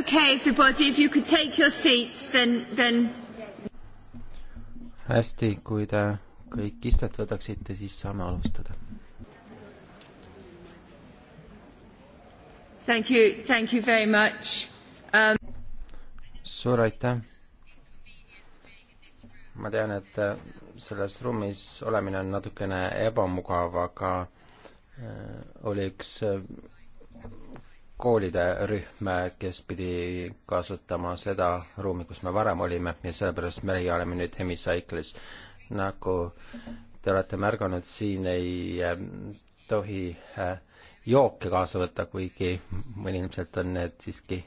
Okay, everybody, if you could take your seats, then, then. hästi, kui te kõik istet võtaksite, siis saame alustada. Thank you, thank you very much um.... suur aitäh. ma tean, et äh, selles ruumis olemine on natukene ebamugav, aga äh, oli üks äh, koolide rühm, kes pidi kasutama seda ruumi, kus me varem olime ja sellepärast meie oleme nüüd Hemicycle'is. nagu te olete märganud, siin ei äh, tohi äh, jooke kaasa võtta, kuigi mõni ilmselt on need siiski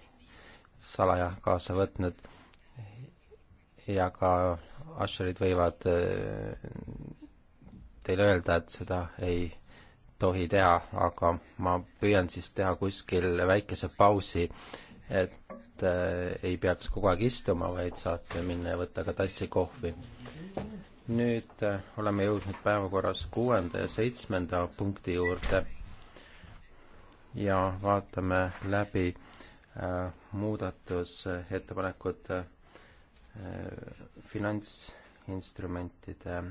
salaja kaasa võtnud. ja ka assurid võivad äh, teile öelda, et seda ei tohi teha, aga ma püüan siis teha kuskil väikese pausi, et äh, ei peaks kogu aeg istuma, vaid saate minna ja võtta ka tassi kohvi. nüüd äh, oleme jõudnud päevakorras kuuenda ja seitsmenda punkti juurde ja vaatame läbi äh, muudatusettepanekud äh, finantsinstrumentide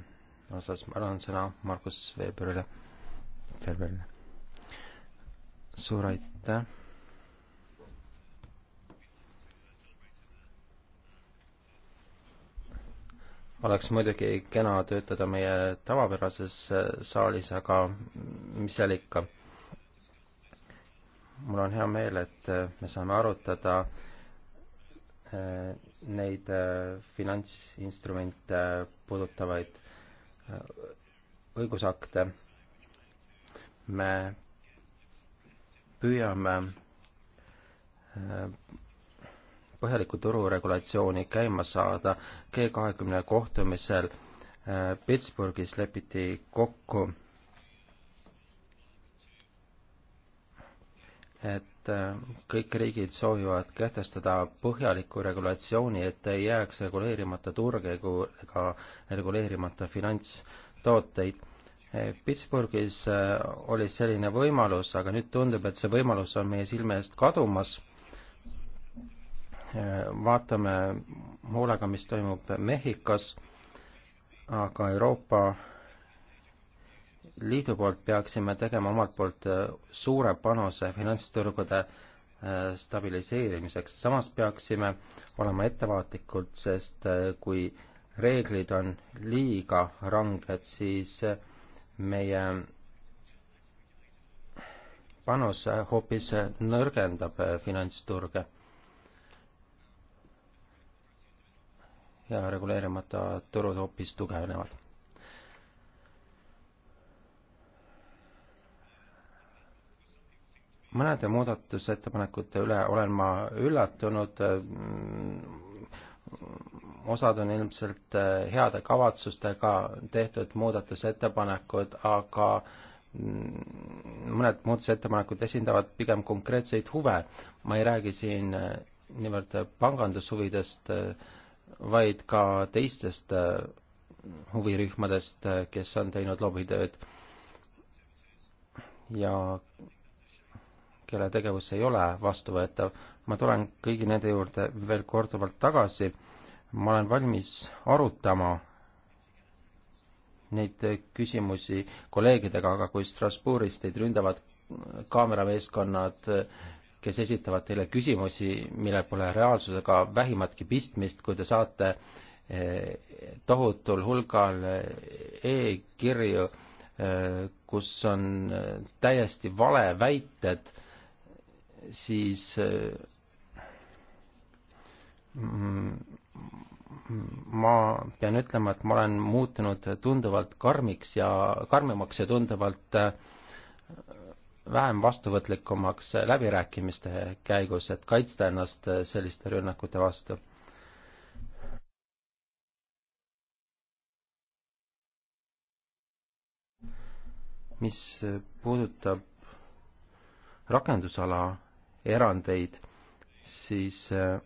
osas, ma annan sõna Margus Veeberile Ferberile. suur aitäh. oleks muidugi kena töötada meie tavapärases äh, saalis, aga mis seal ikka. mul on hea meel, et äh, me saame arutada äh, neid finantsinstrumente puudutavaid õigusakte me püüame äh, põhjalikku tururegulatsiooni käima saada. G kahekümne kohtumisel äh, Pittsburghis lepiti kokku, et äh, kõik riigid soovivad kehtestada põhjaliku regulatsiooni, et ei jääks reguleerimata turge ega reguleerimata finantstooteid Pittsburghis äh, oli selline võimalus, aga nüüd tundub, et see võimalus on meie silme eest kadumas. Äh, vaatame hoolega, mis toimub Mehhikos, aga Euroopa Liidu poolt peaksime tegema omalt poolt äh, suure panuse finantsturgude stabiliseerimiseks, samas peaksime olema ettevaatlikud, sest kui reeglid on liiga ranged, siis meie panus hoopis nõrgendab finantsturge. ja reguleerimata turud hoopis tugevnevad. mõnede muudatusettepanekute üle olen ma üllatunud, osad on ilmselt eh, heade kavatsustega tehtud muudatusettepanekud, aga mm, mõned muudatusettepanekud esindavad pigem konkreetseid huve. ma ei räägi siin eh, niivõrd pangandushuvidest, eh, vaid ka teistest huvirühmadest, kes on teinud lobitööd ja kelle tegevus ei ole vastuvõetav. ma tulen kõigi nende juurde veel korduvalt tagasi ma olen valmis arutama neid küsimusi kolleegidega, aga kui Strasbourgis teid ründavad kaamerameeskonnad, kes esitavad teile küsimusi, millel pole reaalsusega vähimatki pistmist, kui te saate eh, tohutul hulgal eh, e-kirju, eh, kus on täiesti valeväited, siis mm, ma pean ütlema, et ma olen muutunud tunduvalt karmiks ja, karmimaks ja tunduvalt äh, vähem vastuvõtlikumaks läbirääkimiste käigus, et kaitsta ennast äh, selliste rünnakute vastu. mis äh, puudutab rakendusala erandeid, siis äh,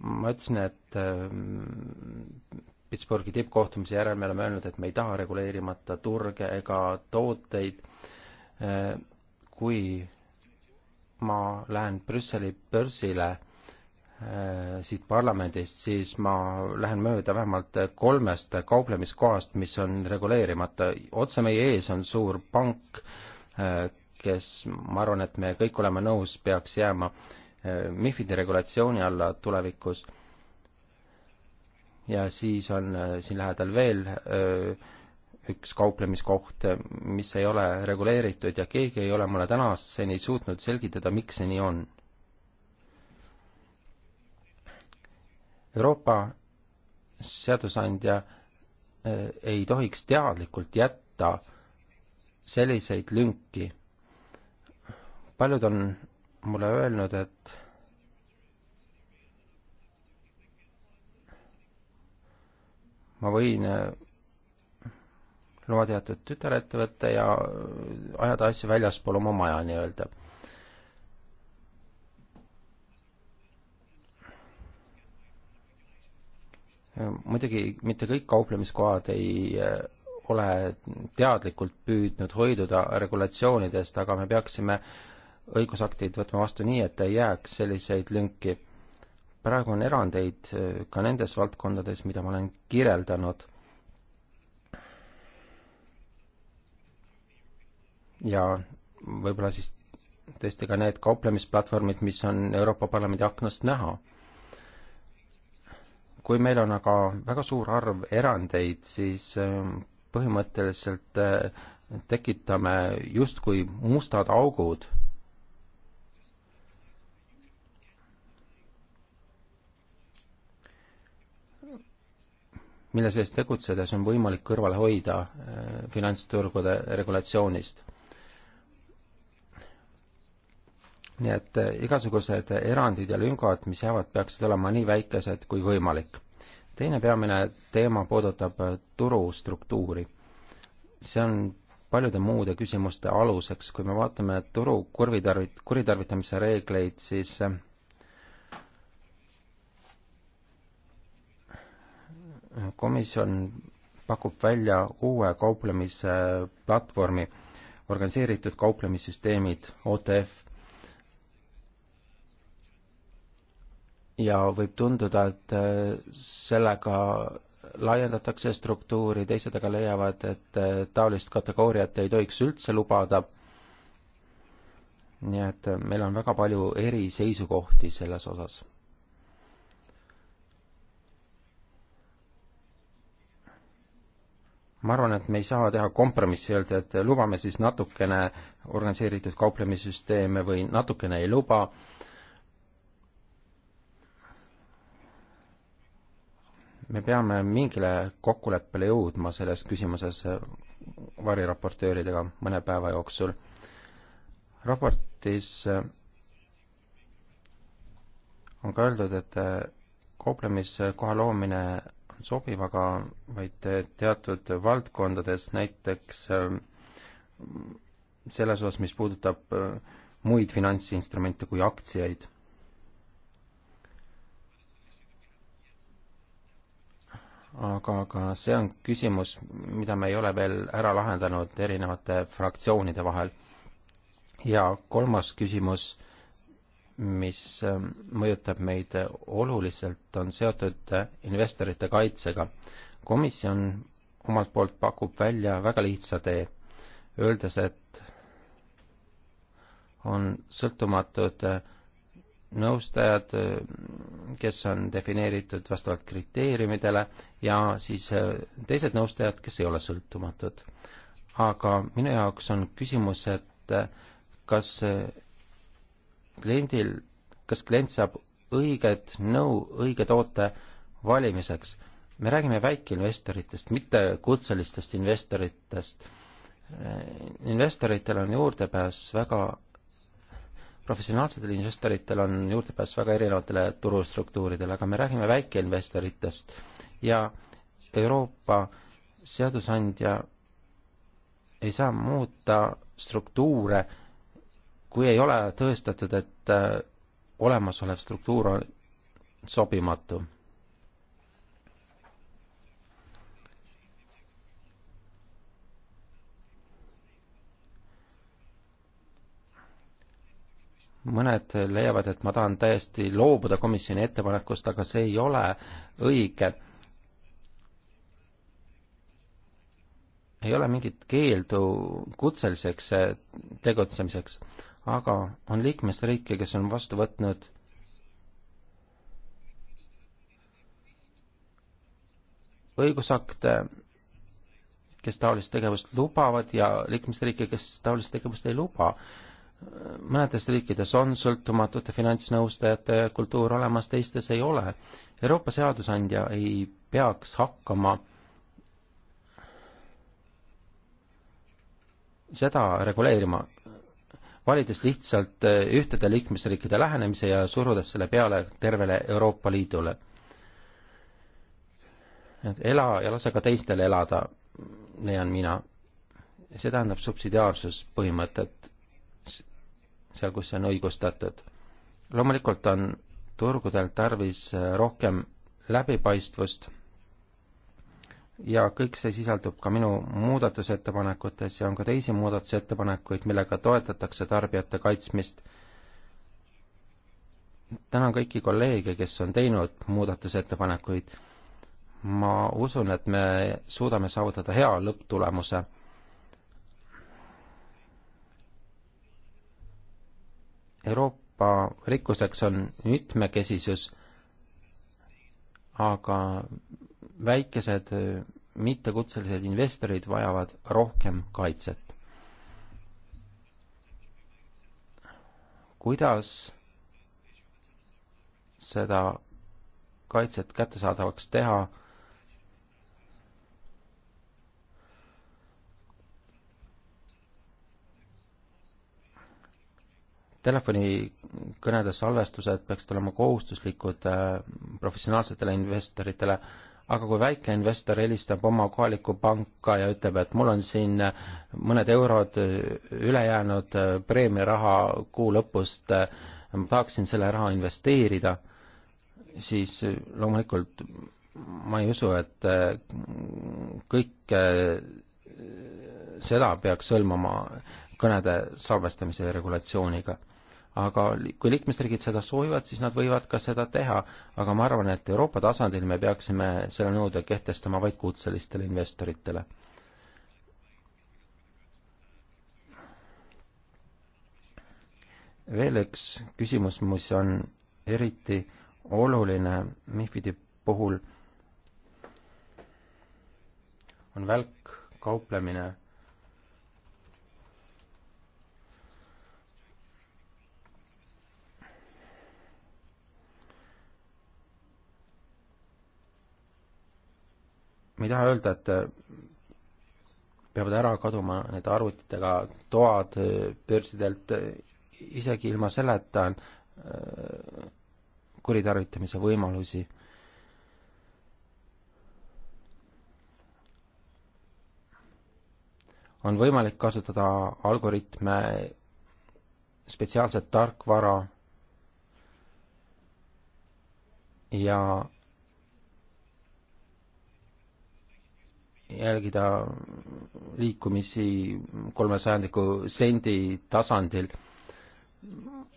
ma ütlesin, et ähm, Pittsburghi tippkohtumise järel me oleme öelnud, et me ei taha reguleerimata turge ega tooteid. Äh, kui ma lähen Brüsseli börsile äh, siit parlamendist, siis ma lähen mööda vähemalt kolmest kauplemiskohast, mis on reguleerimata. otse meie ees on suur pank, äh, kes, ma arvan, et me kõik oleme nõus, peaks jääma äh, MIFID-i regulatsiooni alla tulevikus. ja siis on äh, siin lähedal veel äh, üks kauplemiskoht, äh, mis ei ole reguleeritud ja keegi ei ole mulle tänaseni suutnud selgitada, miks see nii on. Euroopa seadusandja ei tohiks teadlikult jätta selliseid lünki. paljud on mulle öelnud, et ma võin äh, luua teatud tütarettevõtte ja äh, ajada asju väljaspool oma maja nii-öelda. muidugi mitte kõik kauplemiskohad ei äh, ole teadlikult püüdnud hoiduda regulatsioonidest, aga me peaksime äh, õigusaktid võtma vastu nii, et ei jääks selliseid lünki. praegu on erandeid äh, ka nendes valdkondades, mida ma olen kirjeldanud. ja võib-olla siis tõesti ka need kauplemisplatvormid, mis on Euroopa Parlamendi aknast näha. kui meil on aga väga suur arv erandeid, siis ähm, põhimõtteliselt äh, tekitame justkui mustad augud mille sees tegutsedes on võimalik kõrvale hoida äh, finantsturgude regulatsioonist. nii et äh, igasugused erandid ja lüngad, mis jäävad, peaksid olema nii väikesed kui võimalik. teine peamine teema puudutab äh, turu struktuuri. see on paljude muude küsimuste aluseks, kui me vaatame turu kurvitarvit-, kuritarvitamise reegleid, siis komisjon pakub välja uue kauplemise platvormi, organiseeritud kauplemissüsteemid, OTF. ja võib tunduda, et äh, sellega laiendatakse struktuuri, teised aga leiavad, et äh, taolist kategooriat ei tohiks üldse lubada. nii et äh, meil on väga palju eriseisukohti selles osas ma arvan, et me ei saa teha kompromissi, öelda, et lubame siis natukene organiseeritud kauplemissüsteeme või natukene ei luba. me peame mingile kokkuleppele jõudma selles küsimuses variraportööridega mõne päeva jooksul. raportis on ka öeldud, et kauplemiskoha loomine sobiv, aga vaid teatud valdkondades, näiteks ähm, selles osas, mis puudutab äh, muid finantsinstrumente kui aktsiaid. aga, aga see on küsimus, mida me ei ole veel ära lahendanud erinevate fraktsioonide vahel. ja kolmas küsimus mis ähm, mõjutab meid oluliselt, on seotud äh, investorite kaitsega. komisjon omalt poolt pakub välja väga lihtsa tee, öeldes, et on sõltumatud äh, nõustajad, äh, kes on defineeritud vastavalt kriteeriumidele ja siis teised nõustajad, kes ei ole sõltumatud. aga minu jaoks on küsimus, et kas kliendil, kas klient saab õiget nõu õige toote valimiseks. me räägime väikeinvestoritest, mitte kutselistest investoritest. Eh, investoritel on juurdepääs väga, professionaalsetel investoritel on juurdepääs väga erinevatele turustruktuuridele, aga me räägime väikeinvestoritest ja Euroopa seadusandja ei saa muuta struktuure kui ei ole tõestatud, et äh, olemasolev struktuur on sobimatu. mõned leiavad, et ma tahan täiesti loobuda komisjoni ettepanekust, aga see ei ole õige. ei ole mingit keeldu kutseliseks äh, tegutsemiseks aga on liikmesriike, kes on vastu võtnud õigusakte, kes taolist tegevust lubavad ja liikmesriike, kes taolist tegevust ei luba. mõnedes riikides on sõltumatute finantsnõustajate kultuur olemas, teistes ei ole. Euroopa seadusandja ei peaks hakkama seda reguleerima valides lihtsalt eh, ühtede liikmesriikide lähenemise ja surudes selle peale tervele Euroopa Liidule. et ela ja lase ka teistel elada, leian mina. see tähendab subsidiaarsuspõhimõtet seal, kus see on õigustatud. loomulikult on turgudel tarvis eh, rohkem läbipaistvust ja kõik see sisaldub ka minu muudatusettepanekutes ja on ka teisi muudatusettepanekuid, millega toetatakse tarbijate kaitsmist. tänan kõiki kolleege, kes on teinud muudatusettepanekuid. ma usun, et me suudame saavutada hea lõpptulemuse. Euroopa rikkuseks on mitmekesisus, aga väikesed mittekutselised investorid vajavad rohkem kaitset. kuidas seda kaitset kättesaadavaks teha, telefonikõnede salvestused peaksid olema kohustuslikud äh, professionaalsetele investoritele äh, aga kui väikeinvestor helistab oma kohalikku panka ja ütleb, et mul on siin mõned eurod ülejäänud äh, preemiaraha kuu lõpust, äh, ma tahaksin selle raha investeerida, siis äh, loomulikult ma ei usu, et kõik seda peaks hõlmama kõnede salvestamise regulatsiooniga aga kui liikmesriigid seda soovivad, siis nad võivad ka seda teha, aga ma arvan, et Euroopa tasandil me peaksime selle nõude kehtestama vaid kutselistele investoritele. veel üks küsimus, mis on eriti oluline MIFID-i puhul, on välkkauplemine ma ei taha öelda, et äh, peavad ära kaduma need arvutitega toad äh, börsidelt, äh, isegi ilma selleta on kuritarvitamise võimalusi. on võimalik kasutada algoritme, spetsiaalset tarkvara ja jälgida liikumisi kolme sajandiku sendi tasandil.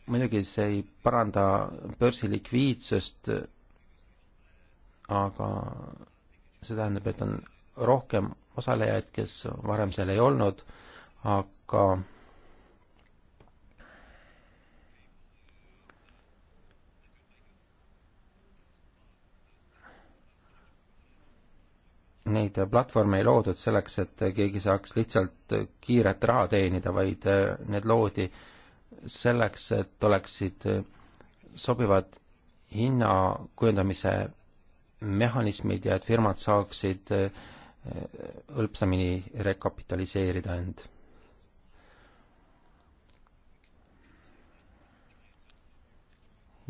muidugi see ei paranda börsi likviidsust, aga see tähendab, et on rohkem osalejaid, kes varem seal ei olnud, aga neid platvorme ei loodud selleks, et keegi saaks lihtsalt kiiret raha teenida, vaid äh, need loodi selleks, et oleksid äh, sobivad hinnakujundamise mehhanismid ja et firmad saaksid hõlpsamini äh, rekapitaliseerida end.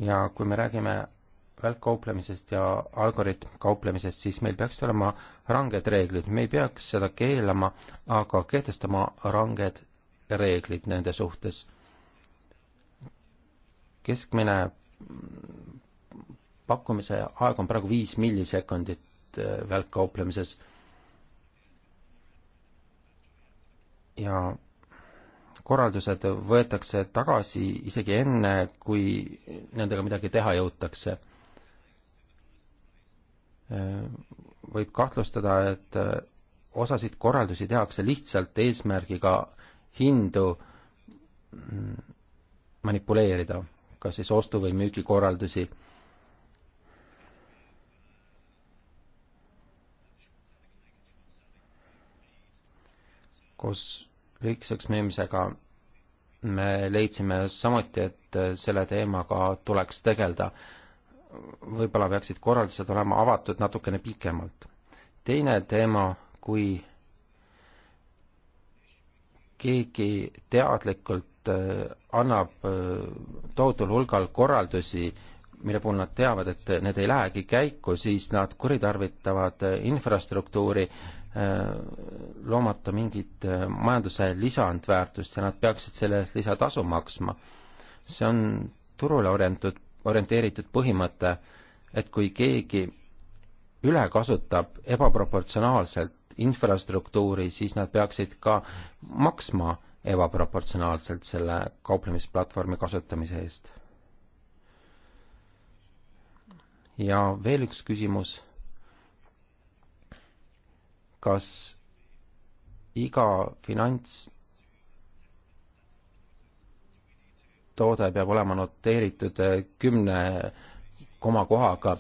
ja kui me räägime välkkauplemisest ja algoritmkauplemisest, siis meil peaksid olema ranged reeglid, me ei peaks seda keelama, aga kehtestama ranged reeglid nende suhtes. keskmine pakkumise aeg on praegu viis millisekundit äh, välkkauplemises. ja korraldused võetakse tagasi isegi enne, kui nendega midagi teha jõutakse Äh, võib kahtlustada, et äh, osasid korraldusi tehakse lihtsalt eesmärgiga hindu mm, manipuleerida, kas siis ostu- või müügikorraldusi. koos lühikeseks müümisega me leidsime samuti, et äh, selle teemaga tuleks tegeleda võib-olla peaksid korraldused olema avatud natukene pikemalt. teine teema, kui keegi teadlikult äh, annab äh, tohutul hulgal korraldusi, mille puhul nad teavad, et need ei lähegi käiku, siis nad kuritarvitavad äh, infrastruktuuri, loomata mingit majanduse lisandväärtust ja nad peaksid selle eest lisatasu maksma. see on turule orientud orienteeritud põhimõte, et kui keegi üle kasutab ebaproportsionaalselt infrastruktuuri, siis nad peaksid ka maksma ebaproportsionaalselt selle kauplemisplatvormi kasutamise eest. ja veel üks küsimus. kas iga finants toode peab olema noteeritud eh, kümne koma kohaga.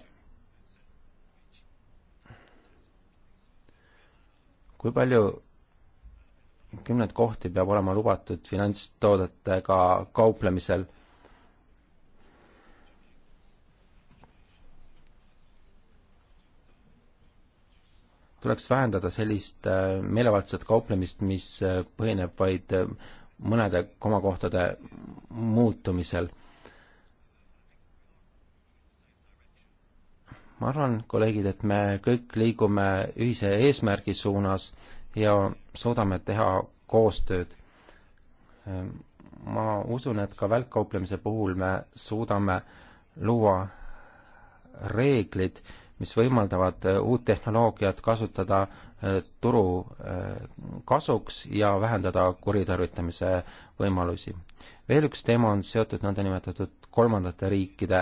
kui palju kümneid kohti peab olema lubatud finantstoodetega kauplemisel? tuleks vähendada sellist eh, meelevaldset kauplemist, mis eh, põhineb vaid mõnede komakohtade muutumisel. ma arvan, kolleegid, et me kõik liigume ühise eesmärgi suunas ja suudame teha koostööd. ma usun, et ka välkkauplemise puhul me suudame luua reeglid, mis võimaldavad äh, uut tehnoloogiat kasutada äh, turu äh, kasuks ja vähendada kuritarvitamise võimalusi. veel üks teema on seotud nõndanimetatud kolmandate riikide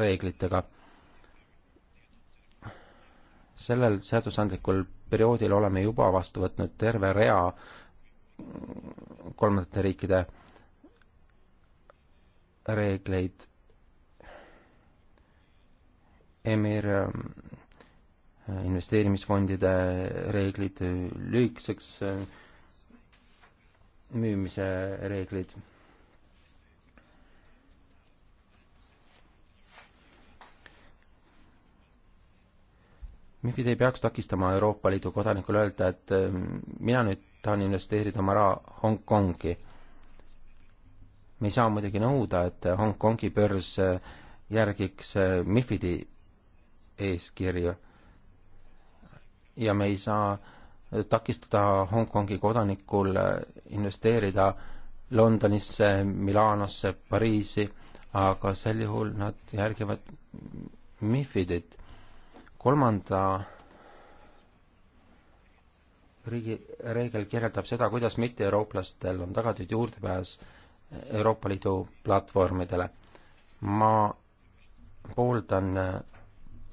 reeglitega. sellel seadusandlikul perioodil oleme juba vastu võtnud terve rea kolmandate riikide reegleid EMIR ähm, äh, investeerimisfondide reeglid, lühikeseks äh, müümise reeglid. MIFID ei peaks takistama Euroopa Liidu kodanikul öelda, et ähm, mina nüüd tahan investeerida oma raha Hongkongi. me ei saa muidugi nõuda, et Hongkongi börs äh, järgiks MIFID-i eeskirju. ja me ei saa takistada Hongkongi kodanikul investeerida Londonisse, Milanosse, Pariisi, aga sel juhul nad järgivad MIFIDit. kolmanda riigi reegel kirjeldab seda, kuidas mitte-eurooplastel on tagatud juurdepääs Euroopa Liidu platvormidele. ma pooldan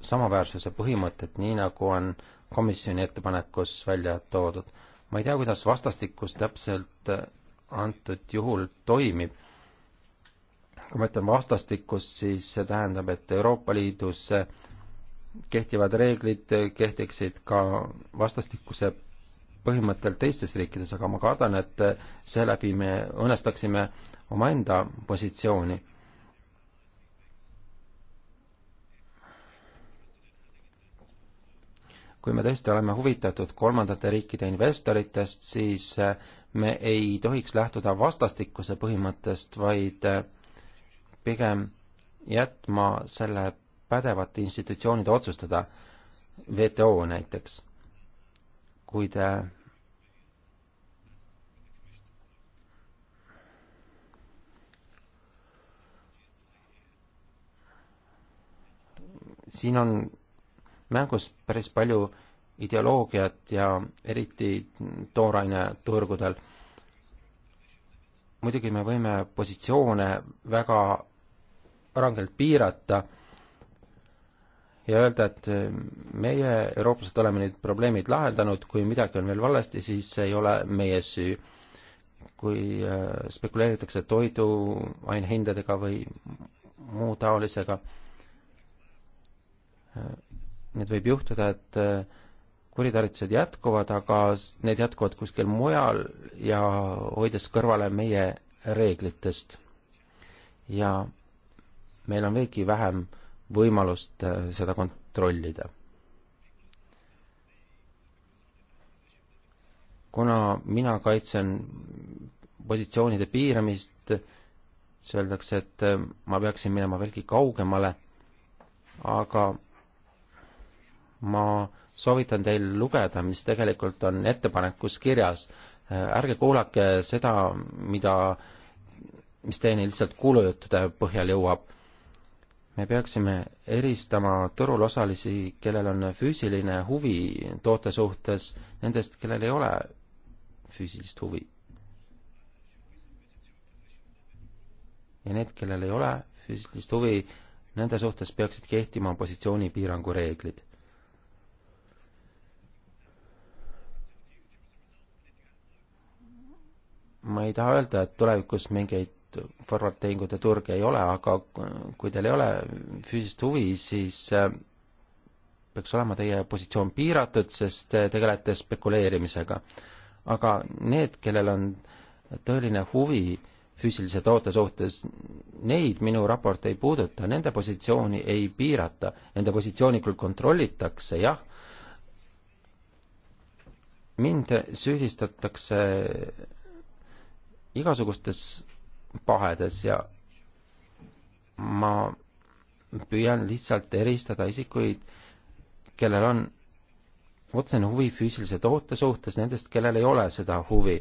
samaväärsuse põhimõtet, nii nagu on komisjoni ettepanekus välja toodud. ma ei tea, kuidas vastastikus täpselt äh, antud juhul toimib. kui ma ütlen vastastikus, siis see tähendab, et Euroopa Liidus äh, kehtivad reeglid äh, kehtiksid ka vastastikuse põhimõttel teistes riikides, aga ma kardan, et seeläbi me õõnestaksime omaenda positsiooni kui me tõesti oleme huvitatud kolmandate riikide investoritest, siis äh, me ei tohiks lähtuda vastastikuse põhimõttest, vaid äh, pigem jätma selle pädevate institutsioonide otsustada, WTO näiteks. kui te siin on mängus päris palju ideoloogiat ja eriti tooraine turgudel. muidugi me võime positsioone väga rangelt piirata ja öelda, et meie, eurooplased, oleme need probleemid lahendanud, kui midagi on veel valesti, siis see ei ole meie süü. kui äh, spekuleeritakse toiduainehindadega või muu taolisega, et võib juhtuda, et äh, kuritarvitused jätkuvad, aga need jätkuvad kuskil mujal ja hoides kõrvale meie reeglitest. ja meil on veelgi vähem võimalust äh, seda kontrollida. kuna mina kaitsen positsioonide piiramist, siis öeldakse, et äh, ma peaksin minema veelgi kaugemale, aga ma soovitan teil lugeda, mis tegelikult on ettepanekus kirjas. Äh, ärge kuulake seda, mida, mis teeni lihtsalt kuulujuttude põhjal jõuab. me peaksime eristama turul osalisi, kellel on füüsiline huvi toote suhtes, nendest, kellel ei ole füüsilist huvi. ja need, kellel ei ole füüsilist huvi, nende suhtes peaksid kehtima positsioonipiirangu reeglid ma ei taha öelda, et tulevikus mingeid forward-tehingute turge ei ole, aga kui teil ei ole füüsilist huvi, siis äh, peaks olema teie positsioon piiratud, sest te tegelete spekuleerimisega. aga need, kellel on tõeline huvi füüsilise toote suhtes, neid minu raport ei puuduta, nende positsiooni ei piirata, nende positsiooni küll kontrollitakse, jah, mind süüdistatakse igasugustes pahedes ja ma püüan lihtsalt eristada isikuid, kellel on otsene huvi füüsilise toote suhtes nendest, kellel ei ole seda huvi.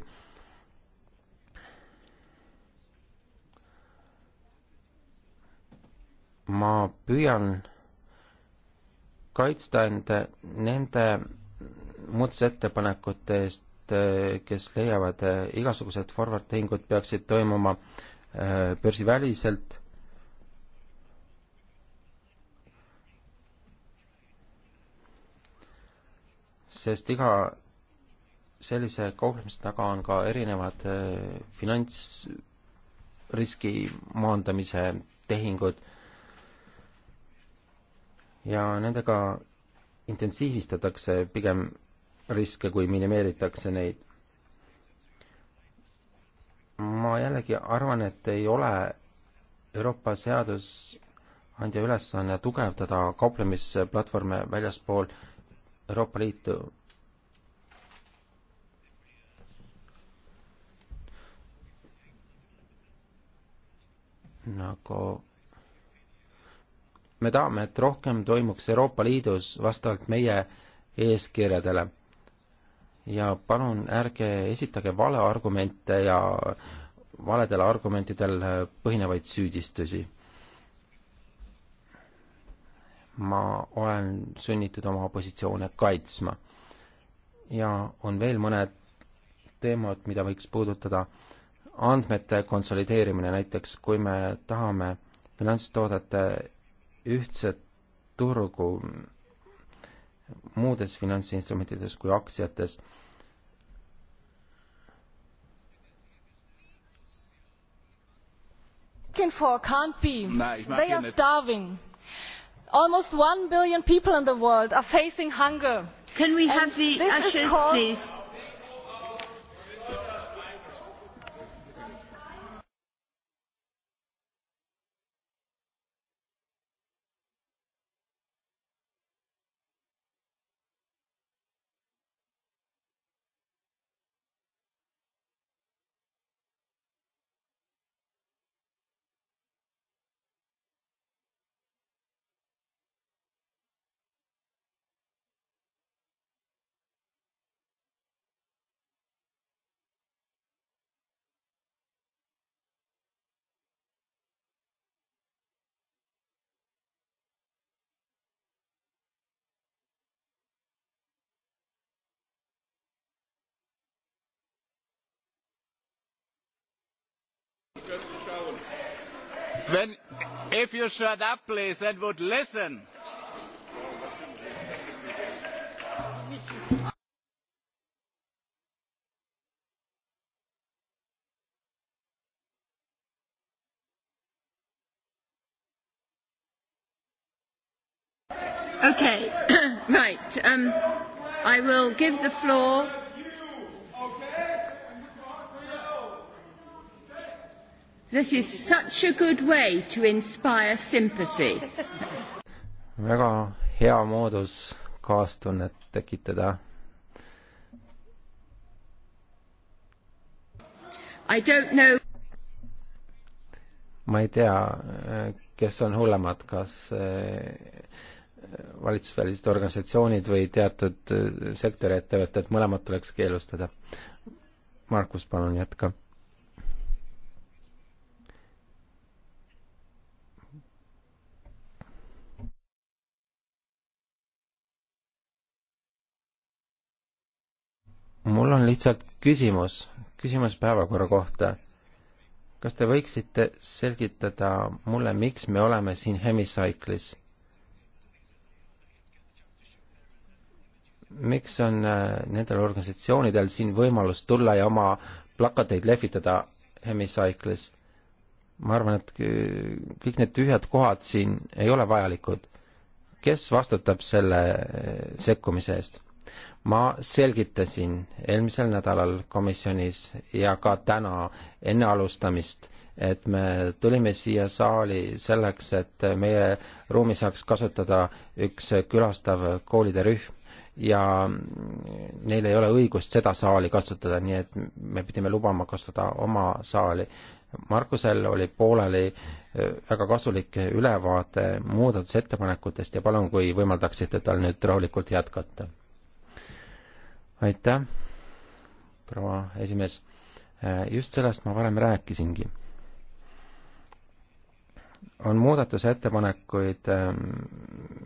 ma püüan kaitsta end nende muudatusettepanekute eest, et eh, kes leiavad, eh, igasugused forward tehingud peaksid toimuma eh, börsiväliselt. sest iga sellise kauplemise taga on ka erinevad finantsriski maandamise tehingud ja nendega intensiivistatakse pigem riske, kui minimeeritakse neid. ma jällegi arvan, et ei ole Euroopa seadusandja ülesanne tugevdada kauplemisplatvorme väljaspool Euroopa Liitu. nagu me tahame, et rohkem toimuks Euroopa Liidus vastavalt meie eeskirjadele ja palun ärge esitage valeargumente ja valedel argumentidel põhinevaid süüdistusi. ma olen sunnitud oma positsioone kaitsma. ja on veel mõned teemad, mida võiks puudutada, andmete konsolideerimine näiteks, kui me tahame finantstoodete ühtset turgu muudes finantsinstrumentides kui aktsiates looking for can't be. Na, they are starving. Almost one billion people in the world are facing hunger. Can we and have the ashes, called, please? When, if you shut up, please, and would listen. Okay, right. Um, I will give the floor This is such a good way to inspire sympathy. väga hea moodus kaastunnet tekitada. I don't know. ma ei tea, kes on hullemad, kas eh, valitsusvälised organisatsioonid või teatud eh, sektori ettevõtted, mõlemad tuleks keelustada. Markus, palun jätka mul on lihtsalt küsimus, küsimus päevakorra kohta. kas te võiksite selgitada mulle, miks me oleme siin Hemicycle'is? miks on äh, nendel organisatsioonidel siin võimalus tulla ja oma plakateid lehvitada Hemicycle'is? ma arvan, et äh, kõik need tühjad kohad siin ei ole vajalikud. kes vastutab selle äh, sekkumise eest? ma selgitasin eelmisel nädalal komisjonis ja ka täna enne alustamist, et me tulime siia saali selleks, et meie ruumi saaks kasutada üks külastav koolide rühm ja neil ei ole õigust seda saali kasutada, nii et me pidime lubama kasutada oma saali. Markusel oli pooleli äh, väga kasulik ülevaade muudatusettepanekutest ja palun, kui võimaldaksite tal nüüd rahulikult jätkata aitäh, proua esimees. Äh, just sellest ma varem rääkisingi. on muudatusettepanekuid, ähm,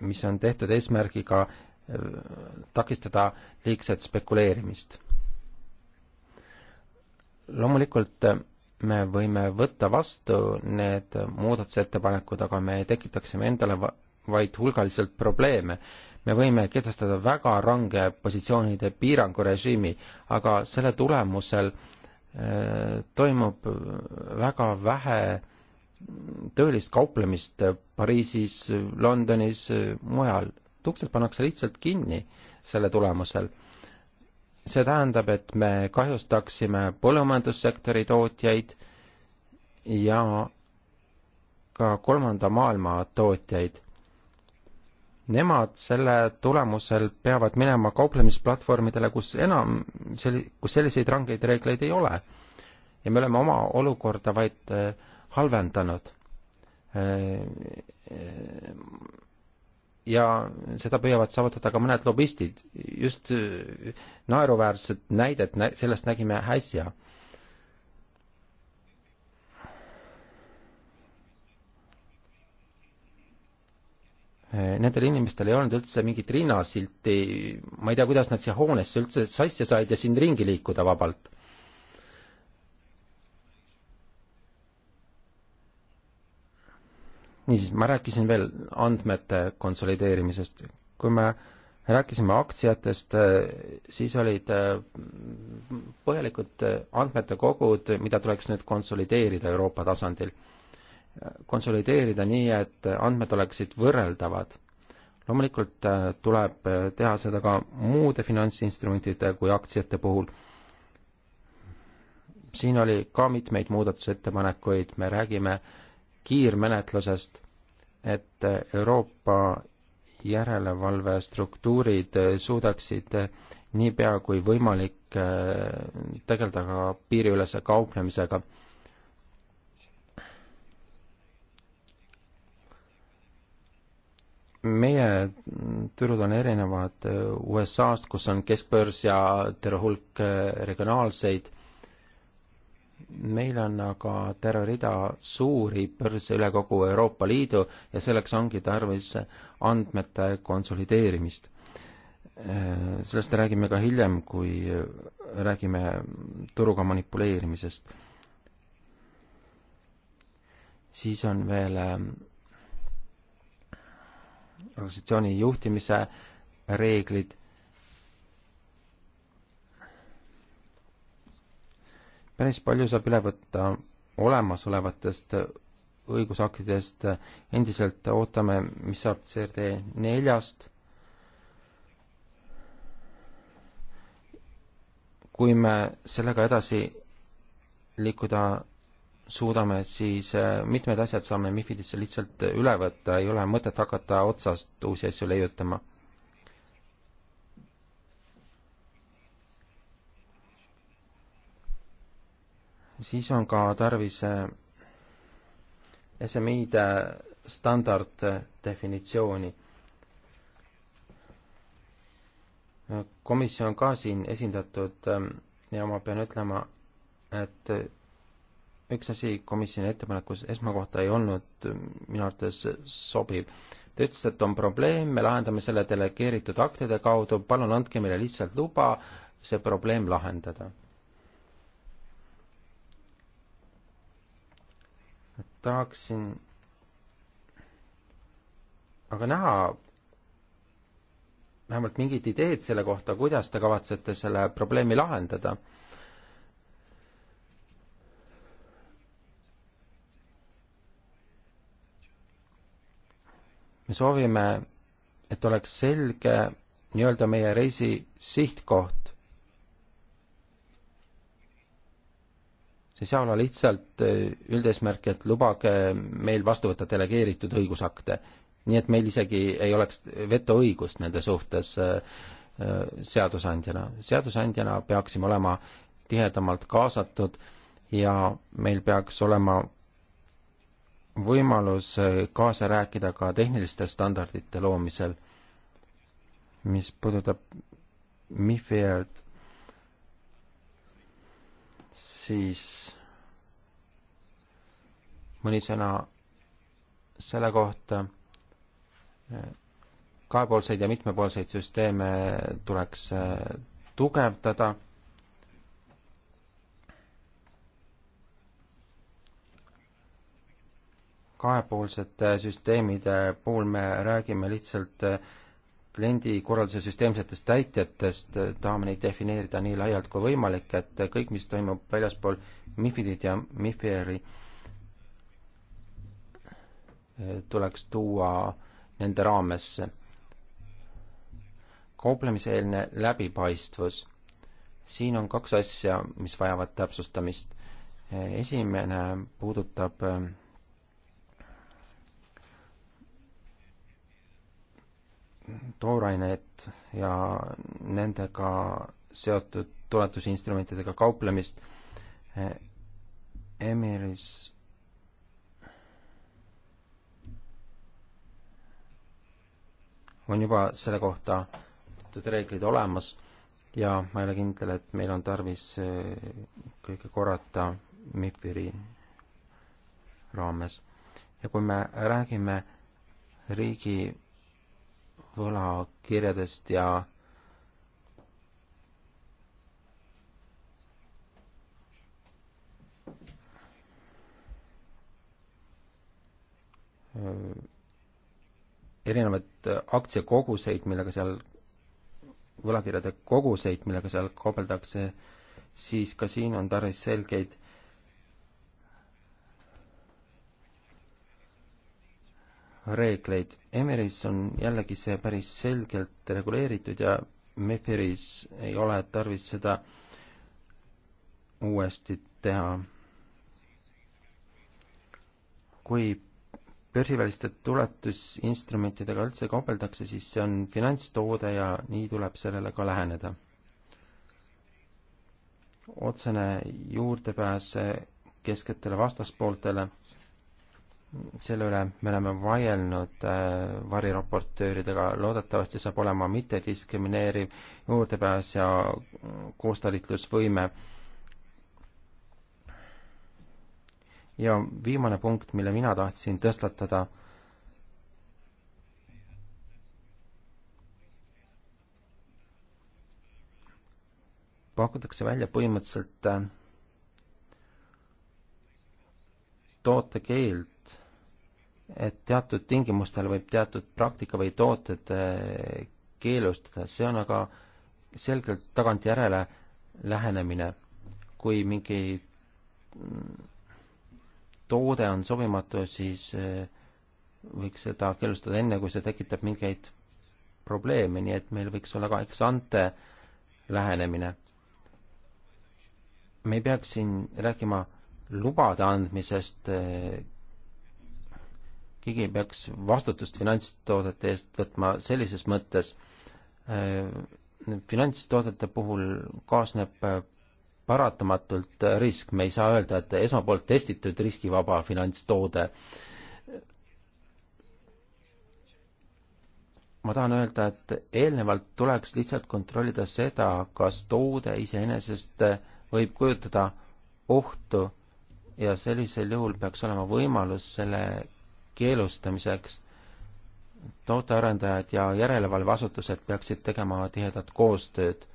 mis on tehtud eesmärgiga äh, takistada liigset spekuleerimist. loomulikult äh, me võime võtta vastu need muudatusettepanekud, aga me tekitaksime endale vaid hulgaliselt probleeme me võime kehtestada väga range positsioonide piirangurežiimi, aga selle tulemusel äh, toimub väga vähe tõelist kauplemist Pariisis, Londonis, mujal. uksed pannakse lihtsalt kinni selle tulemusel. see tähendab, et me kahjustaksime põllumajandussektori tootjaid ja ka kolmanda maailma tootjaid nemad selle tulemusel peavad minema kauplemisplatvormidele, kus enam selli-, kus selliseid rangeid reegleid ei ole. ja me oleme oma olukorda vaid eh, halvendanud. Eh, eh, ja seda püüavad saavutada ka mõned lobistid, just naeruväärset näidet nä-, sellest nägime äsja Eh, nendel inimestel ei olnud üldse mingit rinnasilti, ma ei tea, kuidas nad siia hoonesse üldse sassi said ja siin ringi liikuda vabalt. niisiis, ma rääkisin veel andmete konsolideerimisest. kui me rääkisime aktsiatest, eh, siis olid eh, põhjalikud andmete kogud, mida tuleks nüüd konsolideerida Euroopa tasandil konsolideerida nii, et andmed oleksid võrreldavad. loomulikult äh, tuleb äh, teha seda ka muude finantsinstrumentide kui aktsiate puhul. siin oli ka mitmeid muudatusettepanekuid, me räägime kiirmenetlusest, et äh, Euroopa järelevalvestruktuurid suudaksid niipea kui võimalik tegeleda ka piiriülese kauplemisega meie turud on erinevad äh, USA-st, kus on keskbörs ja terve hulk äh, regionaalseid. meil on aga terve rida suuri börse üle kogu Euroopa Liidu ja selleks ongi tarvis andmete konsolideerimist. Äh, sellest räägime ka hiljem, kui räägime turuga manipuleerimisest. siis on veel organisatsiooni juhtimise reeglid. päris palju saab üle võtta olemasolevatest õigusaktidest, endiselt ootame, mis saab CRD neljast. kui me sellega edasi liikuda suudame, siis äh, mitmed asjad saame MIFIDisse lihtsalt üle võtta, ei ole mõtet hakata otsast uusi asju leiutama. siis on ka tarvis äh, SMI-de standarddefinitsiooni. komisjon ka siin esindatud ähm, ja ma pean ütlema, et üks asi komisjoni ettepanekus esmakohta ei olnud minu arvates sobiv. Te ütlesite, et on probleem, me lahendame selle delegeeritud aktide kaudu, palun andke meile lihtsalt luba see probleem lahendada. tahaksin aga näha vähemalt mingit ideed selle kohta, kuidas te kavatsete selle probleemi lahendada me soovime, et oleks selge nii-öelda meie reisi sihtkoht. see ei saa olla lihtsalt äh, üldeesmärk, et lubage meil vastu võtta delegeeritud õigusakte. nii et meil isegi ei oleks vetoõigust nende suhtes äh, äh, seadusandjana. seadusandjana peaksime olema tihedamalt kaasatud ja meil peaks olema võimalus äh, kaasa rääkida ka tehniliste standardite loomisel, mis puudutab MIFIR-d, siis mõni sõna selle kohta, äh, kahepoolseid ja mitmepoolseid süsteeme tuleks äh, tugevdada kahepoolsete süsteemide puhul me räägime lihtsalt eh, kliendikorralduse süsteemsetest täitjatest, eh, tahame neid defineerida nii laialt kui võimalik, et kõik, mis toimub väljaspool MIFIDit ja MIFIR-i, eh, tuleks tuua nende raamesse. kauplemiseelne läbipaistvus. siin on kaks asja, mis vajavad täpsustamist. esimene puudutab toorainet ja nendega seotud tuletusinstrumentidega kauplemist. Emiris on juba selle kohta teatud reeglid olemas ja ma ei ole kindel, et meil on tarvis eh, kõike korrata MIFIRi raames. ja kui me räägime riigi võlakirjadest ja erinevaid aktsiakoguseid, millega seal, võlakirjade koguseid, millega seal kaubeldakse, siis ka siin on tarvis selgeid reegleid. Emeris on jällegi see päris selgelt reguleeritud ja Mefiris ei ole tarvis seda uuesti teha. kui börsiväliste tuletusinstrumentidega üldse kaubeldakse, siis see on finantstoode ja nii tuleb sellele ka läheneda. otsene juurdepääs kesketele vastaspooltele selle üle me oleme vaielnud äh, variraportööridega, loodetavasti saab olema mittediskrimineeriv juurdepääs ja koostalitlusvõime. ja viimane punkt, mille mina tahtsin tõstatada, pakutakse välja põhimõtteliselt äh, tootekeeld et teatud tingimustel võib teatud praktika või tooted äh, keelustada, see on aga selgelt tagantjärele lähenemine. kui mingi mm, toode on sobimatu, siis äh, võiks seda keelustada enne, kui see tekitab mingeid probleeme, nii et meil võiks olla ka ex-ante lähenemine. me ei peaks siin rääkima lubade andmisest äh, keegi ei peaks vastutust finantstoodete eest võtma sellises mõttes, äh, finantstoodete puhul kaasneb äh, paratamatult risk, me ei saa öelda, et esmapoolt testitud riskivaba finantstoode. ma tahan öelda, et eelnevalt tuleks lihtsalt kontrollida seda, kas toode iseenesest võib kujutada ohtu ja sellisel juhul peaks olema võimalus selle keelustamiseks. tootearendajad ja järelevalveasutused peaksid tegema tihedat koostööd.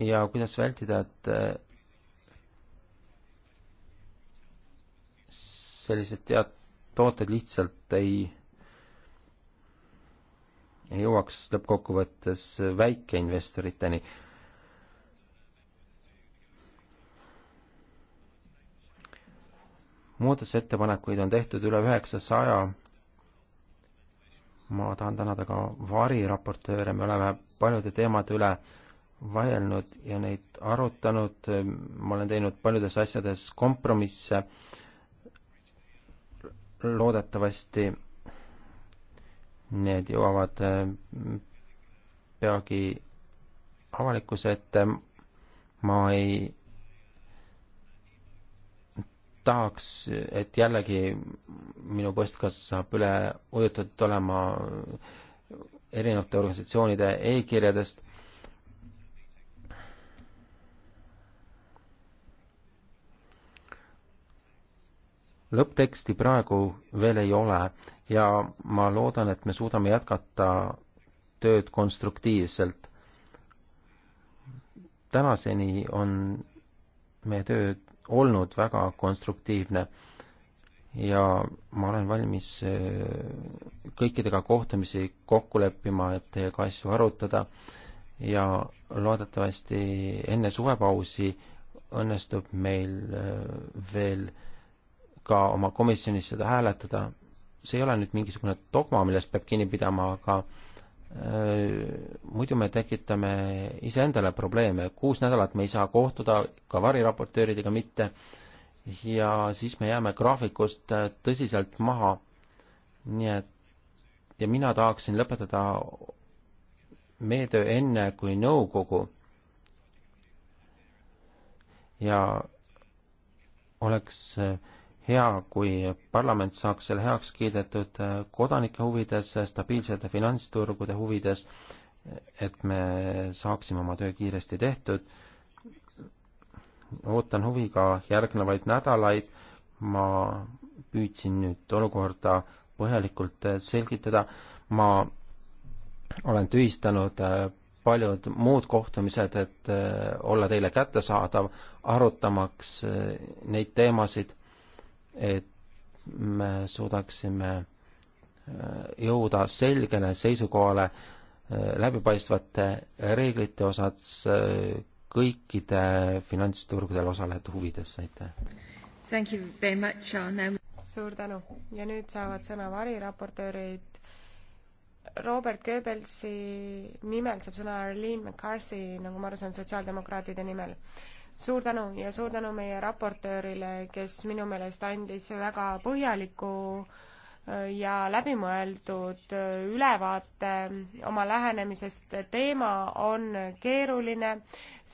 ja kuidas vältida, et sellised tead-, tooted lihtsalt ei jõuaks lõppkokkuvõttes väikeinvestoriteni. muudatusettepanekuid on tehtud üle üheksasaja. ma tahan tänada ka variraportööre, me oleme paljude teemade üle vaielnud ja neid arutanud, ma olen teinud paljudes asjades kompromisse, loodetavasti need jõuavad eh, peagi avalikkuse ette. ma ei tahaks, et jällegi minu postkass saab üle ujutatud olema erinevate organisatsioonide e-kirjadest lõppteksti praegu veel ei ole ja ma loodan, et me suudame jätkata tööd konstruktiivselt. tänaseni on meie töö olnud väga konstruktiivne ja ma olen valmis äh, kõikidega kohtumisi kokku leppima, et teiega asju arutada ja loodetavasti enne suvepausi õnnestub meil äh, veel äh, ka oma komisjonis seda hääletada. see ei ole nüüd mingisugune dogma, millest peab kinni pidama, aga äh, muidu me tekitame iseendale probleeme, kuus nädalat me ei saa kohtuda ka variraportööridega mitte ja siis me jääme graafikust äh, tõsiselt maha. nii et ja mina tahaksin lõpetada meie töö enne kui nõukogu. ja oleks äh, hea, kui parlament saaks selle heaks kiidetud äh, kodanike huvides, stabiilsete finantsturgude huvides, et me saaksime oma töö kiiresti tehtud. ootan huviga järgnevaid nädalaid, ma püüdsin nüüd olukorda põhjalikult äh, selgitada, ma olen tühistanud äh, paljud muud kohtumised, et olla teile kättesaadav, arutamaks neid teemasid et me suudaksime äh, jõuda selgele seisukohale äh, läbipaistvate reeglite osas äh, kõikide finantsturgudel osalejate huvides, aitäh! suur tänu ja nüüd saavad sõna variraportöörid. Robert Goebbelsi nimel saab sõna Arlene McCarthy, nagu ma aru saan, sotsiaaldemokraatide nimel suur tänu ja suur tänu meie raportöörile, kes minu meelest andis väga põhjaliku äh, ja läbimõeldud äh, ülevaate oma lähenemisest. teema on keeruline,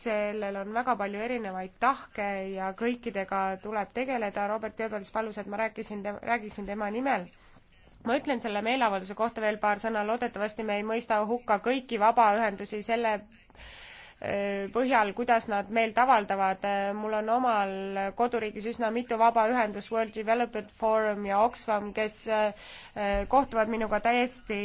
sellel on väga palju erinevaid tahke ja kõikidega tuleb tegeleda. Robert Jõgelis palus, et ma rääkisin, räägiksin tema nimel ma ütlen selle meeleavalduse kohta veel paar sõna, loodetavasti me ei mõista hukka kõiki vabaühendusi selle Eh, põhjal, kuidas nad meelt avaldavad. Eh, mul on omal koduriigis üsna mitu vabaühendust, World Development Forum ja Oxfam, kes eh, kohtuvad minuga täiesti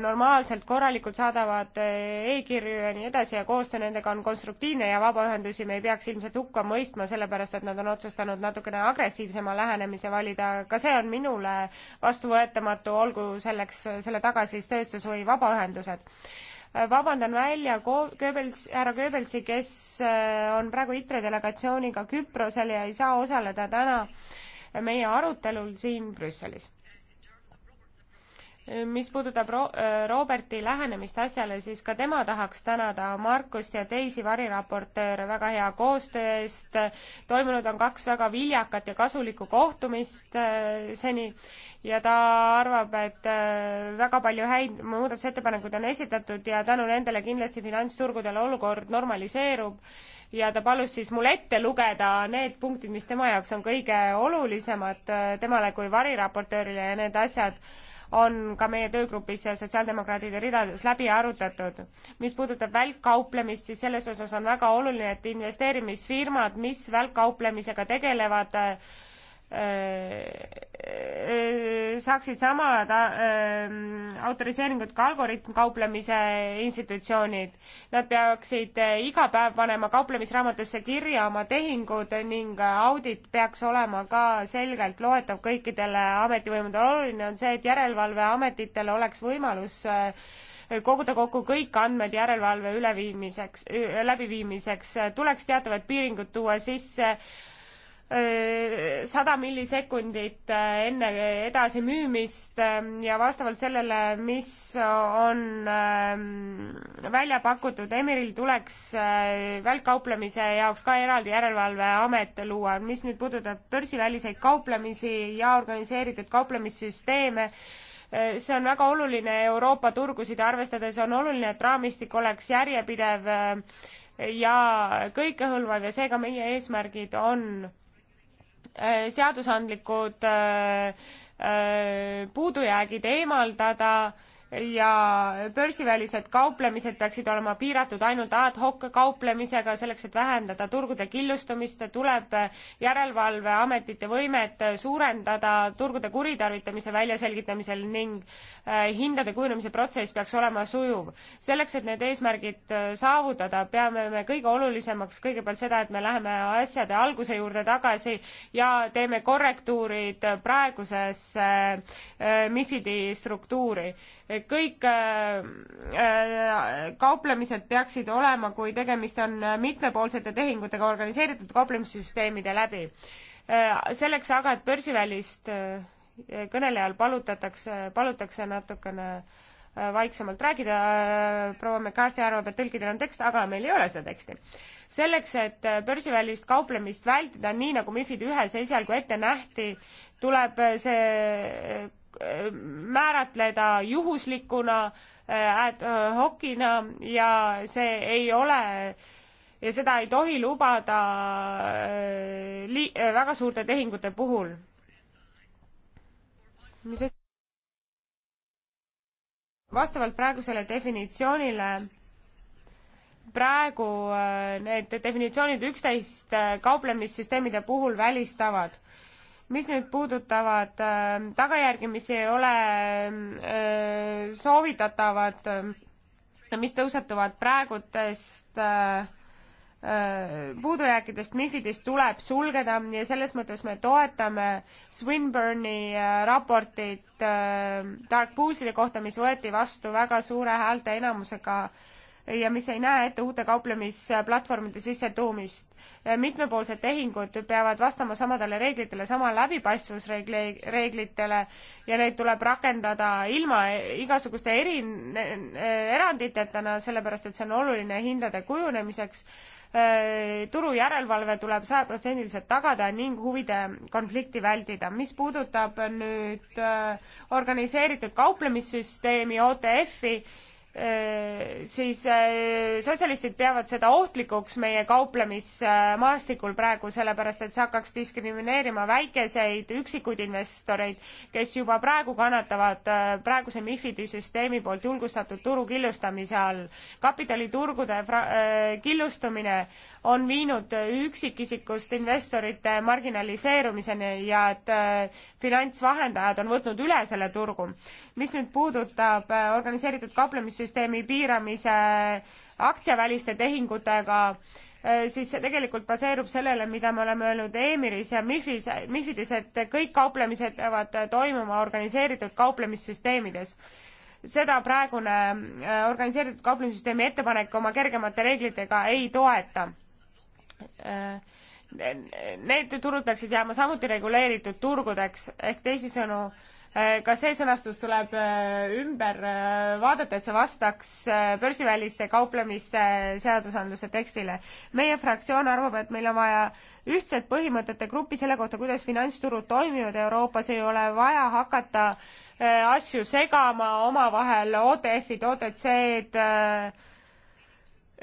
normaalselt, korralikult saadavad e-kirju ja nii edasi ja koostöö nendega on konstruktiivne ja vabaühendusi me ei peaks ilmselt hukka mõistma, sellepärast et nad on otsustanud natukene agressiivsema lähenemise valida, ka see on minule vastuvõetamatu, olgu selleks, selle taga siis tööstus või vabaühendused vabandan välja Goebbels, härra Goebbelsi, kes äh, on praegu ITRE delegatsiooniga Küprosel ja ei saa osaleda täna meie arutelul siin Brüsselis mis puudutab Ro-, äh, Roberti lähenemist asjale, siis ka tema tahaks tänada Markust ja teisi variraportööre väga hea koostöö eest. toimunud on kaks väga viljakat ja kasulikku kohtumist äh, seni ja ta arvab, et äh, väga palju häid muudatusettepanekuid on esitatud ja tänu nendele kindlasti finantsturgudel olukord normaliseerub ja ta palus siis mul ette lugeda need punktid, mis tema jaoks on kõige olulisemad temale kui variraportöörile ja need asjad on ka meie töögrupis sotsiaaldemokraadide ridades läbi arutatud. mis puudutab välkkauplemist, siis selles osas on väga oluline, et investeerimisfirmad, mis välkkauplemisega tegelevad, Äh, saaksid samad äh, autoriseeringud ka algoritm kauplemise institutsioonid. Nad peaksid äh, iga päev panema kauplemisraamatusse kirja oma tehingud ning audit peaks olema ka selgelt loetav kõikidele ametivõimudele. oluline on see, et järelevalveametitel oleks võimalus koguda kokku kõik andmed järelevalve üleviimiseks, läbiviimiseks, tuleks teatavad piiringud tuua sisse Äh, sada millisekundit äh, enne edasimüümist ähm, ja vastavalt sellele, mis on ähm, välja pakutud, Emiril tuleks äh, välkkauplemise jaoks ka eraldi järelevalveamet luua. mis nüüd puudutab börsiväliseid kauplemisi ja organiseeritud kauplemissüsteeme, see on väga oluline Euroopa turgusid arvestades, on oluline, et raamistik oleks järjepidev ja kõikehõlmav ja seega meie eesmärgid on Äh, seadusandlikud äh, äh, puudujäägid eemaldada ja börsivälised kauplemised peaksid olema piiratud ainult ad hoc kauplemisega, selleks et vähendada turgude killustumist, tuleb järelevalveametite võimet suurendada turgude kuritarvitamise väljaselgitamisel ning äh, hindade kujunemise protsess peaks olema sujuv. selleks, et need eesmärgid äh, saavutada, peame me kõige olulisemaks kõigepealt seda, et me läheme asjade alguse juurde tagasi ja teeme korrektuurid praegusesse äh, MIFID-i struktuuri kõik äh, äh, kauplemised peaksid olema, kui tegemist on äh, mitmepoolsete tehingutega organiseeritud kauplemissüsteemide läbi. selleks aga, et börsivälist kõnelejal palutatakse, palutakse natukene vaiksemalt rääkida, proua McCarthy arvab, et tõlkidel on tekst, aga meil ei ole seda teksti. selleks, et börsivälist kauplemist vältida, nii nagu MIFID ühes esialgu ette nähti, tuleb see määratleda juhuslikuna äh, ad hocina ja see ei ole ja seda ei tohi lubada äh, li-, äh, väga suurte tehingute puhul. mis asja? vastavalt praegusele definitsioonile praegu need definitsioonid üksteist kauplemissüsteemide puhul välistavad mis nüüd puudutavad äh, tagajärgi, mis ei ole äh, soovitatavad äh,, mis tõusetuvad praegutest äh, äh puudujääkidest MIFIDist tuleb sulgeda ja selles mõttes me toetame Swinburne'i äh, raportit äh, Dark Poolside kohta, mis võeti vastu väga suure häälteenamusega äh, ja mis ei näe ette uute kauplemisplatvormide sissetoomist. mitmepoolsed tehingud peavad vastama samadele reeglitele, sama läbipaistvusreegli, reeglitele ja neid tuleb rakendada ilma igasuguste eri, eranditeta, sellepärast et see on oluline hindade kujunemiseks. turu järelevalve tuleb sajaprotsendiliselt tagada ning huvide konflikti vältida. mis puudutab nüüd organiseeritud kauplemissüsteemi OTF-i, Äh, siis äh, sotsialistid peavad seda ohtlikuks meie kauplemismaastikul praegu, sellepärast et see hakkaks diskrimineerima väikeseid üksikuid investoreid, kes juba praegu kannatavad äh, praeguse MIFID-i süsteemi poolt julgustatud turu killustamise all. kapitaliturgude killustumine on viinud üksikisikust investorite marginaliseerumiseni ja et äh, finantsvahendajad on võtnud üle selle turgu. mis nüüd puudutab äh, organiseeritud kauplemissüsteemi piiramise äh, aktsiaväliste tehingutega, siis see tegelikult baseerub sellele, mida me oleme öelnud EMIRis ja MIFis, MIFides, et kõik kauplemised peavad toimuma organiseeritud kauplemissüsteemides. seda praegune organiseeritud kauplemissüsteemi ettepanek oma kergemate reeglitega ei toeta Need turud peaksid jääma samuti reguleeritud turgudeks, ehk teisisõnu, eh, ka see sõnastus tuleb eh, ümber eh, vaadata, et see vastaks börsiväliste kauplemiste seadusandluse tekstile. meie fraktsioon arvab, et meil on vaja ühtset põhimõtete gruppi selle kohta, kuidas finantsturud toimivad Euroopas, ei ole vaja hakata asju segama omavahel, OTF-id, OTC-d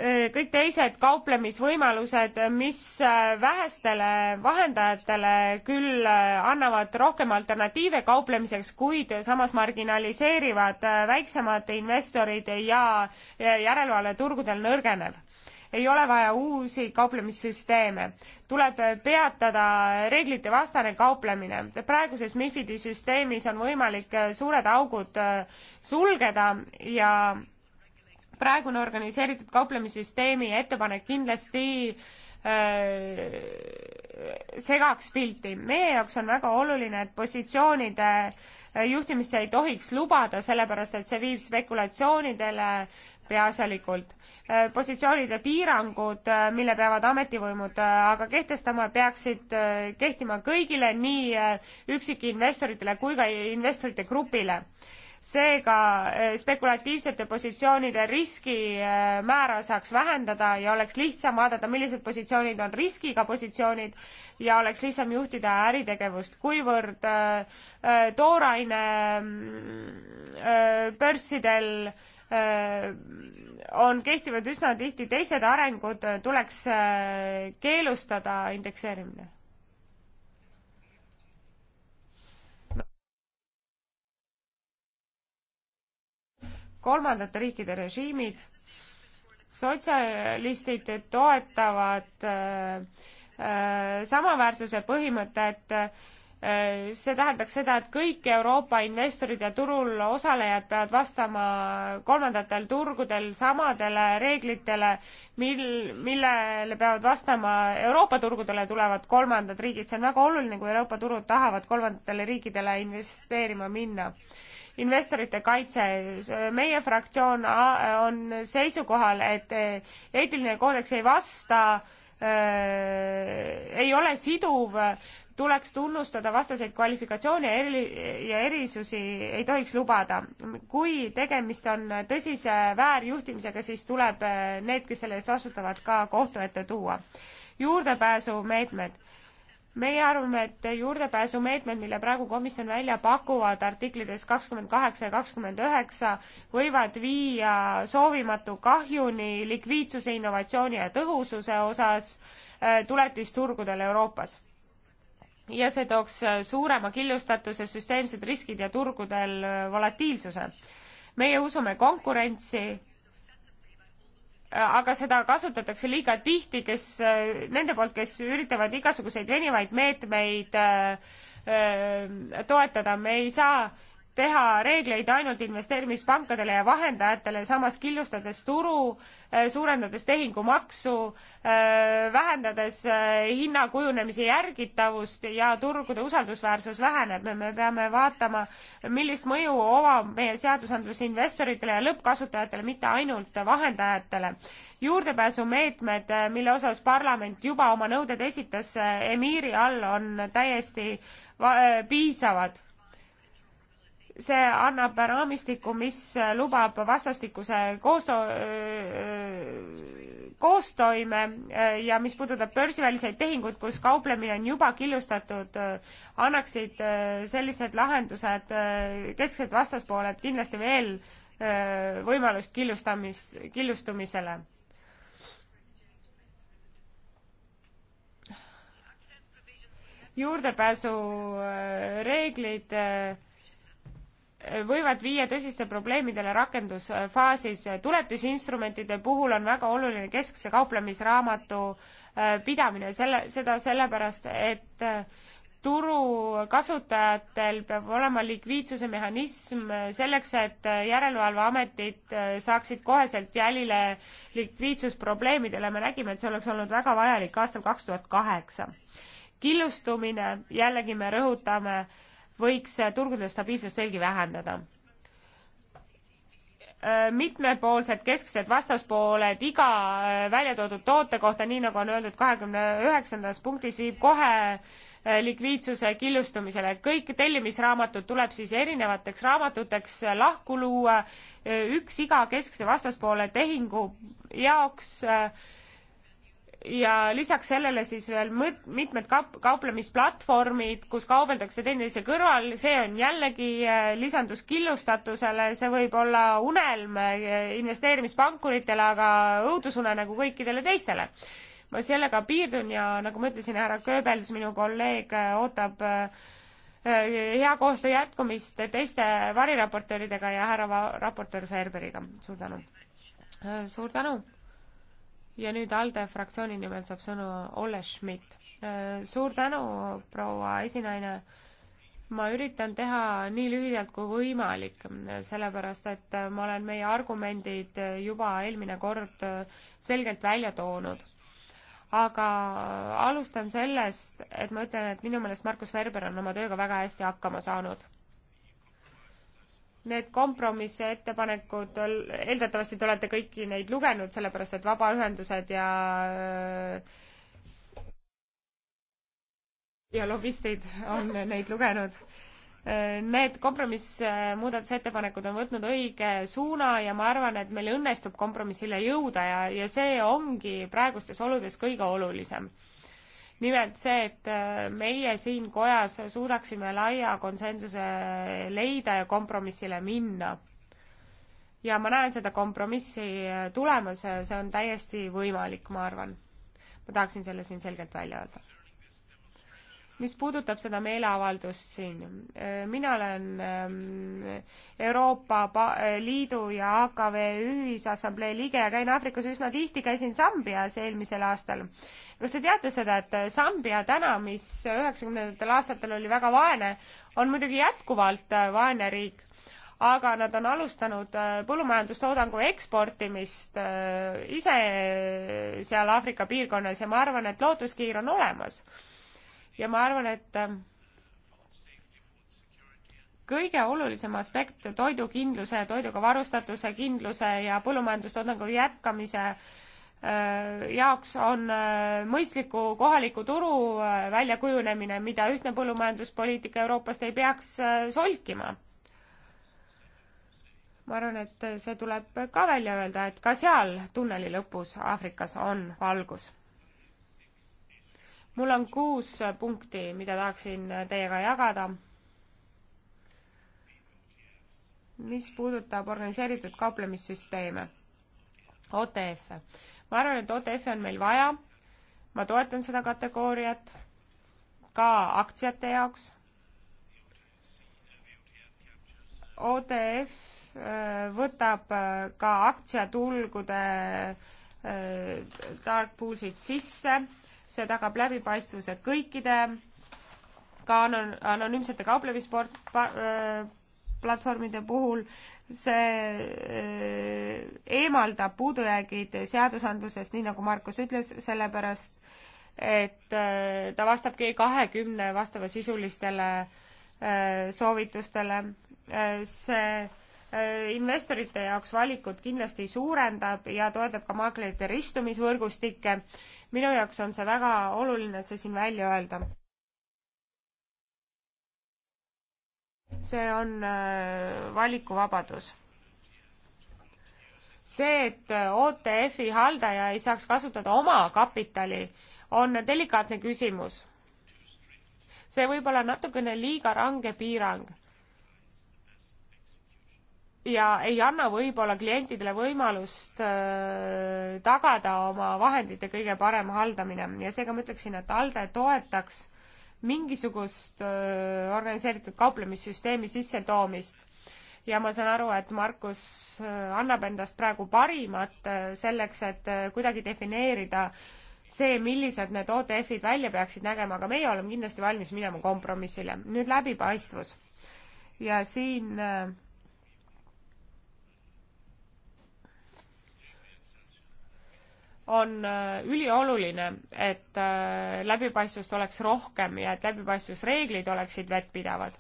Äh, kõik teised kauplemisvõimalused, mis äh, vähestele vahendajatele küll äh, annavad rohkem alternatiive kauplemiseks, kuid samas marginaliseerivad väiksemad investorid ja järelevalve turgudel nõrgeneb ei ole vaja uusi kauplemissüsteeme. tuleb peatada reeglite vastane kauplemine. praeguses MIFIDi süsteemis on võimalik suured augud sulgeda ja praegune organiseeritud kauplemissüsteemi ettepanek kindlasti äh, segaks pilti. meie jaoks on väga oluline, et positsioonide äh, juhtimist ei tohiks lubada, sellepärast et see viib spekulatsioonidele peaasjalikult. Äh, positsioonide piirangud, äh, mille peavad ametivõimud aga kehtestama, peaksid kehtima kõigile, nii üksikinvestoritele kui ka investorite grupile seega eh, spekulatiivsete positsioonide riskimäära eh, saaks vähendada ja oleks lihtsam vaadata, millised positsioonid on riskiga positsioonid ja oleks lihtsam juhtida äritegevust, kuivõrd eh, tooraine mm, börssidel on kehtivad üsna tihti teised arengud, tuleks keelustada indekseerimine kolmandate riikide režiimid. sotsialistid toetavad äh, äh, samaväärsuse põhimõtet äh, see tähendaks seda, et kõik Euroopa investorid ja turul osalejad peavad vastama kolmandatel turgudel samadele reeglitele, mil, millele peavad vastama Euroopa turgudele tulevad kolmandad riigid. see on väga oluline, kui Euroopa turud tahavad kolmandatele riikidele investeerima minna investorite kaitse. meie fraktsioon on seisukohal, et eh, eetiline koodeks ei vasta äh, ei ole siduv, tuleks tunnustada vastaseid kvalifikatsioone ja eri, ja erisusi ei tohiks lubada. kui tegemist on tõsise väärjuhtimisega, siis tuleb eh, need, kes selle eest vastutavad, ka kohtu ette tuua. juurdepääsumeetmed meie arvame, et juurdepääsumeetmed, mille praegu komisjon välja pakuvad artiklites kakskümmend kaheksa ja kakskümmend üheksa, võivad viia soovimatu kahjuni likviidsuse, innovatsiooni ja tõhususe osas äh, tuletisturgudel Euroopas. ja see tooks äh, suurema killustatuse, süsteemsed riskid ja turgudel äh, volatiilsuse. meie usume konkurentsi aga seda kasutatakse liiga tihti, kes, äh, nende poolt, kes üritavad igasuguseid venivaid meetmeid äh, äh, toetada, me ei saa teha reegleid ainult investeerimispankadele ja vahendajatele, samas killustades turu, äh, suurendades tehingumaksu, äh, vähendades äh, hinna kujunemise järgitavust ja turgude usaldusväärsus väheneb. me peame vaatama, millist mõju omab meie seadusandlus investoritele ja lõppkasutajatele, mitte ainult vahendajatele. juurdepääsumeetmed, mille osas parlament juba oma nõuded esitas, emiiri all on täiesti piisavad see annab raamistiku, mis lubab vastastikuse koosto-, koostoime ja mis puudutab börsiväliseid tehinguid, kus kauplemine on juba killustatud, annaksid sellised lahendused kesksed vastaspooled kindlasti veel võimalust killustamist, killustumisele juurdepääsureeglid võivad viia tõsiste probleemidele rakendusfaasis. tuletisinstrumentide puhul on väga oluline keskse kauplemisraamatu äh, pidamine, selle, seda sellepärast, et äh, turu kasutajatel peab olema likviidsuse mehhanism äh, selleks, et Järelevalveametid saaksid koheselt jälile likviidsusprobleemidele, me nägime, et see oleks olnud väga vajalik aastal kaks tuhat kaheksa. killustumine, jällegi me rõhutame äh, võiks turgude stabiilsust veelgi vähendada äh, mitmepoolsed kesksed vastaspooled iga äh, välja toodud toote kohta, nii nagu on öeldud kahekümne üheksandas punktis, viib kohe äh, likviidsuse killustumisele. kõik tellimisraamatud tuleb siis erinevateks raamatuteks lahku luua, üks iga keskse vastaspoole tehingu jaoks äh, ja lisaks sellele siis veel mõt-, mitmed kaup-, kauplemisplatvormid, kus kaubeldakse teineteise kõrval, see on jällegi äh, lisandus killustatusele, see võib olla unelm äh, investeerimispankuritele, aga õudusune nagu kõikidele teistele. ma sellega piirdun ja nagu ma ütlesin, härra Goebbels, minu kolleeg, äh, ootab hea koostöö jätkumist teiste variraportööridega ja härra raportöör Ferberiga. suur tänu! suur tänu! ja nüüd ALDE fraktsiooni nimel saab sõnu Olle Schmidt. Äh, suur tänu, proua esinaine. ma üritan teha nii lühidalt kui võimalik, sellepärast et äh, ma olen meie argumendid äh, juba eelmine kord selgelt välja toonud aga alustan sellest, et ma ütlen, et minu meelest Markus Verber on oma tööga väga hästi hakkama saanud need kompromissettepanekud, eeldatavasti te olete kõiki neid lugenud, sellepärast et vabaühendused ja ja lobistid on neid lugenud. Need kompromissmuudatusettepanekud on võtnud õige suuna ja ma arvan, et meil õnnestub kompromissile jõuda ja, ja see ongi praegustes oludes kõige olulisem nimelt see, et äh, meie siin kojas suudaksime laia konsensuse leida ja kompromissile minna. ja ma näen seda kompromissi äh, tulemas, see on täiesti võimalik, ma arvan. ma tahaksin selle siin selgelt välja öelda mis puudutab seda meeleavaldust siin, mina olen ähm, Euroopa Liidu ja AKV Ühisassamblee liige ja käin Aafrikas üsna tihti, käisin Sambias eelmisel aastal. kas te teate seda, et Sambia täna, mis üheksakümnendatel aastatel oli väga vaene, on muidugi jätkuvalt äh, vaene riik, aga nad on alustanud äh, põllumajandustoodangu eksportimist äh, ise seal Aafrika piirkonnas ja ma arvan, et lootuskiir on olemas ja ma arvan, et ähm, kõige olulisem aspekt toidukindluse, toiduga varustatuse kindluse ja põllumajandustoodangu jätkamise äh, jaoks on äh, mõistliku kohaliku turu äh, väljakujunemine, mida ühtne põllumajanduspoliitika Euroopast ei peaks solkima. ma arvan, et see tuleb ka välja öelda, et ka seal tunneli lõpus Aafrikas on valgus mul on kuus punkti, mida tahaksin teiega jagada. mis puudutab organiseeritud kauplemissüsteeme, OTF-e. ma arvan, et OTF-e on meil vaja, ma toetan seda kategooriat ka aktsiate jaoks. OTF äh, võtab äh, ka aktsiatulgude tarkpuusid äh, sisse see tagab läbipaistvuse kõikide ka anon-, anonüümsete kauplemisport-, äh, platvormide puhul, see äh, eemaldab puudujäägid seadusandlusest, nii nagu Markus ütles, sellepärast et äh, ta vastab G kahekümne vastavasisulistele soovitustele. see investorite jaoks valikut kindlasti suurendab ja toetab ka maaklerite ristumisvõrgustikke minu jaoks on see väga oluline see siin välja öelda. see on äh, valikuvabadus see, et äh, OTF-i haldaja ei saaks kasutada oma kapitali, on delikaatne küsimus. see võib olla natukene liiga range piirang ja ei anna võib-olla klientidele võimalust äh, tagada oma vahendite kõige parem haldamine ja seega ma ütleksin, et ALDE toetaks mingisugust äh, organiseeritud kauplemissüsteemi sissetoomist. ja ma saan aru, et Markus äh, annab endast praegu parimat äh, selleks, et äh, kuidagi defineerida see, millised need OTF-id välja peaksid nägema, aga meie oleme kindlasti valmis minema kompromissile. nüüd läbipaistvus. ja siin äh, on äh, ülioluline, et äh, läbipaistvust oleks rohkem ja et läbipaistvusreeglid oleksid vettpidavad.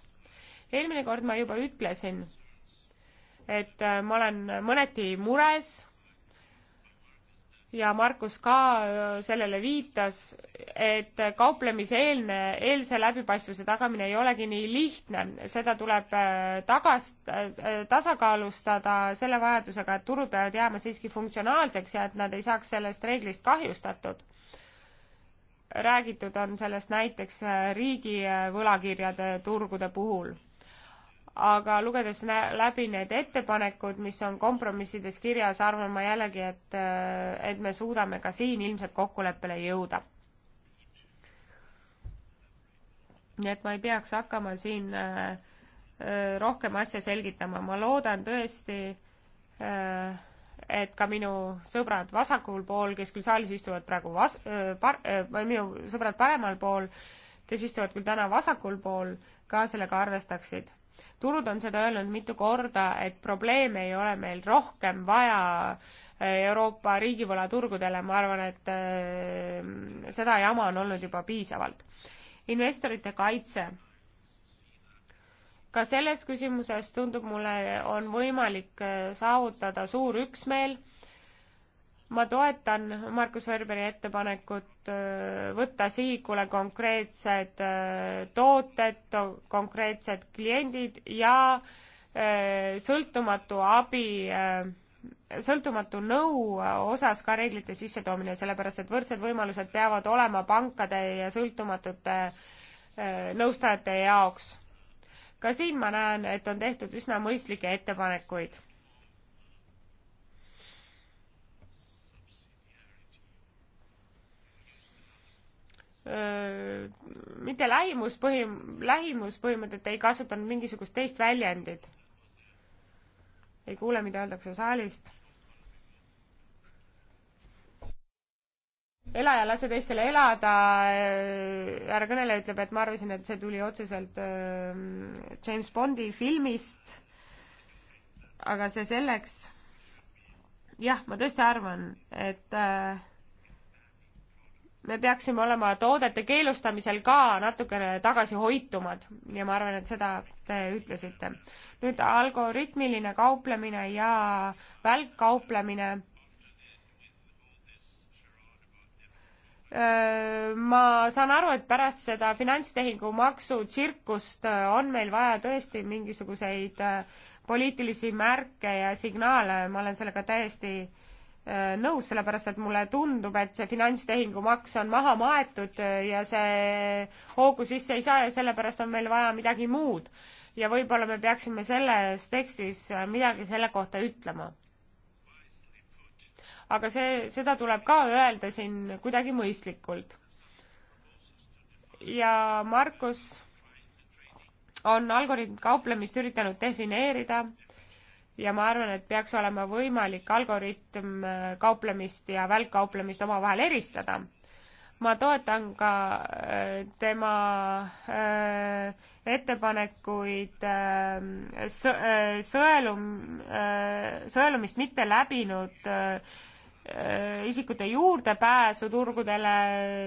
eelmine kord ma juba ütlesin, et äh, ma olen mõneti mures ja Markus ka sellele viitas, et kauplemiseelne, eelse läbipaistvuse tagamine ei olegi nii lihtne, seda tuleb tagas-, tasakaalustada selle vajadusega, et turud peavad jääma siiski funktsionaalseks ja et nad ei saaks sellest reeglist kahjustatud. räägitud on sellest näiteks riigi võlakirjade turgude puhul aga lugedes läbi need ettepanekud, mis on kompromissides kirjas, arvan ma jällegi, et, äh, et me suudame ka siin ilmselt kokkuleppele jõuda. nii et ma ei peaks hakkama siin äh, äh, rohkem asja selgitama, ma loodan tõesti äh,, et ka minu sõbrad vasakul pool, kes küll saalis istuvad praegu vas-, äh, par-, äh, või minu sõbrad paremal pool, kes istuvad küll täna vasakul pool, ka sellega arvestaksid turud on seda öelnud mitu korda, et probleeme ei ole meil rohkem vaja eh, Euroopa riigivõlaturgudele, ma arvan, et eh, seda jama on olnud juba piisavalt. investorite kaitse. ka selles küsimuses tundub mulle, on võimalik eh, saavutada suur üksmeel ma toetan Markus Verberi ettepanekut äh, võtta sihikule konkreetsed äh, tooted, konkreetsed kliendid ja äh, sõltumatu abi, sõltumatu nõu osas ka reeglite sissetoomine, sellepärast et võrdsed võimalused peavad olema pankade ja sõltumatute nõustajate jaoks. ka siin ma näen, et on tehtud üsna mõistlikke ettepanekuid mitte lähimuspõhim-, lähimuspõhimõtet ei kasutanud mingisugust teist väljendit. ei kuule, mida öeldakse saalist. ela ja lase teistel elada, härra kõneleja ütleb, et ma arvasin, et see tuli otseselt James Bondi filmist, aga see selleks. jah, ma tõesti arvan, et äh, me peaksime olema toodete keelustamisel ka natukene tagasihoitumad ja ma arvan, et seda te ütlesite. nüüd algoritmiline kauplemine ja välkkauplemine. ma saan aru, et pärast seda finantstehingumaksu tsirkust on meil vaja tõesti mingisuguseid poliitilisi märke ja signaale, ma olen sellega täiesti äh, Äh, nõus, sellepärast et mulle tundub, et see finantstehingumaks on maha maetud äh, ja see hoogu sisse ei saa ja sellepärast on meil vaja midagi muud. ja võib-olla me peaksime selles tekstis äh, midagi selle kohta ütlema. aga see, seda tuleb ka öelda siin kuidagi mõistlikult. ja Markus on algoritm kauplemist üritanud defineerida ja ma arvan, et peaks olema võimalik algoritm äh, kauplemist ja välkkauplemist omavahel eristada. ma toetan ka äh, tema äh, ettepanekuid sõelum-, sõelumist mitte läbinud öö, Äh, isikute juurdepääsu turgudele,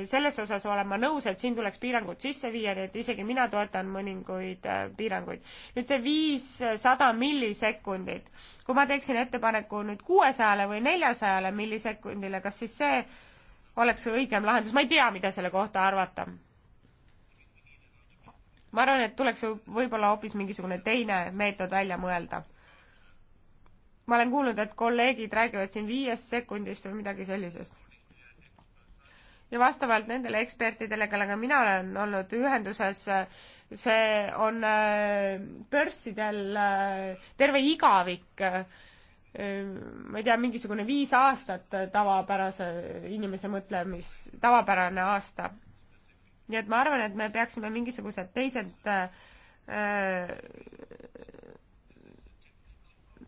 selles osas olen ma nõus, et siin tuleks piirangud sisse viia, nii et isegi mina toetan mõningaid äh, piiranguid. nüüd see viissada millisekundit, kui ma teeksin ettepaneku nüüd kuuesajale või neljasajale millisekundile, kas siis see oleks õigem lahendus, ma ei tea, mida selle kohta arvata. ma arvan, et tuleks võib-olla hoopis mingisugune teine meetod välja mõelda ma olen kuulnud, et kolleegid räägivad siin viiest sekundist või midagi sellisest. ja vastavalt nendele ekspertidele, kellega mina olen olnud ühenduses, see on äh, börssidel äh, terve igavik, äh, ma ei tea, mingisugune viis aastat tavapärase inimese mõtlemis, tavapärane aasta. nii et ma arvan, et me peaksime mingisugused teised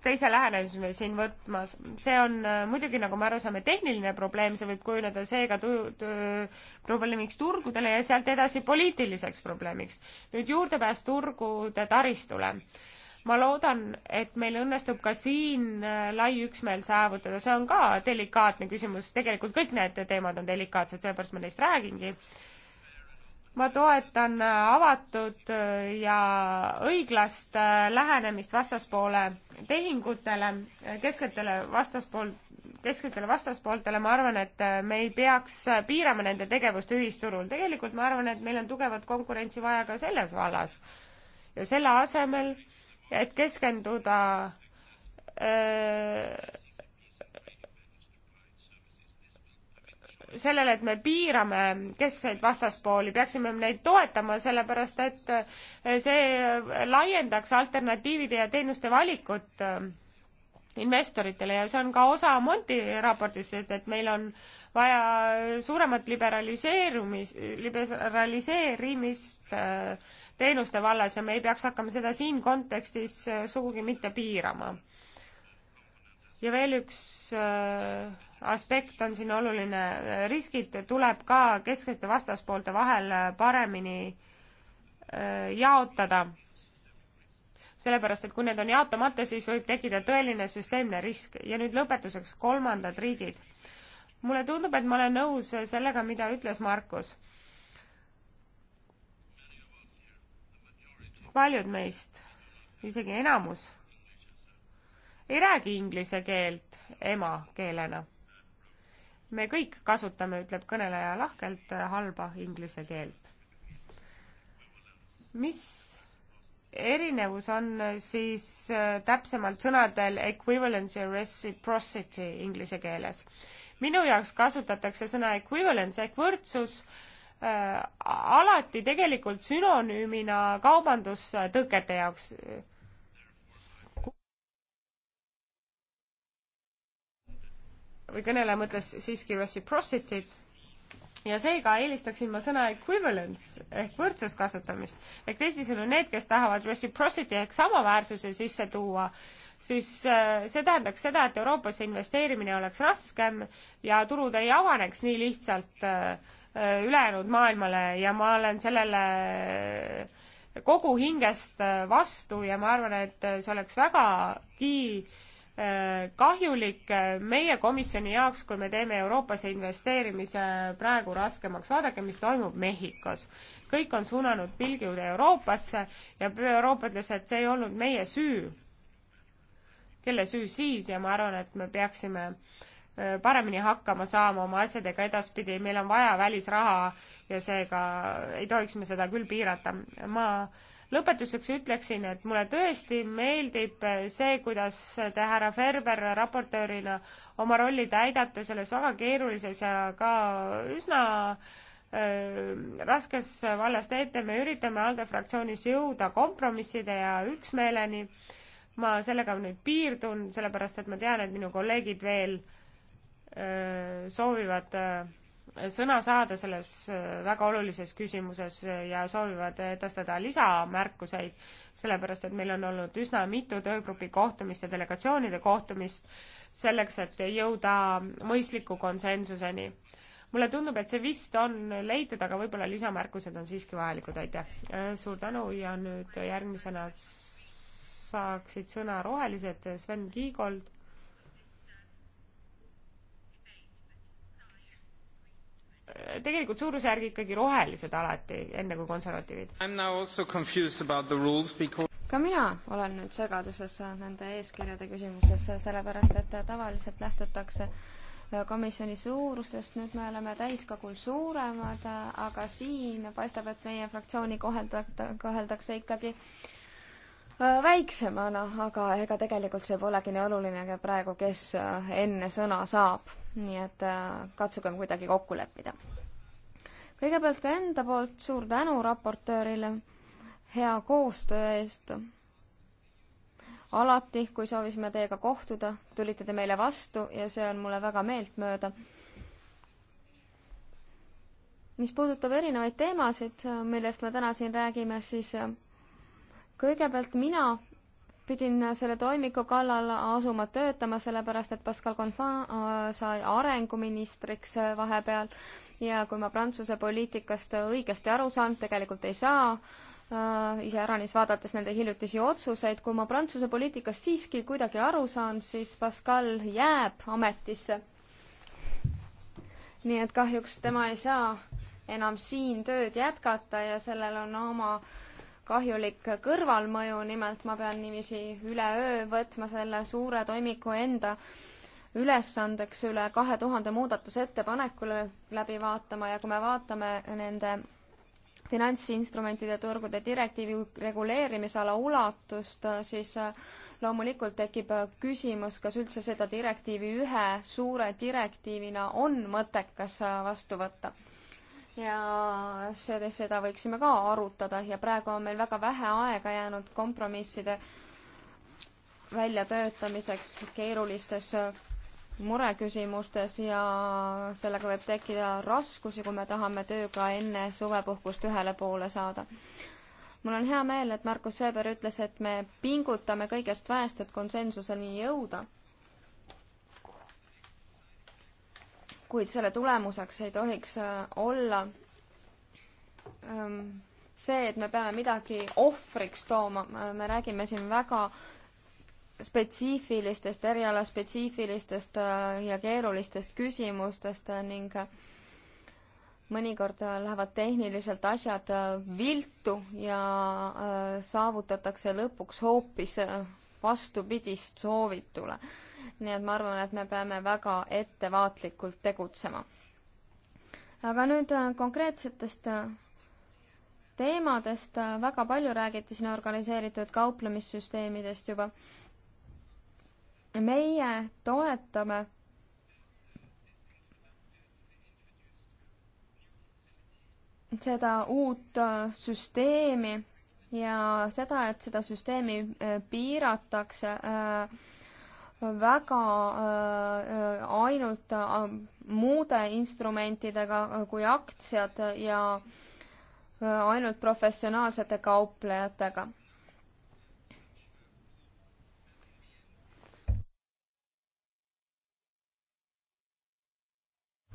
teise lähenemise siin võtmas. see on äh, muidugi, nagu me aru saame, tehniline probleem, see võib kujuneda seega tu-, tu, probleemiks turgudele ja sealt edasi poliitiliseks probleemiks. nüüd juurdepääs turgude taristule. ma loodan, et meil õnnestub ka siin äh, lai üksmeel saavutada, see on ka delikaatne küsimus, tegelikult kõik need teemad on delikaatsed, sellepärast ma neist räägingi ma toetan äh, avatud äh, ja õiglast äh, lähenemist vastaspoole tehingutele, keskeltele vastaspool, keskeltele vastaspooltele, ma arvan, et me ei peaks piirama nende tegevust ühisturul. tegelikult ma arvan, et meil on tugevat konkurentsi vaja ka selles vallas. ja selle asemel, et keskenduda öö, sellele, et me piirame keskseid vastaspooli, peaksime neid toetama, sellepärast et eh, see laiendaks alternatiivide ja teenuste valikut eh, investoritele ja see on ka osa Monti raportist, et, et meil on vaja suuremat liberaliseerumis, liberaliseerimist eh, teenuste vallas ja me ei peaks hakkama seda siin kontekstis sugugi mitte piirama. ja veel üks äh, aspekt on siin oluline, riskid tuleb ka kesksete vastaspoolte vahel paremini äh, jaotada. sellepärast, et kui need on jaotamata, siis võib tekkida tõeline süsteemne risk ja nüüd lõpetuseks kolmandad riigid. mulle tundub, et ma olen nõus sellega, mida ütles Markus. paljud meist, isegi enamus, ei räägi inglise keelt emakeelena me kõik kasutame, ütleb kõneleja lahkelt, halba inglise keelt. mis erinevus on siis äh, täpsemalt sõnadel equivalence ja reciprocity inglise keeles? minu jaoks kasutatakse sõna equivalence ehk võrdsus äh, alati tegelikult sünonüümina kaubandustõkete jaoks äh, või kõneleja mõtles siiski reciprocity't ja seega eelistaksin ma sõna equivalence ehk võrdsuskasutamist. ehk teisisõnu, need, kes tahavad reciprocity ehk samaväärsuse sisse tuua, siis äh, see tähendaks seda, et Euroopasse investeerimine oleks raskem ja turud ei avaneks nii lihtsalt äh, äh, ülejäänud maailmale ja ma olen sellele kogu hingest vastu ja ma arvan, et see oleks vägagi Äh, kahjulik äh, meie komisjoni jaoks, kui me teeme Euroopasse investeerimise praegu raskemaks. vaadake, mis toimub Mehhikos. kõik on suunanud pilgud Euroopasse ja Euroopa ütles, et see ei olnud meie süü. kelle süü siis ja ma arvan, et me peaksime äh, paremini hakkama saama oma asjadega edaspidi, meil on vaja välisraha ja seega ei tohiks me seda küll piirata. ma äh, lõpetuseks ütleksin, et mulle tõesti meeldib see, kuidas te, härra Ferber, raportöörina oma rolli täidate selles väga keerulises ja ka üsna äh, raskes vallas teete, me üritame ALDE fraktsioonis jõuda kompromisside ja üksmeeleni. ma sellega nüüd piirdun, sellepärast et ma tean, et minu kolleegid veel äh, soovivad äh, sõna saada selles äh, väga olulises küsimuses äh, ja soovivad edastada äh, lisamärkuseid, sellepärast et meil on olnud üsna mitu töögrupi kohtumist ja delegatsioonide kohtumist selleks, et jõuda mõistliku konsensuseni. mulle tundub, et see vist on leitud, aga võib-olla lisamärkused on siiski vajalikud, aitäh. suur tänu ja nüüd järgmisena saaksid sõna rohelised Sven Kiigold tegelikult suurusjärg ikkagi rohelised alati, enne kui konservatiivid. ka mina olen nüüd segaduses nende eeskirjade küsimuses, sellepärast et tavaliselt lähtutakse komisjoni suurusest, nüüd me oleme täiskogul suuremad, aga siin paistab, et meie fraktsiooni koheldata, koheldakse ikkagi äh, väiksemana, aga ega tegelikult see polegi nii oluline praegu, kes äh, enne sõna saab nii et äh, katsugem kuidagi kokku leppida. kõigepealt ka enda poolt suur tänu raportöörile hea koostöö eest. alati, kui soovisime teiega kohtuda, tulite te meile vastu ja see on mulle väga meeltmööda. mis puudutab erinevaid teemasid, millest me täna siin räägime, siis äh, kõigepealt mina pidin selle toimiku kallal asuma töötama, sellepärast et Pascal Confin äh, sai arenguministriks äh, vahepeal ja kui ma Prantsuse poliitikast äh, õigesti aru saan, tegelikult ei saa, iseäranis vaadates nende hiljutisi otsuseid, kui ma Prantsuse poliitikast siiski kuidagi aru saan, siis Pascal jääb ametisse. nii et kahjuks tema ei saa enam siin tööd jätkata ja sellel on oma äh, kahjulik kõrvalmõju, nimelt ma pean niiviisi üleöö võtma selle suure toimiku enda ülesandeks üle kahe tuhande muudatusettepanekule läbi vaatama ja kui me vaatame nende finantsinstrumentide turgude direktiivi reguleerimisala ulatust, siis loomulikult tekib küsimus, kas üldse seda direktiivi ühe suure direktiivina on mõttekas vastu võtta ja selle, seda võiksime ka arutada ja praegu on meil väga vähe aega jäänud kompromisside väljatöötamiseks keerulistes mureküsimustes ja sellega võib tekkida raskusi, kui me tahame tööga enne suvepuhkust ühele poole saada. mul on hea meel, et Markus Veber ütles, et me pingutame kõigest väest, et konsensuseni jõuda kuid selle tulemuseks ei tohiks äh, olla ähm, see, et me peame midagi ohvriks tooma, me räägime siin väga spetsiifilistest, erialaspetsiifilistest äh, ja keerulistest küsimustest äh, ning mõnikord lähevad tehniliselt asjad viltu ja saavutatakse lõpuks hoopis vastupidist soovitule nii et ma arvan, et me peame väga ettevaatlikult tegutsema. aga nüüd äh, konkreetsetest äh, teemadest, äh, väga palju räägiti siin organiseeritud kauplemissüsteemidest juba. meie toetame seda uut süsteemi ja seda, et seda süsteemi piiratakse äh, väga äh, äh, ainult äh, muude instrumentidega äh, kui aktsiad ja äh, ainult professionaalsete kauplejatega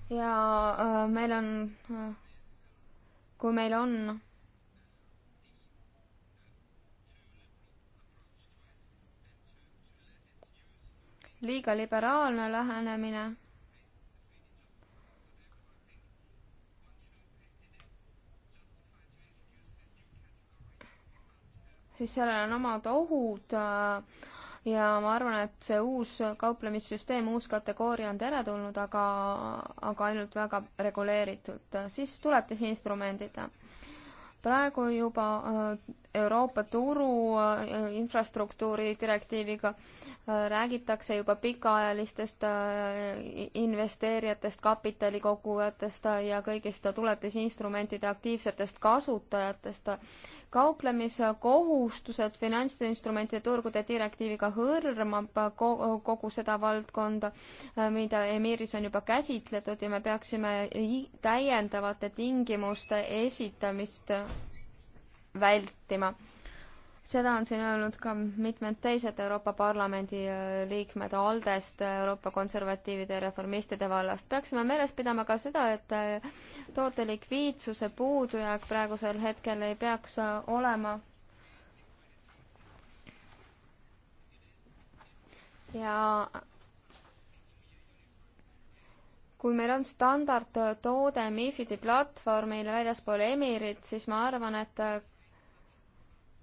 ja äh, meil on äh,, kui meil on liiga liberaalne lähenemine. siis sellel on omad ohud äh, ja ma arvan, et see uus kauplemissüsteem, uus kategooria on teretulnud, aga, aga ainult väga reguleeritult. siis tuletisinstrumendid. praegu juba äh, Euroopa turu äh, infrastruktuuri direktiiviga äh, räägitakse juba pikaajalistest äh, investeerijatest, kapitalikogujatest ja kõigist tuletisinstrumentide aktiivsetest kasutajatest. kauplemiskohustused finantsinstrumentide turgude direktiiviga hõrmab kogu seda valdkonda, mida Emiris on juba käsitletud ja me peaksime täiendavate tingimuste esitamist vältima. seda on siin öelnud ka mitmed teised Euroopa Parlamendi äh, liikmed ALDE-st, Euroopa konservatiivide ja reformistide vallast. peaksime meeles pidama ka seda, et äh, toote likviidsuse puudujääk praegusel hetkel ei peaks äh, olema ja kui meil on standardtoode MIFID-i platvormil väljaspool Emirit, siis ma arvan, et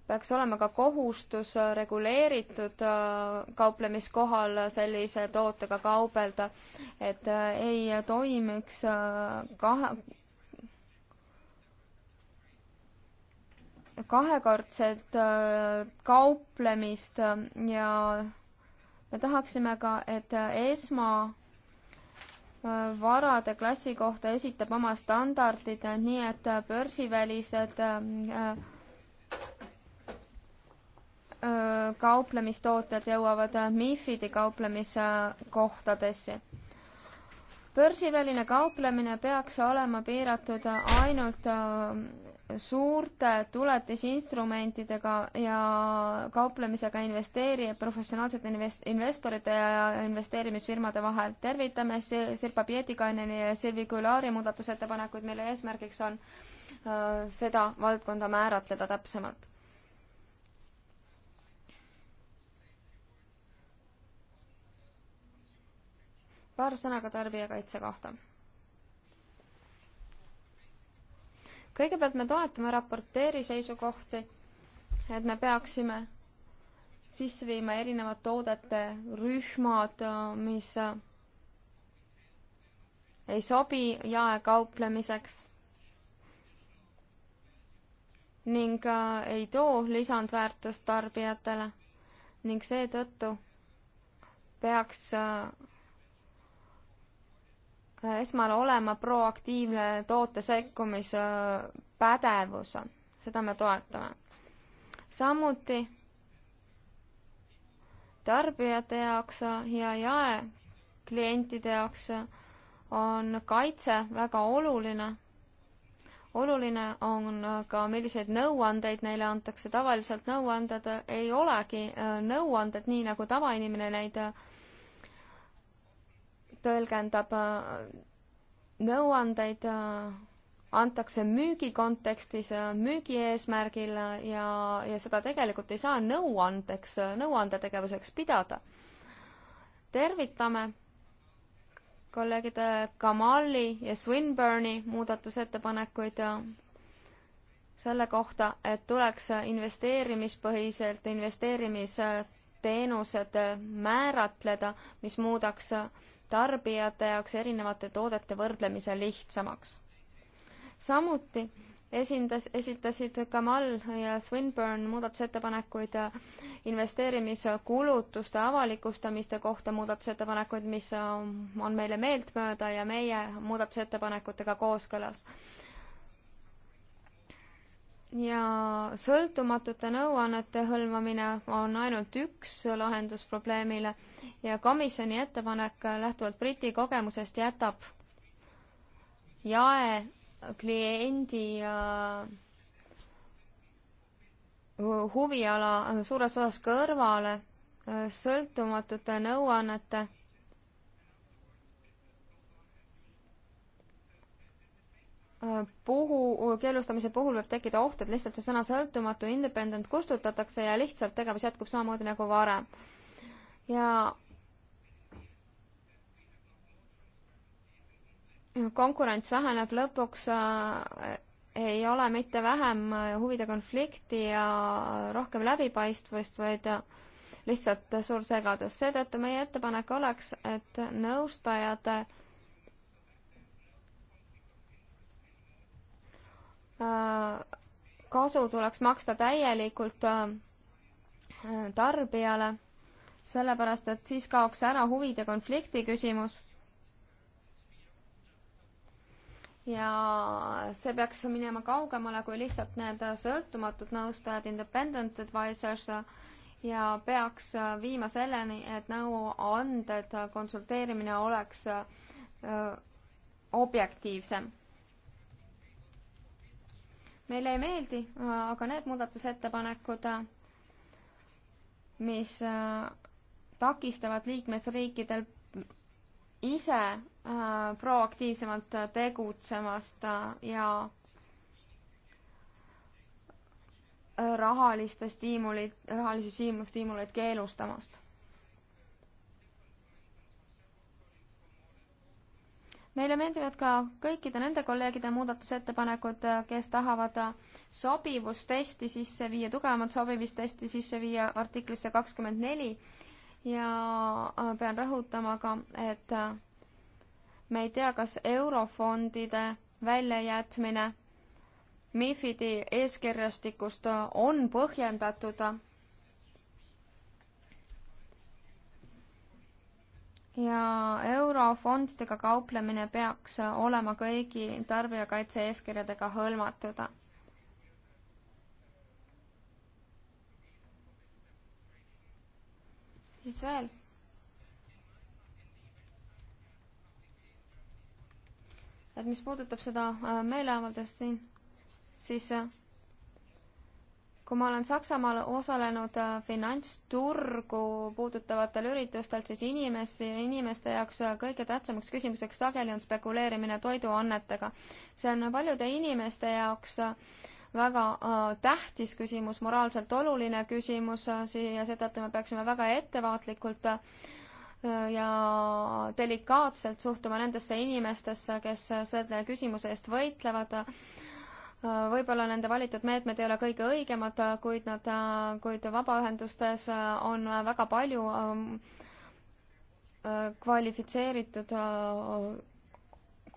peaks olema ka kohustus reguleeritud äh, kauplemiskohal sellise tootega kaubelda, et äh, ei toimiks äh, kahe, kahekordset kauplemist ja me tahaksime ka, et esma varade klassi kohta esitab oma standardid, nii et börsivälised äh, Äh, kauplemistooted jõuavad MIFID-i kauplemiskohtadesse. börsiväline kauplemine peaks olema piiratud ainult äh, suurte tuletisinstrumentidega ja kauplemisega investeerija, professionaalsete invest-, investorite ja investeerimisfirmade vahel. tervitame Sirpa Pietikaineni ja Silvi Kulaari muudatusettepanekuid, mille eesmärgiks on äh, seda valdkonda määratleda täpsemalt paar sõna ka tarbijakaitse kohta. kõigepealt me toetame raporteeri seisukohti, et me peaksime sisse viima erinevad toodete rühmad, mis ei sobi jaekauplemiseks ning äh, ei too lisandväärtust tarbijatele ning seetõttu peaks äh, Äh, esmane olema proaktiivne toote sekkumise pädevus, seda me toetame. samuti tarbijate jaoks ja jaeklientide jaoks on kaitse väga oluline. oluline on ka, milliseid nõuandeid neile antakse, tavaliselt nõuanded ei olegi äh, nõuanded, nii nagu tavainimene neid äh, tõlgendab äh, nõuandeid, äh, antakse müügi kontekstis, äh, müügi eesmärgil ja, ja seda tegelikult ei saa nõuandeks, nõuandetegevuseks pidada. tervitame kolleegide Kamali ja Swinburne'i muudatusettepanekuid selle kohta, et tuleks investeerimispõhiselt investeerimisteenused määratleda, mis muudaks tarbijate jaoks erinevate toodete võrdlemise lihtsamaks. samuti esindas, esitasid Kamal ja Swinburne muudatusettepanekuid investeerimiskulutuste avalikustamiste kohta muudatusettepanekuid, mis on meile meeltmööda ja meie muudatusettepanekutega kooskõlas ja sõltumatute nõuannete hõlmamine on ainult üks lahendus probleemile ja komisjoni ettepanek lähtuvalt Briti kogemusest jätab jae kliendi ja äh, huviala suures osas kõrvale äh, sõltumatute nõuannete puhu, keelustamise puhul võib tekkida oht, et lihtsalt see sõna sõltumatu, independent kustutatakse ja lihtsalt tegevus jätkub samamoodi nagu varem. ja konkurents väheneb lõpuks äh, ei ole mitte vähem äh, huvide konflikti ja rohkem läbipaistvust, vaid äh, lihtsalt suur segadus. seetõttu meie ettepanek oleks, et nõustajate äh, Äh, kasu tuleks maksta täielikult äh, tarbijale, sellepärast et siis kaoks ära huvide konflikti küsimus. ja see peaks minema kaugemale kui lihtsalt need sõltumatud nõustajad, independent advisors ja peaks viima selleni, et nõuanded, konsulteerimine oleks äh, objektiivsem meile ei meeldi, aga need muudatusettepanekud, mis äh, takistavad liikmesriikidel ise äh, proaktiivsemalt tegutsemast äh, ja rahaliste stiimulit, rahalisi stiimuleid keelustamast meile meeldivad ka kõikide nende kolleegide muudatusettepanekud, kes tahavad sobivustesti sisse viia, tugevamat sobivustesti sisse viia artiklisse kakskümmend neli ja pean rõhutama ka, et me ei tea, kas eurofondide väljajätmine MIFID-i eeskirjastikust on põhjendatud ja eurofondidega kauplemine peaks olema kõigi tarbijakaitse eeskirjadega hõlmatud. siis veel et mis puudutab seda äh, meeleavaldust siin, siis äh, kui ma olen Saksamaal osalenud äh, finantsturgu puudutavatel üritustel, siis inimesi, inimeste jaoks äh, kõige tähtsamaks küsimuseks sageli on spekuleerimine toiduannetega. see on paljude inimeste jaoks äh, väga tähtis küsimus, moraalselt oluline küsimus ja seetõttu me peaksime väga ettevaatlikult ja delikaatselt suhtuma nendesse inimestesse, kes selle küsimuse eest võitlevad võib-olla nende valitud meetmed ei ole kõige õigemad, kuid nad, kuid vabaühendustes on väga palju ähm, kvalifitseeritud äh,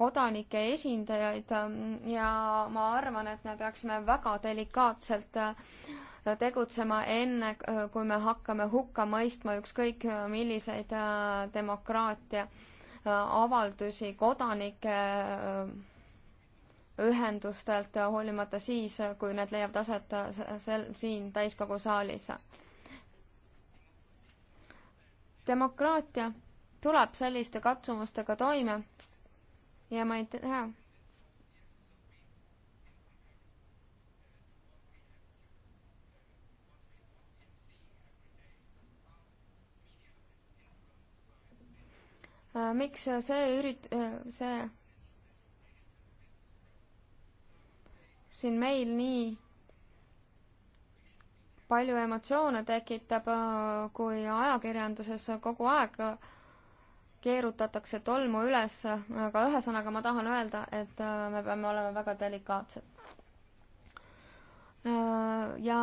kodanike esindajaid äh, ja ma arvan, et me peaksime väga delikaatselt äh, tegutsema enne, kui me hakkame hukka mõistma ükskõik milliseid demokraatia avaldusi kodanike ühendustelt, hoolimata siis, kui need leiavad aset sel-, siin täiskogu saalis. demokraatia tuleb selliste katsumustega toime ja ma ei tea, miks see ürit-, see siin meil nii palju emotsioone tekitab, äh, kui ajakirjanduses kogu aeg keerutatakse tolmu üles, aga ühesõnaga ma tahan öelda, et äh, me peame olema väga delikaatsed. Äh, ja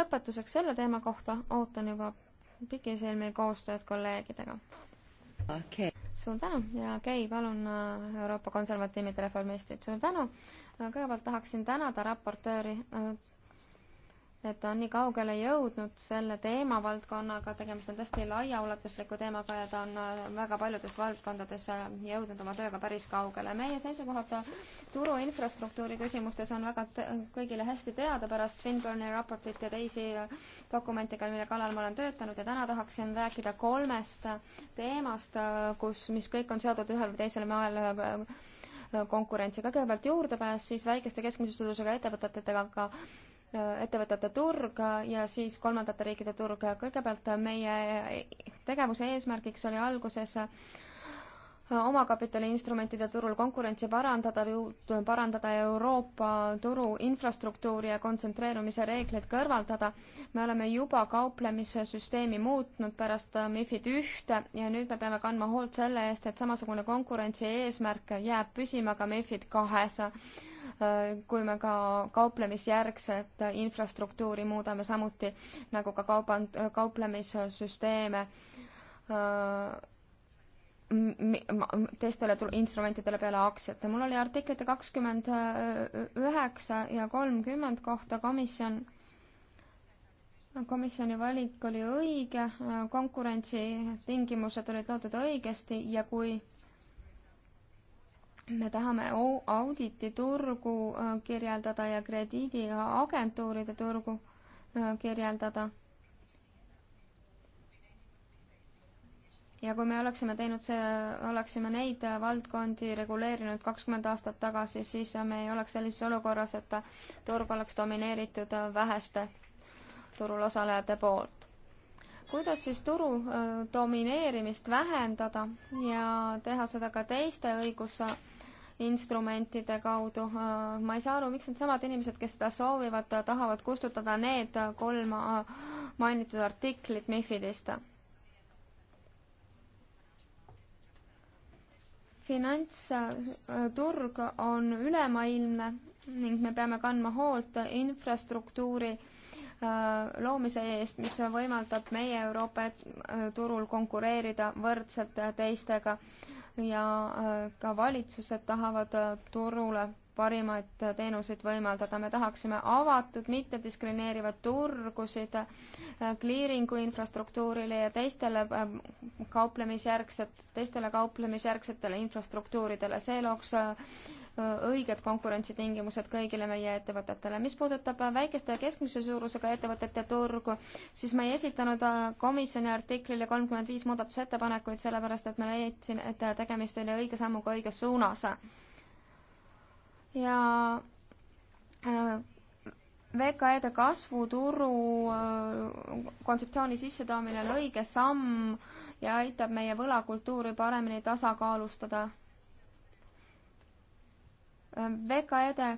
lõpetuseks selle teema kohta ootan juba pikisilmi koostööd kolleegidega okay suur tänu ja Kei, palun äh, Euroopa Konservatiivide Reformistid, suur tänu. Äh, kõigepealt tahaksin tänada raportööri äh, et ta on nii kaugele jõudnud selle teemavaldkonnaga, tegemist on tõesti laiaulatusliku teemaga ja ta on äh, väga paljudes valdkondades äh, jõudnud oma tööga päris kaugele. meie seisukohad äh, turu infrastruktuuri küsimustes on väga kõigile hästi teada pärast Finburni raportit ja teisi dokumente, mille kallal ma olen töötanud ja täna tahaksin rääkida kolmest teemast, kus, mis kõik on seotud ühel või teisel moel konkurentsiga. kõigepealt juurdepääs siis väikeste keskmise suurusega ettevõtetega, aga ettevõtete turg ja siis kolmandate riikide turg. kõigepealt meie tegevuse eesmärgiks oli alguses omakapitaliinstrumentide turul konkurentsi parandada, parandada Euroopa turu infrastruktuuri ja kontsentreerumise reegleid kõrvaldada. me oleme juba kauplemissüsteemi muutnud pärast MIFID ühte ja nüüd me peame kandma hoolt selle eest, et samasugune konkurentsi eesmärk jääb püsima ka MIFID kahes Äh, kui me ka kauplemisjärgset infrastruktuuri muudame samuti nagu ka kauband-, kauplemissüsteeme äh, teistele instrumentidele peale aktsiate. mul oli artiklite kakskümmend äh, üheksa ja kolmkümmend kohta komisjon, komisjoni valik oli õige, konkurentsitingimused olid loodud õigesti ja kui me tahame audititurgu äh, kirjeldada ja krediidiagentuuride turgu äh, kirjeldada. ja kui me oleksime teinud see, oleksime neid äh, valdkondi reguleerinud kakskümmend aastat tagasi, siis me ei oleks sellises olukorras, et turg oleks domineeritud väheste turul osalejate poolt kuidas siis turu domineerimist vähendada ja teha seda ka teiste õiguse instrumentide kaudu. Äh, ma ei saa aru, miks needsamad inimesed, kes seda soovivad, äh, tahavad kustutada need äh, kolm mainitud artiklit MIFIDist. finantsturg on ülemaailmne ning me peame kandma hoolt infrastruktuuri loomise eest, mis võimaldab meie Euroopa turul konkureerida võrdselt teistega äh, ja äh, ka valitsused tahavad äh, turule parimaid äh, teenuseid võimaldada. me tahaksime avatud, mittediskrimineerivat turgusid kliiringu infrastruktuurile ja teistele kauplemisjärgset, teistele kauplemisjärgsetele infrastruktuuridele. see looks Äh, õiged konkurentsitingimused kõigile meie ettevõtetele. mis puudutab äh, väikeste ja keskmise suurusega ettevõtete turgu, siis ma ei esitanud äh, komisjoni artiklile kolmkümmend viis muudatusettepanekuid, sellepärast et ma leidsin, et tegemist oli õige sammuga õiges suunas. ja VKE-de kasvuturu kontseptsiooni sissetoomine on õige samm ja aitab meie võlakultuuri paremini tasakaalustada VKE-de